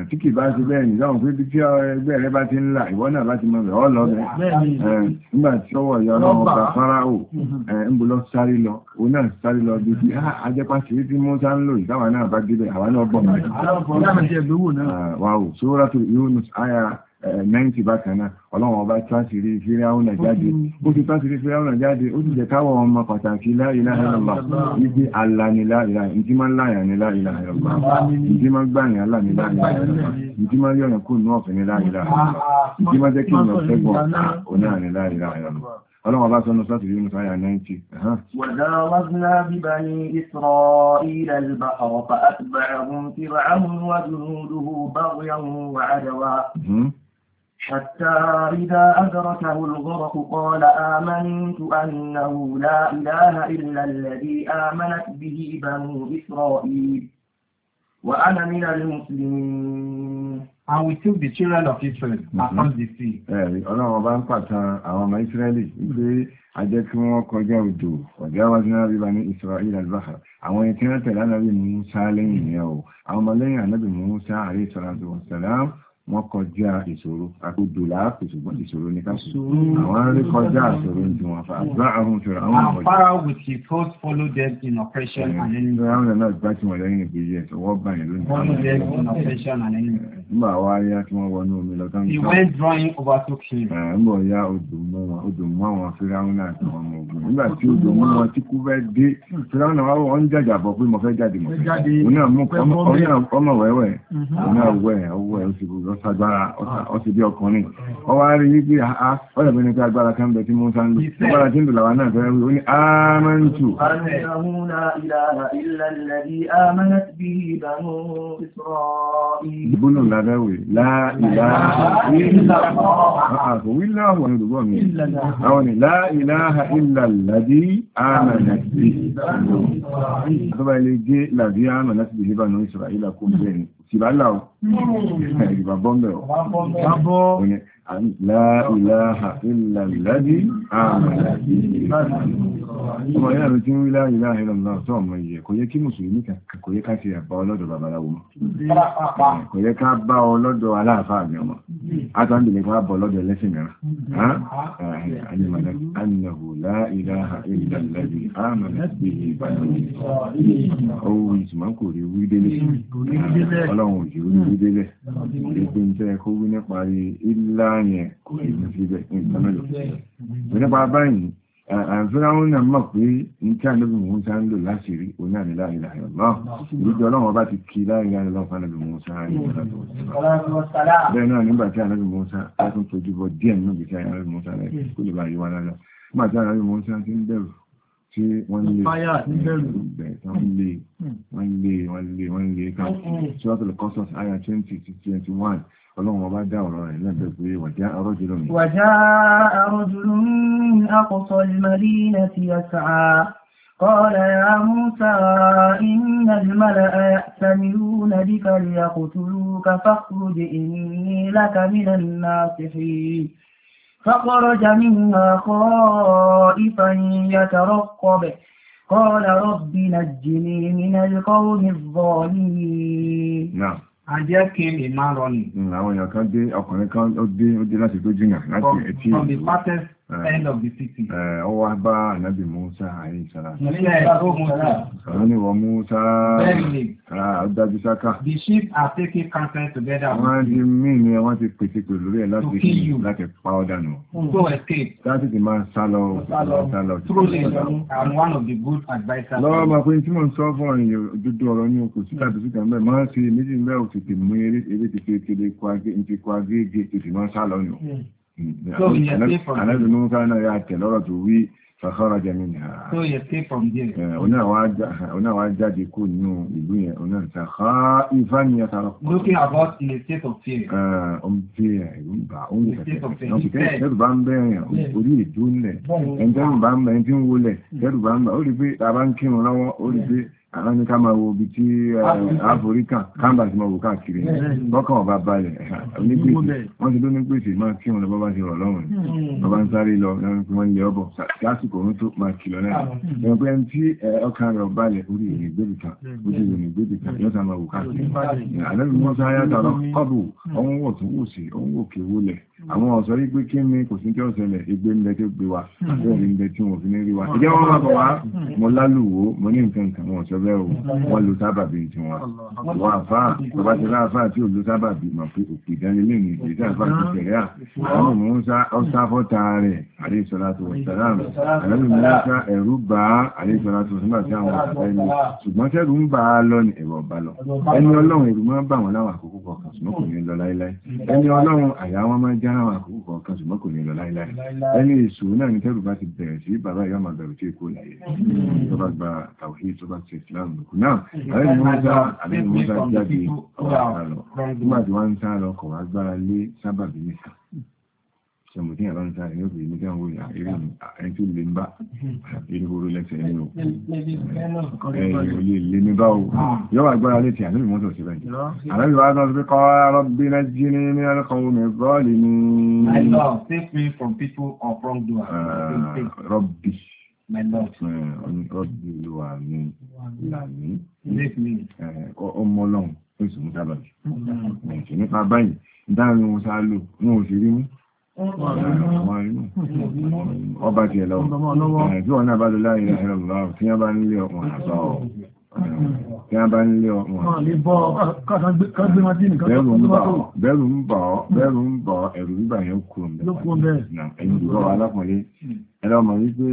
tí kì bá ti bẹ́ẹ̀ ní sáwọn pé tí ẹgbẹ́ rẹ bá ti ń là ìwọ náà láti mọ̀ rẹ̀ ọ́ lọ bẹ́ẹ̀ nígbà tí ọwọ́ ìyá ọlọ́run ọba fáráhù mm-hmm. ń bọ́ lọ sáré lọ òun náà sáré lọ bí i ah, ajẹ́pá sí tí Mùsá ń lò ìtawà náà bá débẹ̀ àwa náà bọ̀ mọ́ mẹ́rìntì bákan náà ọlọ́run ọba tásìrí fíráúnà jáde ó ti tásìrí fíráúnà jáde ó ti jẹ káwọ ọmọ pàtàkì la ilaha illallah ibi alánilá ìlànà ìdí máa ń láyà nílá ìlànà ìdí máa ń gbàyàn alánilá ìlànà ìdí máa ń yọ̀nà kó nú ọ̀fẹ́ nílá ìlànà ìdí máa jẹ́ kí ìyàn fẹ́gbọ̀n onáà nílá ìlànà ọlọ́wọ́ bá sọ́nà sáti rí nùsáyà 90. وَجَاوَزْنَا بِبَنِي إِسْرَائِيلَ الْبَحْرَ فَأَتْبَعَهُمْ فِرْعَوْنُ وَجُنُودُهُ بَغْيًا وَعَدْوًا حتى إذا أدركه الغرق قال آمنت أنه لا إله إلا الذي آمنت به بنو إسرائيل وأنا من المسلمين And we took the children of Israel across mm-hmm. the sea. Ẹ̀rí eh, ọlọ́run ọba ń pàtàn àwọn ọmọ Ísírẹ́lì wípé a jẹ́ kí wọ́n kọjá odò ọ̀gá wa sí náà bíbá ní Israel al-Bahra. Àwọn ẹni tí wọ́n tẹ̀lé ànábì Musa lẹ́yìn ìyẹn o. Àwọn ọmọ lẹ́yìn ànábì Musa alayhi salatu wa salam wọ́n kọjá ìṣòro àkójò láàpù ṣùgbọ́n ìṣòro ní káṣù àwọn rí kọjá ìṣòro ní tiwọn fa àgbà àwọn òṣèrè àwọn ọmọ ìjọba. àpárá with the first follow them in oppression and enemy. ṣé àwọn ọ̀nà náà gbá tí wọ́n lẹ́yìn ìgbéyẹ̀ ọwọ́ báyìí lónìí. follow them in oppression and enemy. Nígbà wá yá kí wọ́n wọnú omi lọ tán. He went drawing overtook him. Ẹ̀ ń bọ̀ ya odò mọ́ wọn, odò mọ́ àwọn Fíráúnà àti àwọn ọmọ ogun. Nígbà tí odò mọ́ wọn tí kú fẹ́ dé, Fíráúnà wá wọ́n ń jàjà bọ̀ pé mo fẹ́ jáde mọ̀. Òun náà ọmọ wẹ́wẹ́, mm-hmm. òun náà wẹ̀ ọwọ́ ẹ̀ ó sì gbogbo ọ̀sàgbára bí ọkùnrin. Ọ wá rí i pé mi ah, ah, ní pé agbára kan bẹ tí mo sá ń lò. Agbára tí ń dùn làwa náà fẹ́ wí, ó ní ńlá aláwì láìláha ìlàlàdí àmàlàdí àtọ́bà ilé gé làdí àmàlàdí ìbánu ìsìràílà kó bẹ́ẹ̀ Ìbálà ọ̀. Ìbàbọ́ mẹ́ ọ̀. Bábọ́. Láìláha ìlàládí àmàlàdí. Ọmọ ìyá mi tí ń rí láìláha ìlànà ọ̀tọ́ ọmọ ìyẹ̀ kò yẹ kí Mùsùlùmí kàkà kò yẹ ká ti àbá ọlọ́dọ̀ babaláwo mọ́. Kò yẹ ká bá ọlọ́dọ̀ aláàfáà mi ọmọ. A tán lè ká bá ọlọ́dọ̀ ẹlẹ́sìn mìíràn. Hmm. Àyẹ̀mọ̀lá Annahu láìláha ìlàládí àmàlàdí ìbàlẹ̀. Owó ìtùmọ̀ kò rí wí délé. Hmm ọlọ́run òjì orí ìdílẹ̀ ìgbé ń tẹ́ kó wí nípa rí ilá yẹn kò rí ní síbẹ̀ ní ìtàmẹ́lò nípa báyìí àfihàn náà mọ̀ pé ní kí ànábì Mùsá ń lò láti rí oní àmì la ilaha illallah ìrújọ ọlọ́run ọba ti kí la ilaha illallah fún ànábì Mùsá rí bẹ́ẹ̀ náà nígbà tí ànábì Mùsá á tún tojú bọ díẹ̀ nínú ìgbésí ànábì Mùsá rẹ̀ kó lè bá yí wa lára nígbà tí ànábì Mùsá ti ń bẹ̀rù tí wọ́n lè wọ́n lè wọ́n lè wọ́n lè ká mm-hmm. ṣíwájú lọ́kọ́sọ́s àyà 20 sí 21 ọlọ́run ọba dá ọ̀rọ̀ rẹ̀ lẹ́bẹ̀ẹ́ pé wàjá arọ́jùlọ mi. wàjá arọ́jùlọ mi akọ̀sọ̀ ìmọ̀lì ilẹ̀ ti ọ̀sà قال يا موسى إن الملأ يأتمرون بك ليقتلوك فاخرج إني لك من الناصحين فخرج منها خائفا يترقب قال رب نجني من القوم الظالمين نعم Ajẹ́ kí lè máa rọ nì. Àwọn èèyàn kan dé, ọkùnrin kan ó dé láti tó jìnà láti ẹ̀tí. From the Eh, end of the city. Eh, ó wá bá ànábì Musa àyè ìsára. Àwọn ìwọ̀ Musa ra dájú sáká. The sheep are taking counsel together. Wọ́n ti mí ni wọ́n ti pèsè pè lórí láti kí you láti pa ọ́ dànù. So mm. escape. Láti ti máa sá lọ. Sá lọ. Truly, I'm one of the good advisers. Lọ́wọ́ máa pé tí mò ń sọ fún ọ̀rìn dúdú ọ̀rọ̀ ní okò síta mm. tó síta mẹ́rin máa ń ṣe méjì mẹ́rin òtítì Ànábì Musa náà yà tẹ̀ lọ́rọ̀ tó wí fàkọ́rọ̀ jẹ mí nìyà. Oní àwọn ajáde kò nínú ìlú yẹn, oní àti àkọ́ ìfá ni ẹ tààrọ. Lókè àbọ̀ in a state of fear. Ó ń fi ẹ̀rù ń ó ń bẹ̀rẹ̀ àwọn ní ká máa wo ibi tí áfíríkà kámbà ti máa wò káàkiri bọ́kàn ọba balẹ̀ onígbèsè wọ́n ti lóní gbèsè máa kí wọn lọ́bọ́ bá ti rọ̀ lọ́rùn hmm. bàbá ń sáré lọ lọ́rùn pé wọ́n lé ọbọ̀ lásìkò ohun tó máa kìlọ̀ náà ah. ẹ̀rọ pé tí ọkàn rẹ̀ balẹ̀ orí ìrìn gbèbì kan ojú ìrìn gbèbì kan yọ́ta máa wò káàkiri àlẹ́ àwọn ọ̀sọ́ yí pé kí ni kò sí kí ọ̀sẹ̀lẹ̀ igbe ń bẹ tí ó gbé wa hmm. bẹ́ẹ̀ ni ń bẹ tí wọn fi ní rí wa ìjẹ́ hmm. wọn bá bọ̀ wá hmm. mo lálùwò mo ní nǹkan nǹkan wọn ọ̀sọ́ bẹ́ẹ̀ o wọn lo sábàbí ti wọn wọn àfá bàbá ti rá àfá tí ò lo sábàbí mà pé òkè ìdánilé ní ìdí àfá ti tẹ̀lé à àwọn ọmọ ń sá ọ́sá fọ́ta rẹ̀ àdéṣọlá tó wọ̀ sàlámù àlọ́bì mi ń sá ẹ̀rú bá àdéṣọlá tó nígbà tí àwọn àfẹ́ ní ṣùgbọ́n tẹ́rù ń bá a lọ ní ẹ̀rọ bá lọ ẹni ọlọ́run ẹ̀rù máa ń bà wọn láwọn àkókò kọ̀ọ̀kan ṣùgbọ́n kò ní lọ láéláé ẹni ọlọ́run àyà wọn máa járáwà àkókò kọ̀ọ̀kan ṣùgbọ́n kò ní lọ láíláí ẹni èṣù náà ní tẹ́rù bá ti bẹ̀rẹ̀ sí bàbá yóò máa bẹ̀rù tí èkó láyé mm-hmm. tó bá gba tàwí tó bá ti islam lùkù náà mm-hmm. ààrẹ ni wọ́n sá àbí ni jáde ọwọ́ àṣà nígbà tí wọ́n ń sá lọ kọ̀ wá gbára lé sábàbí nìkan ṣẹ̀mù tí ìyàbá ń sá ẹ̀yọ́ bí ní káwọn òyà eré ẹni tí ó lè ń bá eré oró lẹ́sẹ̀ ẹni o ẹ̀yìn òye lè ní bá o yọ́wà gbọ́ra létí àlébì mọ́tò sí báyìí àlébì wá sọ pé kọ́ rọ́bí náà jí ní ní ọlọ́kan omi bọ́ọ̀lì ní. My Lord, save me from people of wrongdoers. rọ́bì rọ́bì ló wà ní ìlànà ọmọ ọlọ́run oṣù mú sábàbí nípa báyìí dáhùn ní wọn sá lò wọn ò mú. ọba ti ẹ̀lọ tí wọ́n náà bá lọ láàrin ẹ̀rọ lọ́wọ́ tí wọ́n bá nílé ọkùnrin àtọ́ tí wọ́n bá nílé ọkùnrin bẹ́rù ń bọ̀ bẹ́rù ń bọ̀ ẹ̀rù bíbà yẹn kúrò mẹ́rin ẹ̀rọ mọ̀ wípé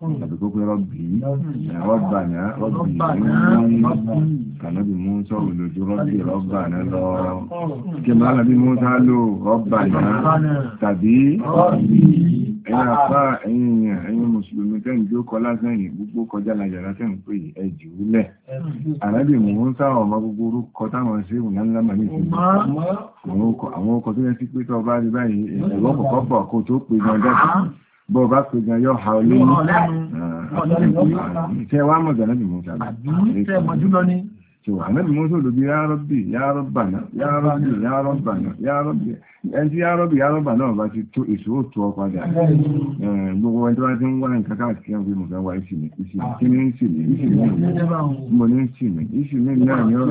tàbí kó pé rọ́bì hmm. rọ́bàná rọ́bì kànábì Mùsá olójú rọ́bì rọ́bàná lọ hmm. kí máa nàbí Mùsá lò rọ́bàná tàbí ẹ̀yà ah. àpá ẹ̀yìn èèyàn ẹ̀yìn mùsùlùmí tẹ́yìn tí ó kọ lásán yìí gbogbo kọjá lajàrá tẹ́yìn pé ẹ̀jì wúlẹ̀ hmm. ànábì Mùsá ọmọ gbogbo orúkọ táwọn ṣe wù ńlá màmí bó bá pè gan yóò ha olé ní ṣe wá mọ̀ jàǹdà mọ̀ jàǹdà so àmẹ́bí mọ́ sọ́dọ̀ bí yárọ́bì yárọ́bàná yárọ́bì yárọ́bàná yárọ́bì ẹni tí yárọ́bì yárọ́bà náà bá ti tó èso ó tó ọkọ̀ dà eh, gbogbo ẹni tó bá ti ń wá nǹkan káàkiri àwọn ìmọ̀ kan wá ìsìnmi ìsìnmi kí ni ń sìnmi ìsìnmi mo ní ń sìnmi ìsìnmi náà ni ó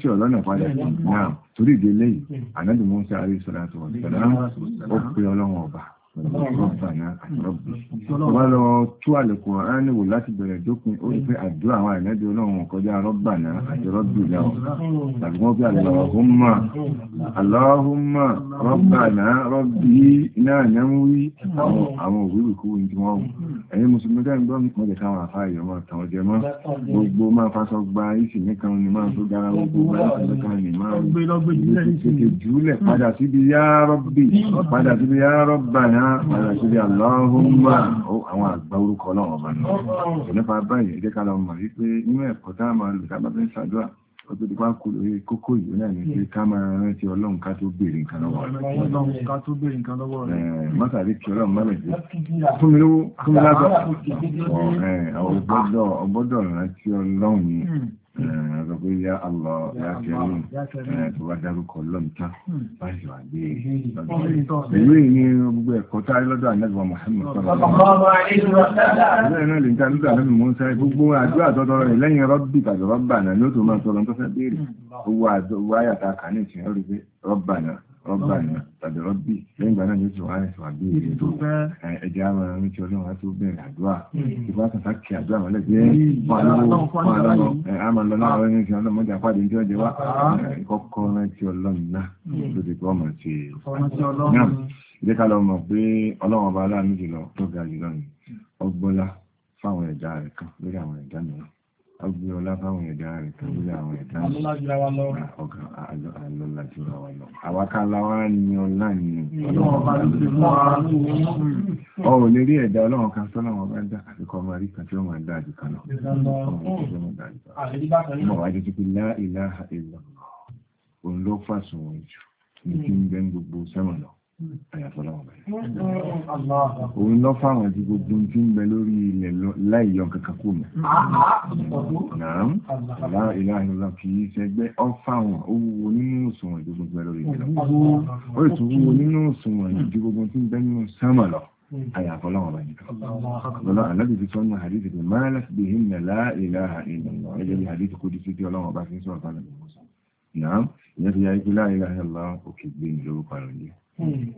sì ọ̀rọ̀ náà padà náà torí ìdílé yìí ànábì mọ́ sáré sọ́dọ̀ àtọ̀wọ̀ sọ́dọ̀ ó pe ọlọ́run ọba ọ̀fànà àtọ́bù wọ́n lọ tú àlẹ́kùn ọ̀rán wò láti bẹ̀rẹ̀ dópin ó rí pé àdúrà àwọn àìlẹ́dẹ̀ ọlọ́run kọjá rọ́bànà àti rọ́bì lẹ́wọ̀n tàbí wọ́n bí àlọ́hùnmá àlọ́hùnmá rọ́bànà rọ́bì náà ní ń wí àwọn òwúrò kú ní wọ́n wù ẹ̀yin mùsùlùmí dáhùn gbọ́ mi kọjá káwọn afá ìyọ̀ máa tàn jẹ mọ́ gbogbo máa faṣọ gba ìsìn nìkan ni máa tó gara gbogbo gba ìsìn nìkan ni máa gbé lọ́gbé jùlẹ̀ padà síbi yá rọ́bì padà síbi yá rọ́bànà ọ̀rọ̀sílẹ̀ aláhùnmá àwọn àgbà orúkọ ọlọ́run ọba náà ìlẹ́fà báyìí ẹ̀jẹ̀ ká mọ̀ wípé nínú ẹ̀kọ́ tá a máa lò tá a bá ó tó dípá kú lórí kókó náà ní pé ká máa rántí ọlọ́run ká tó nǹkan lọ́wọ́ rẹ̀ kí ọlọ́run má ọ̀rọ̀gbé yá ya lákẹ́rùn tó bá dárúkọ lọ́nà hmm. báyìí wà ní ìlú ìní gbogbo ẹ̀kọ́ tá lọ́dọ̀ ànágbà Muhammad lẹ́yìn lè ta lọ́dọ̀ ànágbà Musa gbogbo àjọ àtọ́tọ́ rẹ̀ lẹ́yìn rọ́bì tàbí rọ́bà náà ló tó máa tọrọ tó fẹ́ béèrè hmm. gbogbo àjọ rọ́bà náà tàbí rọ́bì lẹ́yìn ìgbà náà yóò ti wá ẹ̀sùn àbí èrè tó ẹ̀jẹ̀ àwọn ẹ̀rọ ní ti ọlọ́run á tó bẹ̀rẹ̀ àdúrà hmm. ìfọ́ àtàtà kí àdúrà mọ́lẹ̀ hmm. ah. jẹ́ àmàlọ́lọ́rọ̀ ní ti ọlọ́run mọ́jà pàdé ní ọjọ́ wa ah. ìkọ́kọ́ rẹ̀ ti ọlọ́run náà hmm. tó ti gbọ́ mọ̀ sí ọlọ́run. Ìdí ká lọ mọ̀ pé ọlọ́run ọba aláàánú jùlọ tó ga jùlọ ni ọgbọ́lá fáwọn ẹ̀dá rẹ̀ kan lórí àwọn ẹ̀dá mìíràn agbé ọlá fáwọn ẹ̀dá rẹ̀ kàwílẹ̀ àwọn ẹ̀dá àlọ́lá tí wà wà lọ. Àwákálá wá ní ọlá ní ọ̀rọ̀ lè rí ẹ̀dá ọlọ́run kan sọ́lọ́ wọn bá dá àfikọ́ máa rí kan tí ó máa dá àjù kan lọ. Mọ̀ wá jẹ́ pé lá ìlàhà ìlà òun ló fàṣùwọ̀n jù ní kí ń bẹ́ gbogbo sẹ́wọ̀n lọ. Òun lọ fáwọn àti gbogbo tí ń bẹ lórí ilẹ̀ láìyọ kankan kò mọ̀. Nàám, àlá ìlànà kì í ṣẹgbẹ́ ọ́fáwọn owó nínú òṣùwọ̀n ìdí gbogbo lórí ilẹ̀ lọ. Ó lè tún wúwo nínú òṣùwọ̀n ìdí gbogbo tí ń bẹ nínú sánmà lọ. Àyà àfọlọ́wọ̀n bá nìkan. Lọ́lá ànábì fi sọ́nà àdìsí pé máa láti bí hìn nà láìlà ìlànà ẹgbẹ́ bí àdìsí kó di sí tí ọlọ́wọ̀n bá fi ń sọ̀rọ̀ fánà. Nàám, ìyẹn ti yá ikú láìlà ìlànà òkè gbé ìlú orúkọ àrùn yìí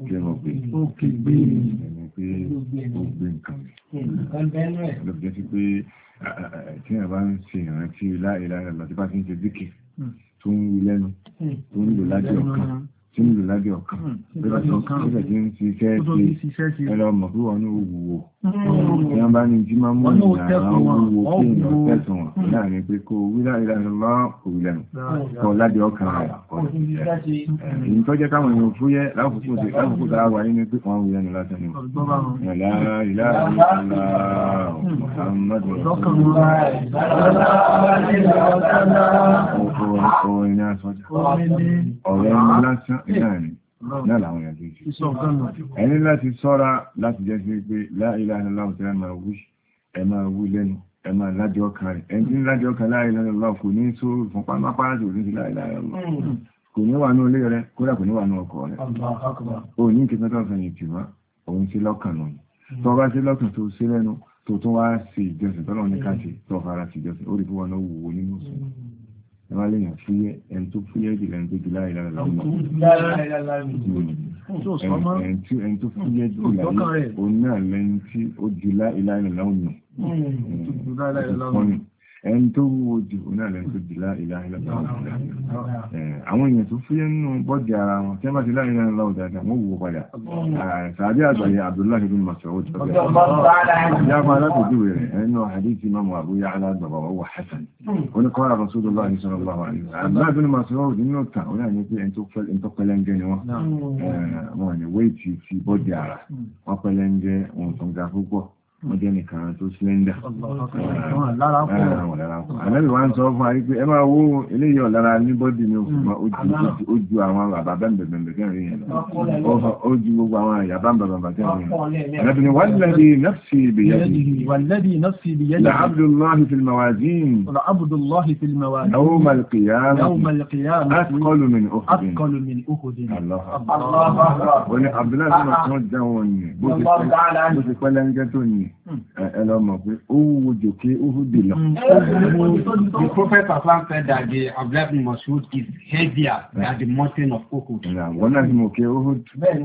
kí wọ́n gbé gbé ẹni pé ó gbé nǹkan mi. lọ́pọ̀ sí pé tí wọ́n bá ń ṣe ìrántí láìláìlá lọ́tí bá ti ń ṣe díkì hmm. tó ń wí lẹ́nu hmm. tó ń lò lájẹ́ ọ̀kan hmm tí ń lò lábẹ́ ọ̀kan nígbà tí ń ṣiṣẹ́ ṣe ẹlọ mọ̀ pé ní òwúwo hmm. tí wọ́n bá ní jí máa mú ìlànà òwúwo kí èèyàn tẹ̀sán wọn hmm. láàrin pé kó wílà ìlànà lọ òwìlànà Ọ̀rẹ́ ńlá lásán náà ni náà làwọn èèyàn ti ṣe ẹni láti sọ́ra láti jẹ́ sí pé láìláìláwọ̀ tí a máa wí ẹ máa wí lẹ́nu ẹ máa lájọ́ kan rẹ̀ ẹni tí ń lájọ́ kan láìláìláwọ̀ kò ní sóòrò fún pápá láti òní sí láìláìláwọ̀ kò ní wà ní ilé rẹ kódà kò ní wà ní ọkọ̀ rẹ̀ ò ní kí pẹ́tọ́ ẹwà lèyàn fúyẹ́ ẹni tó fúyẹ́ jù lẹ́ni tó jù láì lára lọ́wọ́ ẹni tó fúyẹ́ jù láì òun náà lẹ́ni tí ó jù láì lára lọ́wọ́ ẹni tó wúwo jù náà lẹ́nu tó di láìláà ìlọ́pàá àwọn èèyàn tó fúyẹ́ nínú bọ́ọ̀dì ara wọn tí wọ́n bá ti láìláà ìlọ́wọ́ dáadáa wọ́n wúwo padà sàbí àgbáyé Abdullahi bin Mas'ud yàgbà alákòjúwe rẹ̀ ẹnu àdíjì mamu àbúyá alágbàbà wọ́wọ́ Hassan oníkọ́ra hmm. Rasulullah sallallahu alaihi wasallam Abdullahi bin Mas'ud nínú ta ó yàgbé pé ẹni tó pẹlẹngẹ ni wọ́n hmm. wọ́n ni wéètì ti bọ́ọ̀dì ara hmm. wọ́n pẹlẹngẹ wọn tó ń ga púpọ̀ mo jẹ́ nìkan tó slender. Àlẹ́bí wá ń sọ fún ayé pé ẹ máa wó eléyìí ọ̀lára ní bọ́dì ni ó ju àwọn bàbá bẹ̀m̀bẹ̀m̀bẹ̀ kẹrin yẹn. Ó ju gbogbo àwọn àyà bàbà kẹrin yẹn. Àlẹ́bí ni wàlẹ́bí nafsi bìyẹ́dì. Wàlẹ́bí nafsi bìyẹ́dì. La Abdullahi fil mawazin. La Abdullahi fil mawazin. Yawm al-qiyamah. Yawm al-qiyamah. Athqalu min Uhudin. Athqalu min Uhudin. Allah. Allah. Wọ́n ni Abdullahi fún ẹ pé ó wúwo jòkè óhùdì lọ. Mm. The prophet Islam said that the Abdullahi Masud is heavier than the mountain of Uhud. Wọ́n náà ti mọ̀ òkè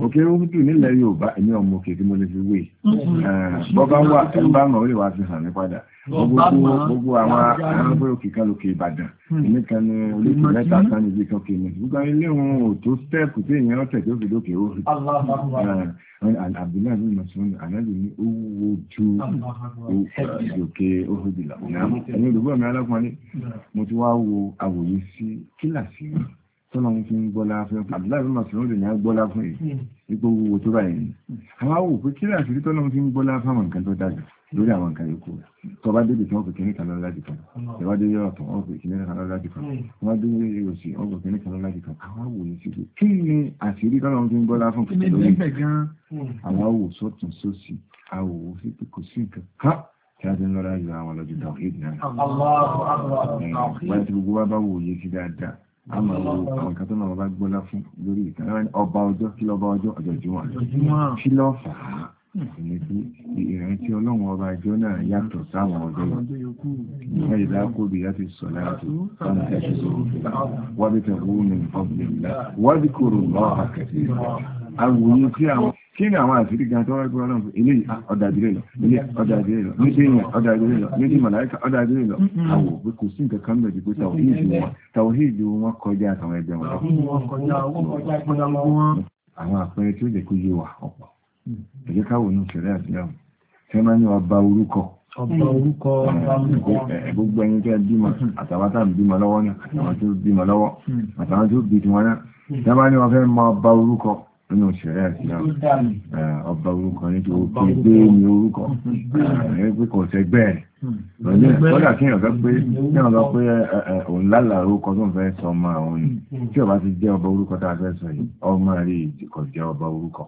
Òkè Uhud nílẹ̀ Yorùbá ẹ̀mí ọmọ òkè tí mo lè fi wé. Mm-hmm. Bọ́bá wà ẹ̀ ń bá mọ̀ ó lè wá hàn mí padà gbogbo àwọn arábẹ́ òkè kan lókè ìbàdàn hmm. èmi kan ní olókè mẹ́ta kan níbi kan kì í mẹ́ gbogbo ilé òun ò tó stẹ́ẹ̀pù tí èèyàn tẹ̀ tó fi lókè ó ah, Abdullahi bin Mas'ud anabi ní ó wúwo ju òkè òhùdì lọ ẹni olùgbọ́ mi alákùnrin hmm. mo ti wá wo àwòrán sí kíláàsì mi tọ́lọ́run fi ń gbọ́lá fún Abdullahi bin Mas'ud ní agbọ́lá fún èyí ipò wúwo tó báyìí hmm. àwọn awò pé kíláàsì tọ́lọ́run fi ń gbọ́lá fún àwọn nǹkan tó dájú lórí àwọn nǹkan yòókù tó bá débi tí wọ́n fi kìíní kan lọ láti kan ìwá dé yọ ọ̀tọ̀ wọ́n fi kìíní kan lọ láti kan hmm. wọ́n dé yọ sí wọ́n fi kìíní kan lọ láti kan àwọn wò ní síbi kí ni àṣírí tọ́lọ́ ń fi ń gbọ́lá fún kìíní lórí hmm. àwọn wò sọ́tún sósì àwò sí pé kò sí nǹkan kan tí a ti ń lọ láti àwọn lọ́jọ́ tàwíìdì náà. àwọn nǹkan tó náà bá gbọ́lá fún lórí ìtàn ọba ọjọ́ kí lọ́ba ọjọ́ ọjọ́ jùmọ̀ kí lọ́ fà á ìrántí ọlọ́run ọba jọ́nà yàtọ̀ sáwọn ọdún ìyá ìlà kóbi láti sọ láti fún ẹ̀ṣọ́ wábí tẹ̀wó ní ọ̀gbìn ńlá wábí kòrò lọ́ àkẹ́sí àwòrán kí àwọn kí ni àwọn àṣírí gan tó wáyé pé ọlọ́run ilé ah, ọ̀dàdìrẹ́ lọ ilé ọ̀dàdìrẹ́ lọ ní dèèyàn ọ̀dàdìrẹ́ lọ ní dìmọ̀lá ọ̀dàdìrẹ́ lọ pé kò sí nǹkan kan pé tàwíìdì wọn èyí káwò ní ìṣẹ̀lẹ̀ àdìyàwó ṣe máa ní ọba orúkọ eh, gbogbo ẹni tẹ́ bímọ àtàwọn tá bímọ lọ́wọ́ náà àtàwọn tó bímọ lọ́wọ́ hmm. àtàwọn tó bí tiwọn náà dábàá hmm. ní wọn fẹ́ mọ ọba orúkọ nínú ṣẹ̀rẹ́ àṣíyà ọba orúkọ ní tó kí gbé ní orúkọ ẹgbẹ́ kò sẹ́gbẹ́ hmm. ẹ̀ lọ́dà kí èèyàn pé kí èèyàn pé òun lálà orúkọ tó ń fẹ́ sọ ọmọ àwọn ni hmm. tí ọba ti jẹ́ ọba orúkọ tá a fẹ́ sọ yìí ọmọ rí kò jẹ́ ọba orúkọ.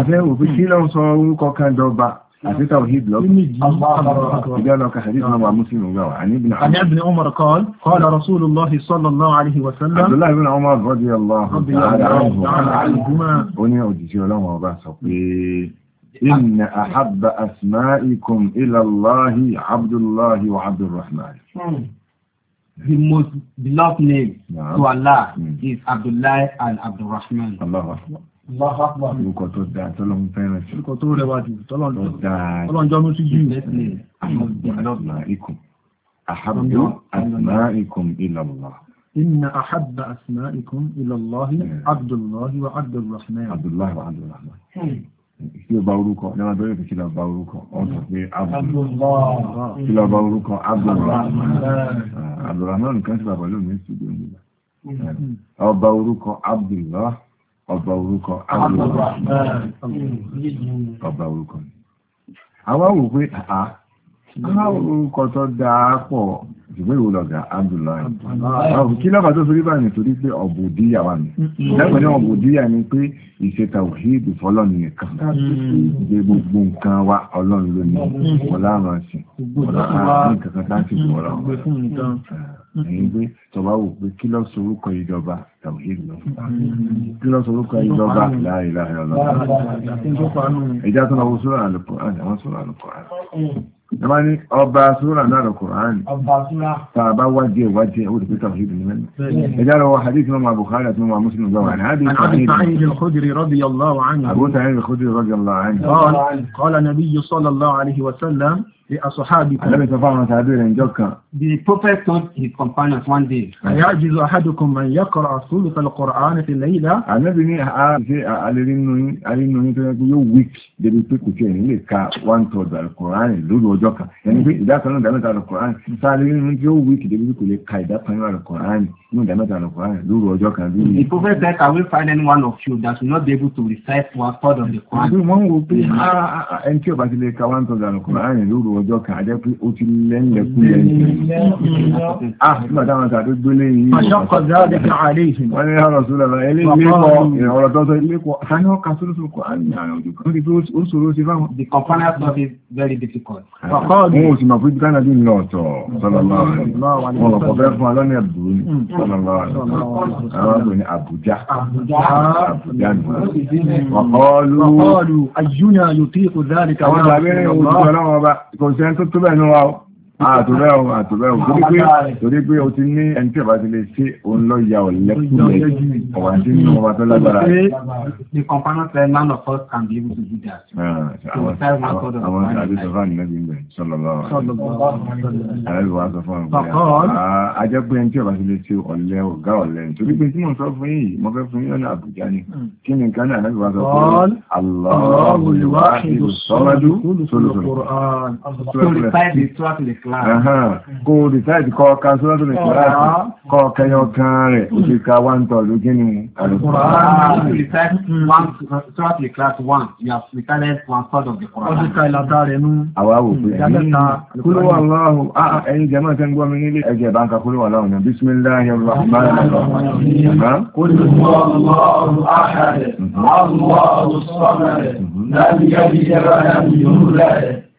àfẹ́ hmm. òfin kí ló ń sọ orúkọ kan dọ́ba في توحيد لك قال حديثنا مع مسلم وجاوة عن ابن عمر عن ابن عمر قال قال رسول الله صلى الله عليه وسلم عبد الله بن عمر رضي الله تعالى عنهما وني أوديسي ولهم وبعث إن أحب أسمائكم إلى الله عبد الله وعبد الرحمن The most beloved name to Allah is Abdullah and Abdul Rahman. Allah Akbar. Orúkọ tó dáa tọ́lọ́n fẹ́ràn sí. Orúkọ tó rẹwà jù tọ́lọ́n jọ́nú sí jù. Àlọ́bà ikùn. Àhábà àsìmá ikùn ìlàlá. Inna àhábà àsìmá ikùn ìlàláhi Abdullahi wa Abdulrahman. Abdullahi wa Abdulrahman. Kí o bá orúkọ, yára bẹ́rẹ̀ fi kí lọ bá orúkọ, ọ sọ pé Abdullah. Kí lọ bá orúkọ Abdulrahman. Abdulrahman kan sí bàbá lómi sí ìdí òmìnira. Hmm. Ọba orúkọ Abdullah ọba orúkọ ọba orúkọ àwọn wò pé àá àwọn orúkọ tó dáa pọ̀ ìwé ìwò lọ́gà Abdullahi kí lọ́gà tó sorí báyìí torí pé ọ̀bùdíyà wà ní lẹ́gbẹ̀ẹ́ náà ọ̀bùdíyà ni pé ìṣètà òhìdì fọlọ́ọ̀nù nìkan gbé gbogbo nǹkan wa ọlọ́run lónìí wọlá àrùn àṣìn wọlá àrùn kankan láti wọlá ọ̀rọ̀ ẹgbẹ́ tọba wò pé kí lọ sorúkọ ìjọba tàwíìrì lọ kí lọ sorúkọ ìjọba láìláì ọlọ́run ẹjá tó lọ́wọ́ sórà àlùkò àti àwọn sórà àlùkò àti ẹmá ní ọba sórà náà lọ́kò àní tàbá wájẹ wájẹ ó dìpé tàwíìrì ní mẹ́rin ẹjá lọ́wọ́ hadith mọ́ Bukhari àti mọ́ Muslim gbọ́wà ní hadith al-Khudri radiyallahu anhu Abu Sa'id al-Khudri radiyallahu anhu qala nabiyyu sallallahu alayhi wa sallam The prophet told his companions one day. Àyájú àhádùkùn máa yẹ́kọ̀rọ̀ àsúlù kalkọ̀rọ̀ àánì ti I Àlẹ́bí ní àáṣe alẹ́rìnúyìn tó yẹ́kú yóò wík débi pé kò kẹ́rin lè ka one third alkùnránì lórí ọjọ́ kan. Ẹni pé ìdákanú ìdámẹ́ta alkùnránì. Sáà alẹ́rìnúyìn tó yóò wík débi pé kò lè ka ìdákanú alkùnránì. No, they're not an Quran. Do Roger can do The prophet said, I will find any one of you that will not be able to recite one third of the Quran. one will be pé ah, ah, ah, ẹni tí ó bá ti one third of the Quran lóru ọjọ́ kan, a jẹ́ pé ó ti lẹ́ńlẹ̀kú lẹ́yìn. Ah, nígbà táwọn ọ̀sà tó gbélé yìí. Màṣọ́ kọjá ọdẹ kan àlẹ́ ìsìn. Wọ́n ní ọ̀rọ̀ sọ́dọ̀ lọ, ẹlẹ́kọ̀ọ́ ọ̀rọ̀ tó sọ ẹlẹ́kọ̀ọ́. Sani ọ̀ka sólùsù Quran ní àwọn ojú kan. Ó ṣòro ṣe fáwọn. The component of it very difficult. Wọ́n ò sì mọ̀ fún ibi káyọ̀ náà ti ń lọ ọ̀tọ̀ sọ́dọ̀ lọ́wọ́. Wọ́n lọ Àwọn ni Abuja. Abuja ni wọ́n. Wọ́n kọlu. Ayúna yóò tí kò dáadìí kàwọn. Àwọn ìgbàgbé àtúbẹ̀wò àtúbẹ̀wò torí pé torí pé o ti ní ẹni tí ọba ti lè ṣe òun lọ ya ọ̀ lẹ́kùnlẹ̀ ọ̀wà tí ní ọba tó lágbára. the component of man of us can be able to do that. Ah, àwọn àbí sọfà ní lẹ́bi ńbẹ sọlọlọ àbí wàá sọ fún ọgbẹ́ ajẹ́ ah, pé ẹni tí ọba ti lè ṣe ọ̀lẹ́ ọ̀gá ọ̀lẹ́ torí pé tí mo sọ fún yìí mo fẹ́ fún yín Àbújá ni hmm. kí ni nǹkan náà lẹ́bi wàá sọ fún Allahu al kó o decide kọ ọka sọ́dọ̀ ní kíláàsì kọ ọka yọ kan rẹ̀ ó ti ka one third lókè ní àwáwò pé kúrò wà lọ́hùn ẹ̀yin jẹ́mọ́ tẹ́ ń gbọ́ mi nílé ẹ̀jẹ̀ bá ń ka kúrò wà lọ́hùn náà bismillahir rahmanir rahim kúrò wà lọ́hùn ahad àwọn ọ̀sán rẹ̀ láti gẹ́gẹ́ bá yà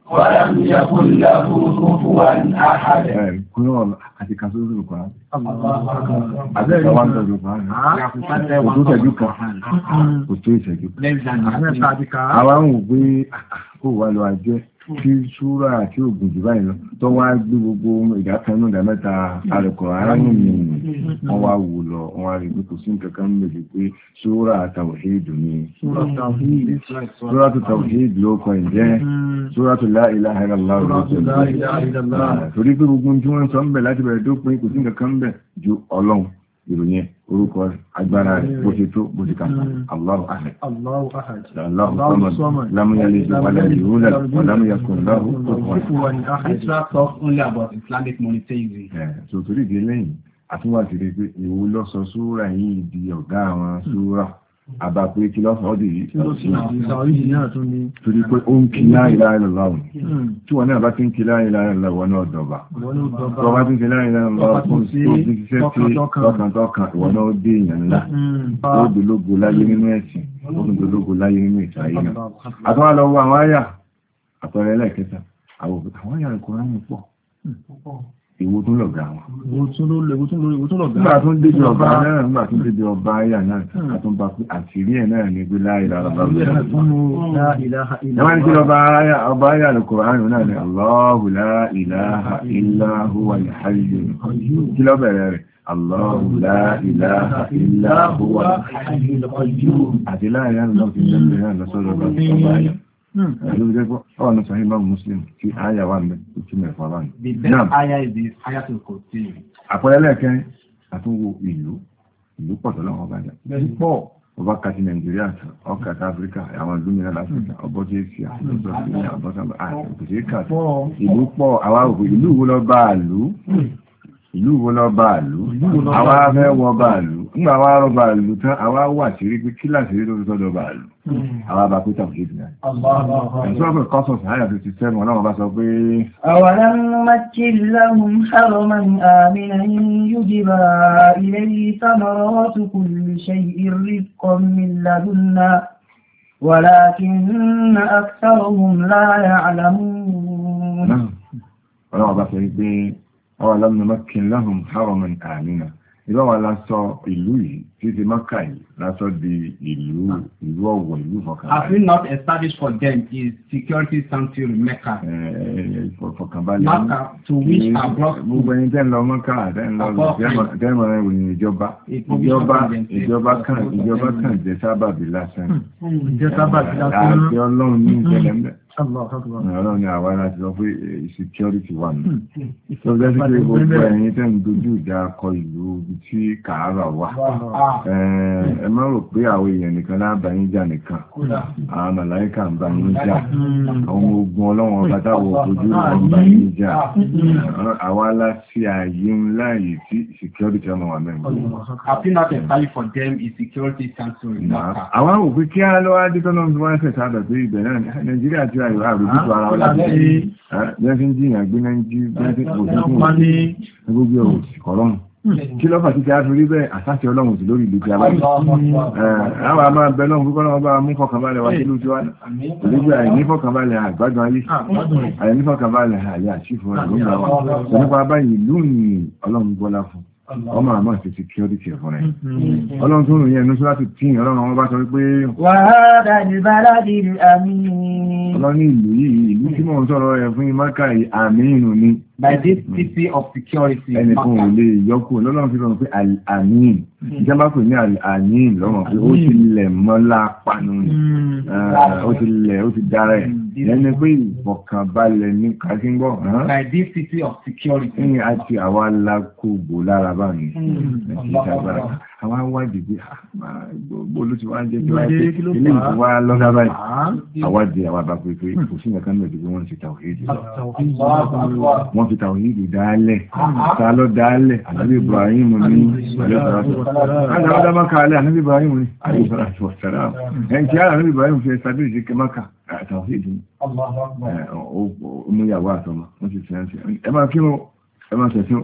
ولم يكن له كفوا احد. كل والله àti kan sórí kan. Àbẹ́ ìlú wa ń tọ́jú kan. Kò tó tẹ̀jú kan. Kò tó ìṣẹ́jú. Àwọn àwọn òwe kò wà lọ àjẹ́ tí ṣúra àti ògùn jù báyìí lọ tó wá gbé gbogbo ìdákanú ìdá mẹ́ta alùkọ̀ aráyìn mi wọ́n wá wò lọ wọ́n wá rí gbogbo sí nǹkan méjì pé ṣúra àtàwọ̀ṣẹ́dù ni ṣúra tó tàwọ̀ṣẹ́dù ló kọ ìjẹ́ ṣúra tó la ilaha illallah torí pé gbogbo tí wọ́n sọ ń bẹ̀ láti bẹ̀rẹ̀ dópin kò sí nǹkan kan bẹ̀ ju ọlọ́run ìròyìn orúkọ agbára rẹ̀ bó ṣe tó bó ṣe kàmà hmm. Allahu ahad Allahu samad lam yalid wa lam yulad wa lam yakun lahu kufuwan ahad eh, so torí ìdí lẹ́yìn àtúwà ti rí pé ìwú lọ́sọ súra yìí di ọ̀gá àbá pé kí lọ́sàn ó dì yìí torí pé ó ń kí la ilaha illallah hmm. tí wọ́n náà bá ti ń kí la ilaha illallah wọn náà dọ̀bà tó bá ti ń kí la ilaha illallah tó ti ṣiṣẹ́ sí tọkàntọkàn ìwọ náà ó dé èèyàn ńlá hmm. ó dológo láyé nínú ẹ̀sìn ó ń dológo láyé nínú ìsàyé náà àtọ́wà lọ wọ àwọn àyà àpẹẹrẹ àwọn àyà ìkọ̀ọ́rọ̀ pọ̀ hmm ìwò tún lọ̀gá wọn. ìwò tún lọ̀gá. nígbà tó ń débi ọba náà nígbà tó ń débi ọba ayà náà a tún bá pé àṣírí ẹ̀ kí ọba bẹ̀rẹ̀ rẹ̀ Allahu la ilaha àti láàrin náà lọ́sọ̀rọ̀ ọba ayà. Ọwọ́ ní Sahih Imam Muslim tí àyà wà ní ìtumẹ̀ fọ́lá ní. The best aya is the aya to continue. Àpẹẹrẹ lẹ́ẹ̀kẹ́ àtúnwò ìlú, ìlú pọ̀tọ̀ lọ́wọ́ ọba jà. Bẹ́ẹ̀ni pọ̀. Ọba kàti Nàìjíríà, ọkà ti Áfíríkà, àwọn ìlú láfíríkà, ọbọ̀ tí Asia, ìlú pọ̀, ìlú wo hmm. Ìlú nígbà wá rọ bàálù tán àwa wà sí rí pé kíláàsì rí lórí tọ́jọ bàálù hmm. àwa bá pé tàbí ìdìnnà ẹ̀sọ́fẹ̀ kọ́sọ̀sì àyà fi ti sẹ́nu ọlọ́run bá sọ pé. أولم نمكن لهم حرما آمنا يجبى إليه ثمرات كل شيء رزقا من لدنا ولكن أكثرهم لا يعلمون. ọlọ́run bá sọ pé أولم نمكن لهم حرما آمنا ìlọ́wà lásọ ìlú yìí tí ti mọ́kà yìí lásọ di ìlú ìlú ọ̀wọ̀ ìlú fọkànbalẹ̀. have we not established for them is security sanctuary Mecca. fọkànbalẹ̀ Mecca to which are brought. gbogbo ẹni tẹ́ ń lọ mọ́kà tẹ́ ń lọ tẹ́mọ̀ ìròyìn ìjọba ìjọba ìjọba kan ìjọba kan jẹ́ sábàbí lásán. Hmm, jẹ́ sábàbí lásán. àti ọlọ́run ní ìjẹ́lẹ̀ mẹ́ta. Ọlọ́run ni àwa láti lọ pé eh, security wà ní. Lọ́jọ́ hmm. sí pé gbogbo ẹ̀yin tẹ́ ń dojú ìjà akọ ìlú ibi tí kàárà wà. Ah. Eh, ẹ má rò pé àwọn èèyàn nìkan lábàá yín jà nìkan. Àwọn màláìkà ń bá yín jà. Hmm. Àwọn ogun ọlọ́run ọba táwọn ojú ìlú ń bá yín jà. Ah. Hmm. Àwa láti ààyè ńlá yìí tí security ọmọ wà mẹ́rin. Happy not entirely for them is security council in Dhaka. Àwọn yóò àrùjútù kí ló fà títí àtúrí bẹ́ẹ̀ àsáṣẹ ọlọ́run sí lórí ìlú tí a bá yìí àwọn àmà bẹ púpọ̀ lọ́wọ́ bá mú fọkànbalẹ̀ wá sí lójú àìní fọkànbalẹ̀ àgbádùn ayé àìní fọkànbalẹ̀ àyà ọmọ àmọ́ ti ti kí ó dìtì ẹ̀fún rẹ̀. Mm-hmm. ọlọ́run tó mm-hmm. rìn ẹnu síláti tí ọlọ́run wọn bá sọ wípé wàhálà ìbára di àmì ọlọ́run ìlú yìí ìlú tí mò ń sọ̀rọ̀ ẹ̀ fún imáka àmì ìrùn ni by this city of security ẹnìkan ò lè yọkù lọ́lọ́run fi rọrùn pé àmì ìjọba pè ní àmì lọ́rùn pé ó ti lẹ̀ mọ́lá panu mm-hmm. ah, ó ti lẹ̀ ó ti dára ẹ̀ ẹni pé ìfọ̀kànbalẹ̀ ní kásíngbọ̀. by this city of security. ní àti àwa lakúgbò lára báyìí. Hmm àwa wá ìdìbò ah, gbogbo ló ti wá jẹ́ kí wá pé ilé ìlú wa lọ́gá báyìí àwa di àwa bá pé pé kò sí nǹkan náà ìdìbò wọn ti tàwíìdì lọ wọn fi tàwíìdì dálẹ̀ ta lọ dálẹ̀ ànábì Ibrahim ní àlẹ́ ọ̀dà máka alẹ́ ànábì Ibrahim ní àlẹ́ ìfọ̀rọ̀ àti ọ̀sẹ̀rà ẹn tí ara ànábì Ibrahim fi ẹ̀sà bíi ìṣèké máka tàwíìdì ọmọ ìyàwó àtọmọ wọn ti sẹ́yìn ẹ máa kí ẹ máa sẹ́sìn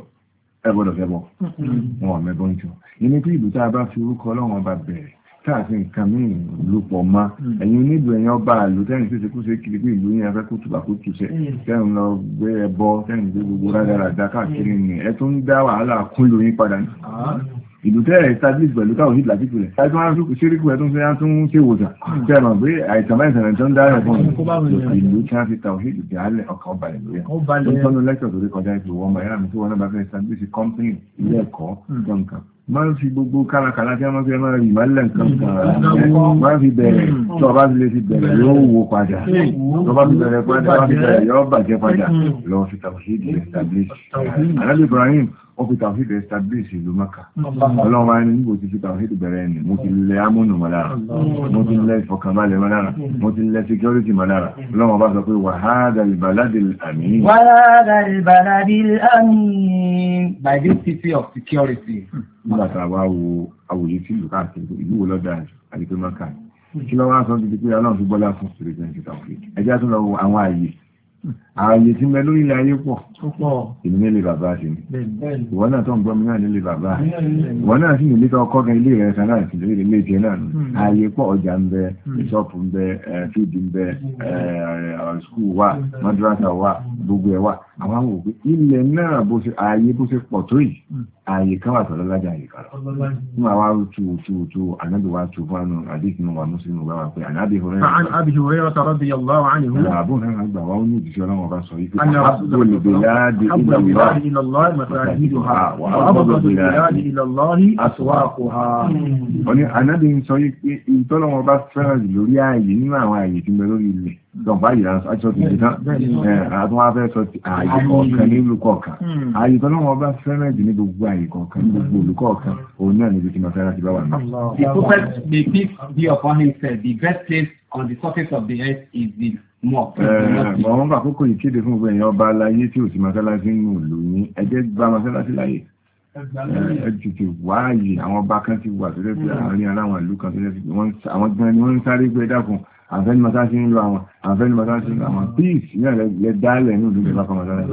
ẹ gbọ́dọ̀ fẹ́ bọ̀ mm-hmm. wọn ò mẹ́bọ̀ ń jọ ìní pé ìlú tá a bá fi orúkọ ọlọ́run ọba bẹ̀rẹ̀ káàfin nǹkan míì ló pọ̀ mọ́ hmm. ẹ̀yin onílù ẹ̀yàn ọba àlù tẹ́yìn tó ṣe kó ṣe kiri pé ìlú yẹn afẹ́ kó tùbà kó tùṣẹ́ hmm. tẹ́yìn lọ gbé ẹbọ tẹ́yìn gbé gbogbo rádaràdá káàkiri hmm. ni ẹ tún ń dá wàhálà kún lóyún padà ní. Ah. ìlú tẹ́yẹ̀ establish pẹ̀lú káwọn hit láti pilẹ̀ ẹ tún wá sókè ṣíríkù ẹ tún ṣe tún ṣe wòsàn tẹ́yìn mọ̀ pé àìsàn báyìí sàn tó ń dára fún ìlú tí wọ́n company ilé ẹ̀kọ́ tó máa ń fi gbogbo kárakàrá tí a máa fi ẹmọ́ rí ìmọ̀lẹ̀ nǹkan kan mm. máa ń fi bẹ̀rẹ̀ tó bá fi lè fi bẹ̀rẹ̀ yóò wo padà tó bá fi bẹ̀rẹ̀ padà bá fi bẹ̀rẹ̀ yóò bàjẹ́ padà lọ fi tawhid establish alábì Ibrahim ó fi tawhid establish ìlú Maka mm. ọlọ́run wa ni níbo ti fi tawhid bẹ̀rẹ̀ ni mo ti lẹ amúnù mọ́lára mm. mo ti lẹ ìfọkànbalẹ̀ mọ́lára mo ti lẹ security mọ́lára ọlọ́run bá sọ pé wàhádà ìbàládì àmì. wàhádà ìbàládì àmì. by this city of security. Hmm nígbà tá a wá wo àwòyé tí ìlú káàkiri ìlú wo lọ́dà àdìpé mọ́kà kí lọ́wọ́ á sọ ti di pé ọlọ́run fi bọ́lá fún spirit and tawhid ẹjẹ́ tó lọ wo àwọn àyè ààyè ti mẹ lórí ilẹ̀ ayé pọ̀ èmi nílé bàbá sí ni ìwọ náà tó ń gbọ́mi náà nílé bàbá ìwọ náà sì nílé ọkọ́ gan ilé rẹ̀ sára àti ilé ilé tiẹ̀ náà nù ààyè hmm. pọ̀ ọjà ń bẹ hmm. ṣọ́ọ̀pù ń bẹ fíìdì ń bẹ skul wà hmm. madrasa wà gbogbo ẹ̀ wà àwọn àwọn ilẹ̀ náà bó ṣe ààyè bó ṣe pọ̀ tó yìí ààyè kan wà tọ́lọ́ lájà ààyè kan lọ tu tu tu wa tu fún wa wa wà pé òjíṣẹ́ ọlọ́run bá sọ wípé àbúrò lèdè láàdì ìlàlọ́rí ànábì ń bá fẹ́ràn lórí ààyè nínú ti ti tán àtún wá sọ ti ààyè kọ̀ọ̀kan ní ìlú kọ̀ọ̀kan hmm. ààyè tọ́lọ́wọ́n bá fẹ́ràn jù ní gbogbo ààyè kọ̀ọ̀kan ní gbogbo ìlú kọ̀ọ̀kan òun náà níbi tí mo fẹ́ràn ti bá wà náà. The prophet may peace be upon himself the best place on the surface of the earth is the mọ̀ wọ́n bá kókò ìkéde fún gbogbo èèyàn ọba aláyé tí ò sí mọ́sálásí ń lò ní ẹjẹ́ gba mọ́sálásí láyè ẹ tètè wáàyè àwọn ọba kan ti wà tó lẹ́sẹ̀ àárín aláwọn ìlú kan tó lẹ́sẹ̀ àwọn gan ni wọ́n ń sáré gbé dákun àfẹ́ni mọ́tá sí ń lọ àwọn àfẹ́ni mọ́tá sí ń lọ àwọn peace náà lẹ dálẹ̀ ní òdúnjẹ bá kan mọ́tálásí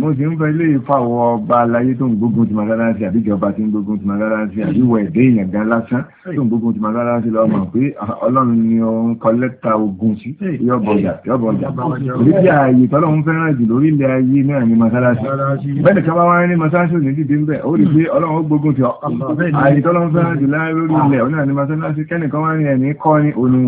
mo sì ń fẹ́ ilé ìfàwọ̀ ọba aláyé tó ń gbógun ti mọ́tálásí àbíjọba tí ń gbógun ti mọ́tálásí àbíwọ̀ ẹ̀dẹ́ èèyàn gan lásán tó ń gbógun ti mọ́tálásí lọ mọ̀ pé ọlọ́run ni òun kọ́lẹ́ta ogun sí yọ̀bọ̀jà yọ̀bọ̀jà oríṣi ààyè tọ́lọ́run fẹ́ràn jù lórí ilẹ̀ ayé náà ni mọ́tálásí bẹ́ẹ̀ ká bá wá ní mọ́tálásí ò ní dìde ń bẹ̀ ó rí pé ọlọ́run gbógun ti ọ ààyè tọ́lọ́run fẹ́ràn jù lórí ilẹ̀ ọ̀nà ni mọ́tálásí kẹ́nìkan wá ní ẹ̀mí kọ́ ní òní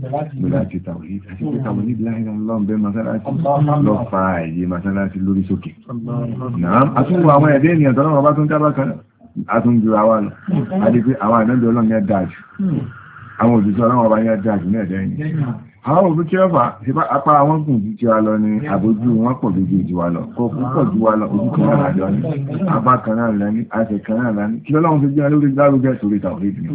láti tàwí àti pé tàwí ní láìra lọ́n bẹ́ masáráṣí lọ fa àyè masáráṣí lórí sókè náà àtúnwò àwọn ẹ̀dẹ́ ènìyàn tọ́lọ́wọ́ ọba tó ń jábá kan àtúnjú àwa lọ àti pé àwọn àdẹ́bẹ̀ ọlọ́run yẹn dájú àwọn òjòjò ọlọ́run ọba yẹn dájú ní ẹ̀dẹ́ ènìyàn àwọn òbí kí wọ́n fà síbá apá wọn kùn jù tiwa lọ ni àbójú wọn pọ̀ jù jù wa lọ kó kún pọ̀ jù wa lọ ojú kan náà lọ ni apá kan náà lọ ni àṣẹ kan náà lọ ni kí ọlọ́run fi jẹ́ lórí lárugẹ sórí tàwíìdì ni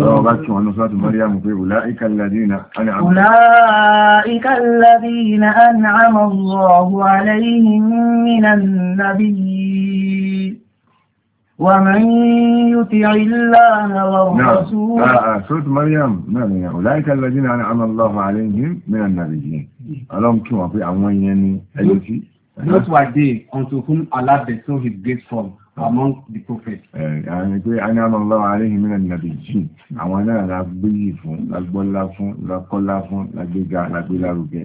ọ̀rọ̀ bá kí wọn lọ sọ́tù mọ́ríyà mú pé wùlá ìkàlẹ́dínà ànàmọ́ ọ̀hún àlẹ́yìn mìíràn nàbíyí ومن يطع الله والرسول نعم سورة مريم نعم أولئك الذين أنعم الله عليهم من النبيين ألم كما في أمويني أيوتي Those were they unto whom Allah bestowed his grace from among the prophets. Ẹ̀yàn eh, pé أنعم الله عليهم من النبيين. Àwọn náà la gbé yìí fún, la gbọ́lá fún, la fún, la gbéga, la gbé lárugẹ.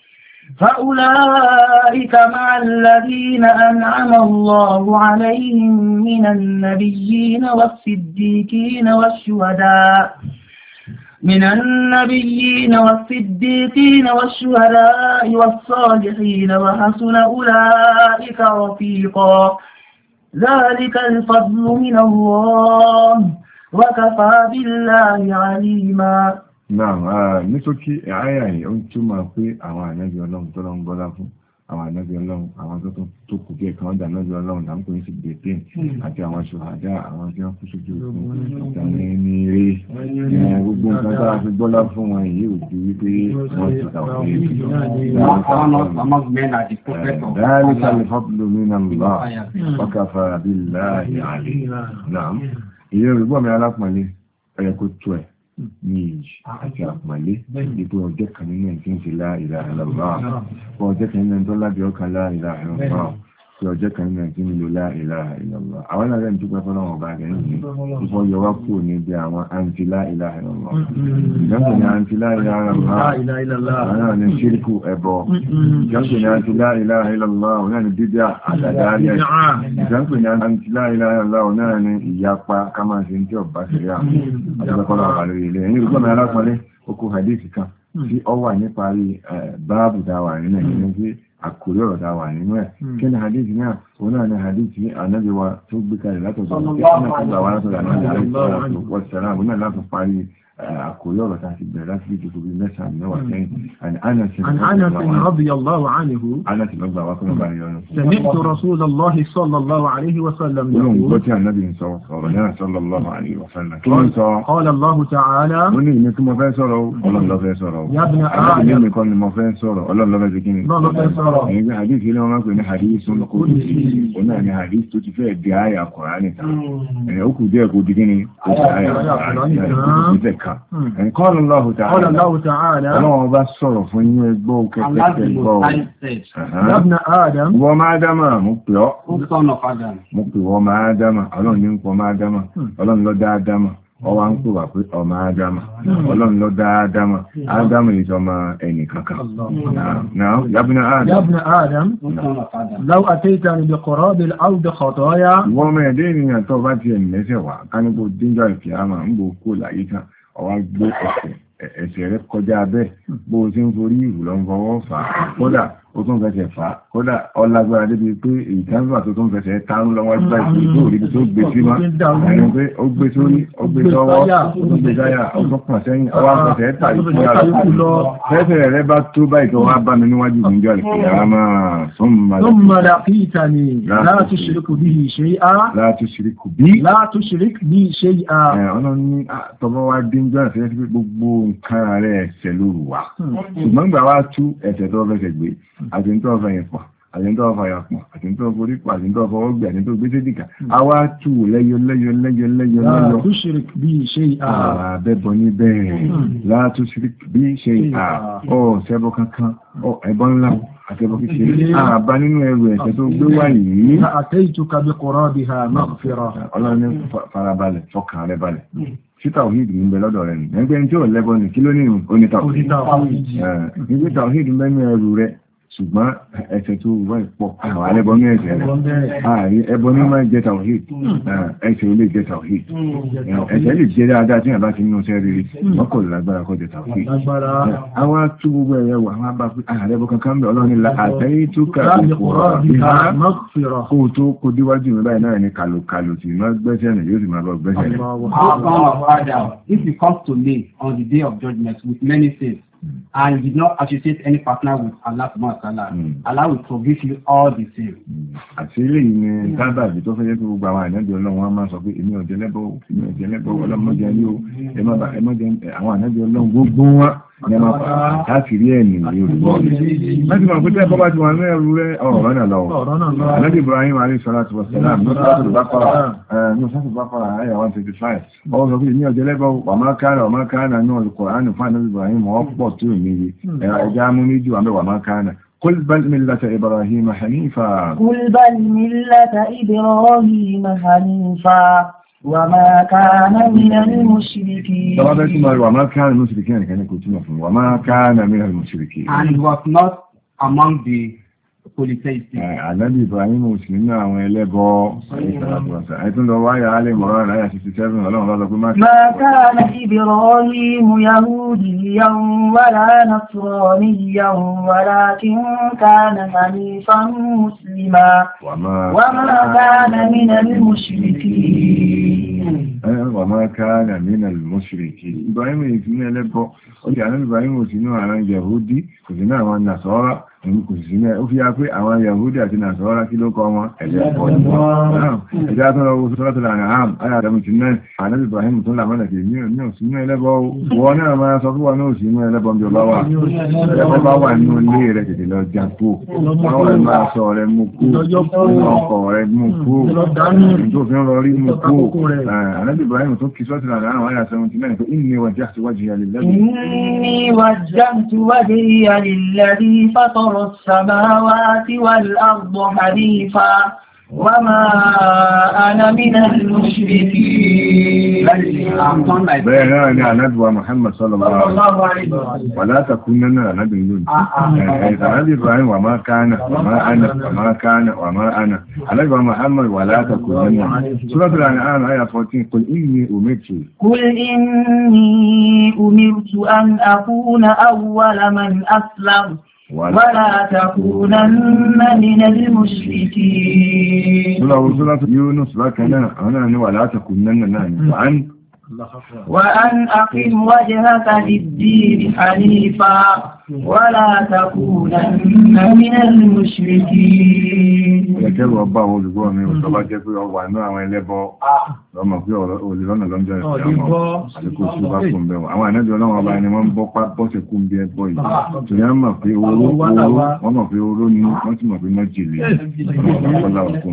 فأولئك مع الذين أنعم الله عليهم من النبيين والصديقين والشهداء من النبيين والصديقين والشهداء والصالحين وحسن أولئك رفيقا ذلك الفضل من الله وكفى بالله عليما náà nítorí àyà yìí ó ń túmọ̀ pé àwọn ànábì ọlọ́run tó lọ ń gbọ́lá fún àwọn ànábì ọlọ́run àwọn tó tó kù díẹ̀ kan dà ànábì ọlọ́run là ń pè é sí gbèdé àti àwọn ṣòhádà àwọn tí wọ́n kú sójú òkun ìtàwọn ẹni eré gbogbo nǹkan tá a fi gbọ́lá fún wọn yìí ò ju wípé wọ́n ti tà wọ́n yé jù lọ. dáálí kálí fọ́pùlù mi ní ah, àti àpàlẹ́ ipò ọjọ́ kan nínú ẹ̀jẹ̀ ńṣe láìláìlọ́wọ́ ọjọ́ kan nínú ẹ̀jọ́ lábẹ́ ọkàn láìláìlọ́wọ́ sí ọjọ́ kan ní àti nílò la ilaha illallah àwọn náà lẹ́nu dúpẹ́ fọ́lọ́wọ́n ọba rẹ̀ ní ìfọ́ yọwá kù níbi àwọn àǹtí la ilaha illallah ìjọ́sìn ní àǹtí la ilaha illallah àwọn náà ní ṣírkù ẹ̀bọ ìjọ́sìn ní àǹtí la ilaha illallah àwọn náà ní bíbíà àdàdàálẹ̀ ìjọ́sìn ní àǹtí la ilaha illallah náà ní ìyapa kámáṣe tí ó àkórí ọ̀rọ̀ tá a wà nínú ẹ̀ hmm. kí ni hadith náà òun náà ni hadith ànábì wa tó gbé kalẹ̀ látọ̀dọ̀ kí ni àgbà wa látọ̀dọ̀ ànábì wa látọ̀dọ̀ àkórí ọ̀rọ̀ tá a ti bẹ̀rẹ̀ láti ìjọ tóbi mẹ́sàn-án mẹ́wàá sẹ́yìn àni anasin radiyallahu anhu anasin lọ́gbà wa kọ́nà báyìí ọ̀nà. sami'tu rasulallahi sallallahu alayhi wa sallam. yóò ń gbọ́ tí anabi ń sọ ọ̀rọ̀ náà sallallahu alayhi wa sallam. kí ló ń sọ. qala Allahu ta'ala. ó ní ìní tí mo fẹ́ sọ̀rọ̀ ọlọ́run ló fẹ́ sọ̀rọ̀. yabna adam. àbí mi kọ́ ni mo fẹ́ sọ̀rọ̀ ọlọ́run ló fẹ́ sọ̀rọ̀. ọlọ́run ló fẹ́ sọ̀rọ̀. ẹ̀yin bí hadith yìí ni wọ́n máa ń pè ní hadith sọ̀rọ̀ kó ní sí. òun náà ni hadith tó ti fẹ́ di àyà Kùránì ta. ẹ̀yà ó kù díẹ̀ kó di kí ni ó ti àyà Kùránì ta kan nǹkan lọ́hùn tààlà ọlọ́run bá sọ̀rọ̀ fún inú ẹgbọ́ kẹkẹkẹ gbọ́ wọ́n máa dámà mú pè ọ́ mú pè wọ́n máa dámà ọlọ́run ní ń pọ̀ máa dámà hmm. ọlọ́run lọ dáa dámà ọwá ń pè wà pé ọmọ ádámà hmm. ọlọ́run ló dá ádámà ádámà ìjọ hmm. ọmọ ẹni kankan náà yábùnà ádámà láwọ́ àtẹ́ta níbi kọ̀rọ̀ bí áwùdó kọ̀tọ̀ ọ́yá wọ́n mẹ́ẹ̀dẹ́ ọwá gbé ẹsẹ̀ rẹ kọjá bẹ́ẹ̀ bó o ti ń forí ìrù lọ fà kódà ó tún fẹsẹ̀ fà á kódà ọlágbára débi pé ìtẹ́ńgbà tó tún fẹsẹ̀ tán lọ́wọ́ gbà ìpè tó rí tó gbé sí ma ẹni pé ó gbé sórí ó gbé sọ́wọ́ ó gbé sáyà ó tún pọ̀ sẹ́yìn ọwọ́ fẹsẹ̀ tà ìfúnra rẹ̀ fẹsẹ̀ rẹ̀ bá tó báyìí tó wá bá mi níwájú ìgbìnjọ́ rẹ̀ pé a máa sọ́mọ́ làkìtà ni láti ṣerékù bí ṣe á láti ṣerékù bí láti ṣerékù bí ṣe á ọ̀nà ní tọ́bọ́ wá díjọ́ àti ẹ̀sẹ̀ gbogbo nǹkan rẹ̀ ẹ̀sẹ̀ lóru hmm. wa ṣùgbọ́n gbà wá tú ẹ̀sẹ̀ tó fẹsẹ̀ gbé àti nítorí ọ̀fẹ́ yẹn pọ̀ àti nítorí ọ̀fẹ́ yẹn pọ̀ àti nítorí ọ̀fẹ́ orí pọ̀ àti nítorí ọ̀fẹ́ ọgbẹ̀ àti nítorí gbèsè dìkà àwa tù lẹ́yọ lẹ́yọ lẹ́yọ lẹ́yọ lẹ́yọ. tó ṣe bí ṣe à. àbẹ̀bọ ní bẹ́ẹ̀ látó ṣe bí ṣe à ọ̀ ṣẹbọ kankan ọ̀ ẹ̀bọ ńlá àtẹ́bọ̀ kékeré àbá nínú ẹrù ẹ̀ṣẹ̀ tó gbé wà yìí. àtẹ́ ìtúkà bí kọ̀rọ̀ bí ha náà fẹ́ràn. ọlọ́run ní farabalẹ̀ fọkàn rẹ balẹ̀ tí tàwíìd ń bẹ lọ́dọ̀ rẹ̀ nìyẹn gbẹ́ni tí ò lẹ́bọ̀ ní kí ló ní onítàwíìd nígbé tàwíìd ń bẹ ní ẹrù rẹ̀ ṣùgbọ́n ẹ̀ṣẹ̀ tó wà ìpọ̀ àwọn alẹ́bọn ní ẹ̀ṣẹ̀ rẹ̀ ààrí ẹbọ ní máa jẹ́ tàwíìd hmm. ẹ̀ṣẹ̀ ilé jẹ́ tàwíìd ẹ̀ṣẹ̀ lè jẹ́ dáadáa tí àbá ti nínú sẹ́rí mọ́kànlá hmm. lágbára kọjẹ́ tàwíìd àwọn atú gbogbo ẹ̀rẹ́ wà wọ́n bá pé àrẹ́bọ kankan bẹ̀ ọlọ́ni la àtẹ́yí tó kà kó tó kó díwájú mi báyìí náà ni kàlùkàlù tí má gbẹ́sẹ̀ rẹ̀ yóò sì máa lọ gbẹ́sẹ̀ rẹ̀ and you did not associate any partner with Allah subhanahu wa ta'ala. Hmm. Allah will forgive you all the same. Hmm. àti ilé yìí ni tábàbí tó fẹ́ jẹ́ pé gbogbo àwọn ànábì ọlọ́run wọn máa sọ pé èmi ò jẹ́lẹ́bọ̀ èmi ò jẹ́lẹ́bọ̀ ọlọ́mọdé ayé o ẹ má bà ẹ má jẹ́ àwọn ànábì ọlọ́run gbogbo wọn ní ọmọ káàkiri ẹ̀mí ní olùgbọ́. láti mọ̀ pé tẹ́ ẹ̀kọ́ bá ti wà ní ẹrù rẹ ọ̀rọ̀ náà lọ. anábì Ibrahim alayhi salatu wa salam ní sátò bá kọ́ra àyà 135. ọwọ́ sọ pé ní ọjọ́ lẹ́gbọ́ wà máa قل بل ملة إبراهيم حنيفا قل بل ملة إبراهيم حنيفا وما كان من المشركين طبعا ده اسمه وما كان من المشركين يعني كان يكون اسمه وما كان من المشركين and he was not among the polytheistic. Ànábì Ibrahim ò sí nínú àwọn ẹlẹ́bọ ẹ̀tún lọ wáyà alẹ́ mọ̀rọ̀ ráyà 67 ọlọ́run lọ́dọ̀ pé máa kana Ibrahim yahudiyyan wala nasraniyyan walakin kana hanifan muslima wa ma kana minal mushrikin Eh, wà máa káàdà nínú al-mushriki Ibrahim yìí ti ní ẹlẹ́bọ ó di àná Ibrahim ò sí ní àwọn Yahudi kò sí ní àwọn Nasara kò sí ní ó fi ya pé àwọn Yahudi àti Nasara kí ló kọ wọn ẹlẹ́bọ ni wọn ẹjá tó lọ wọ́n sọ́tọ̀ lànà àm ayé àdàmù ti náà àná Ibrahim tó làmọ́ lẹ̀ kìí ní òsì ní ẹlẹ́bọ النبي إبراهيم توكي سورة الأنعام وآية 79 فإني وجهت وجهي للذي إني وجهت وجهي للذي فطر السماوات والأرض حنيفا وما أنا من المشركين بل أنا ندوى محمد صلى الله عليه وسلم ولا تكوننا ندوى دون يعني إبراهيم وما كان وما أنا وما كان وما أنا ندوى محمد ولا تكوننا سورة الأنعام آية 14 قل إني أمرت قل إني أمرت أن أكون أول من أسلم ولا تكونن من المشركين. الله رسولة يونس لك أنا أنا ولا تكونن نعم عن وأن أقم وجهك للدين حنيفا ولا تكونن من المشركين Ẹ̀kẹ́rù ọba àwọn olùgbọ́ mi ò sọ́bá jẹ́ pé ọwà inú àwọn ẹlẹ́bọ lọ́mọ̀ pé olùrọ́nà lọ́njọ́ ìfẹ́mọ̀ àdíkò tí ó bá kún bẹ̀wọ̀. Àwọn ànẹ́jọ́ náà wọ́n bá ẹni wọ́n bọ́ pápọ́ sí kún bí ẹbọ yìí. Tòrí wọ́n mọ̀ pé oró ní wọ́n sì mọ̀ pé mọ́jì lè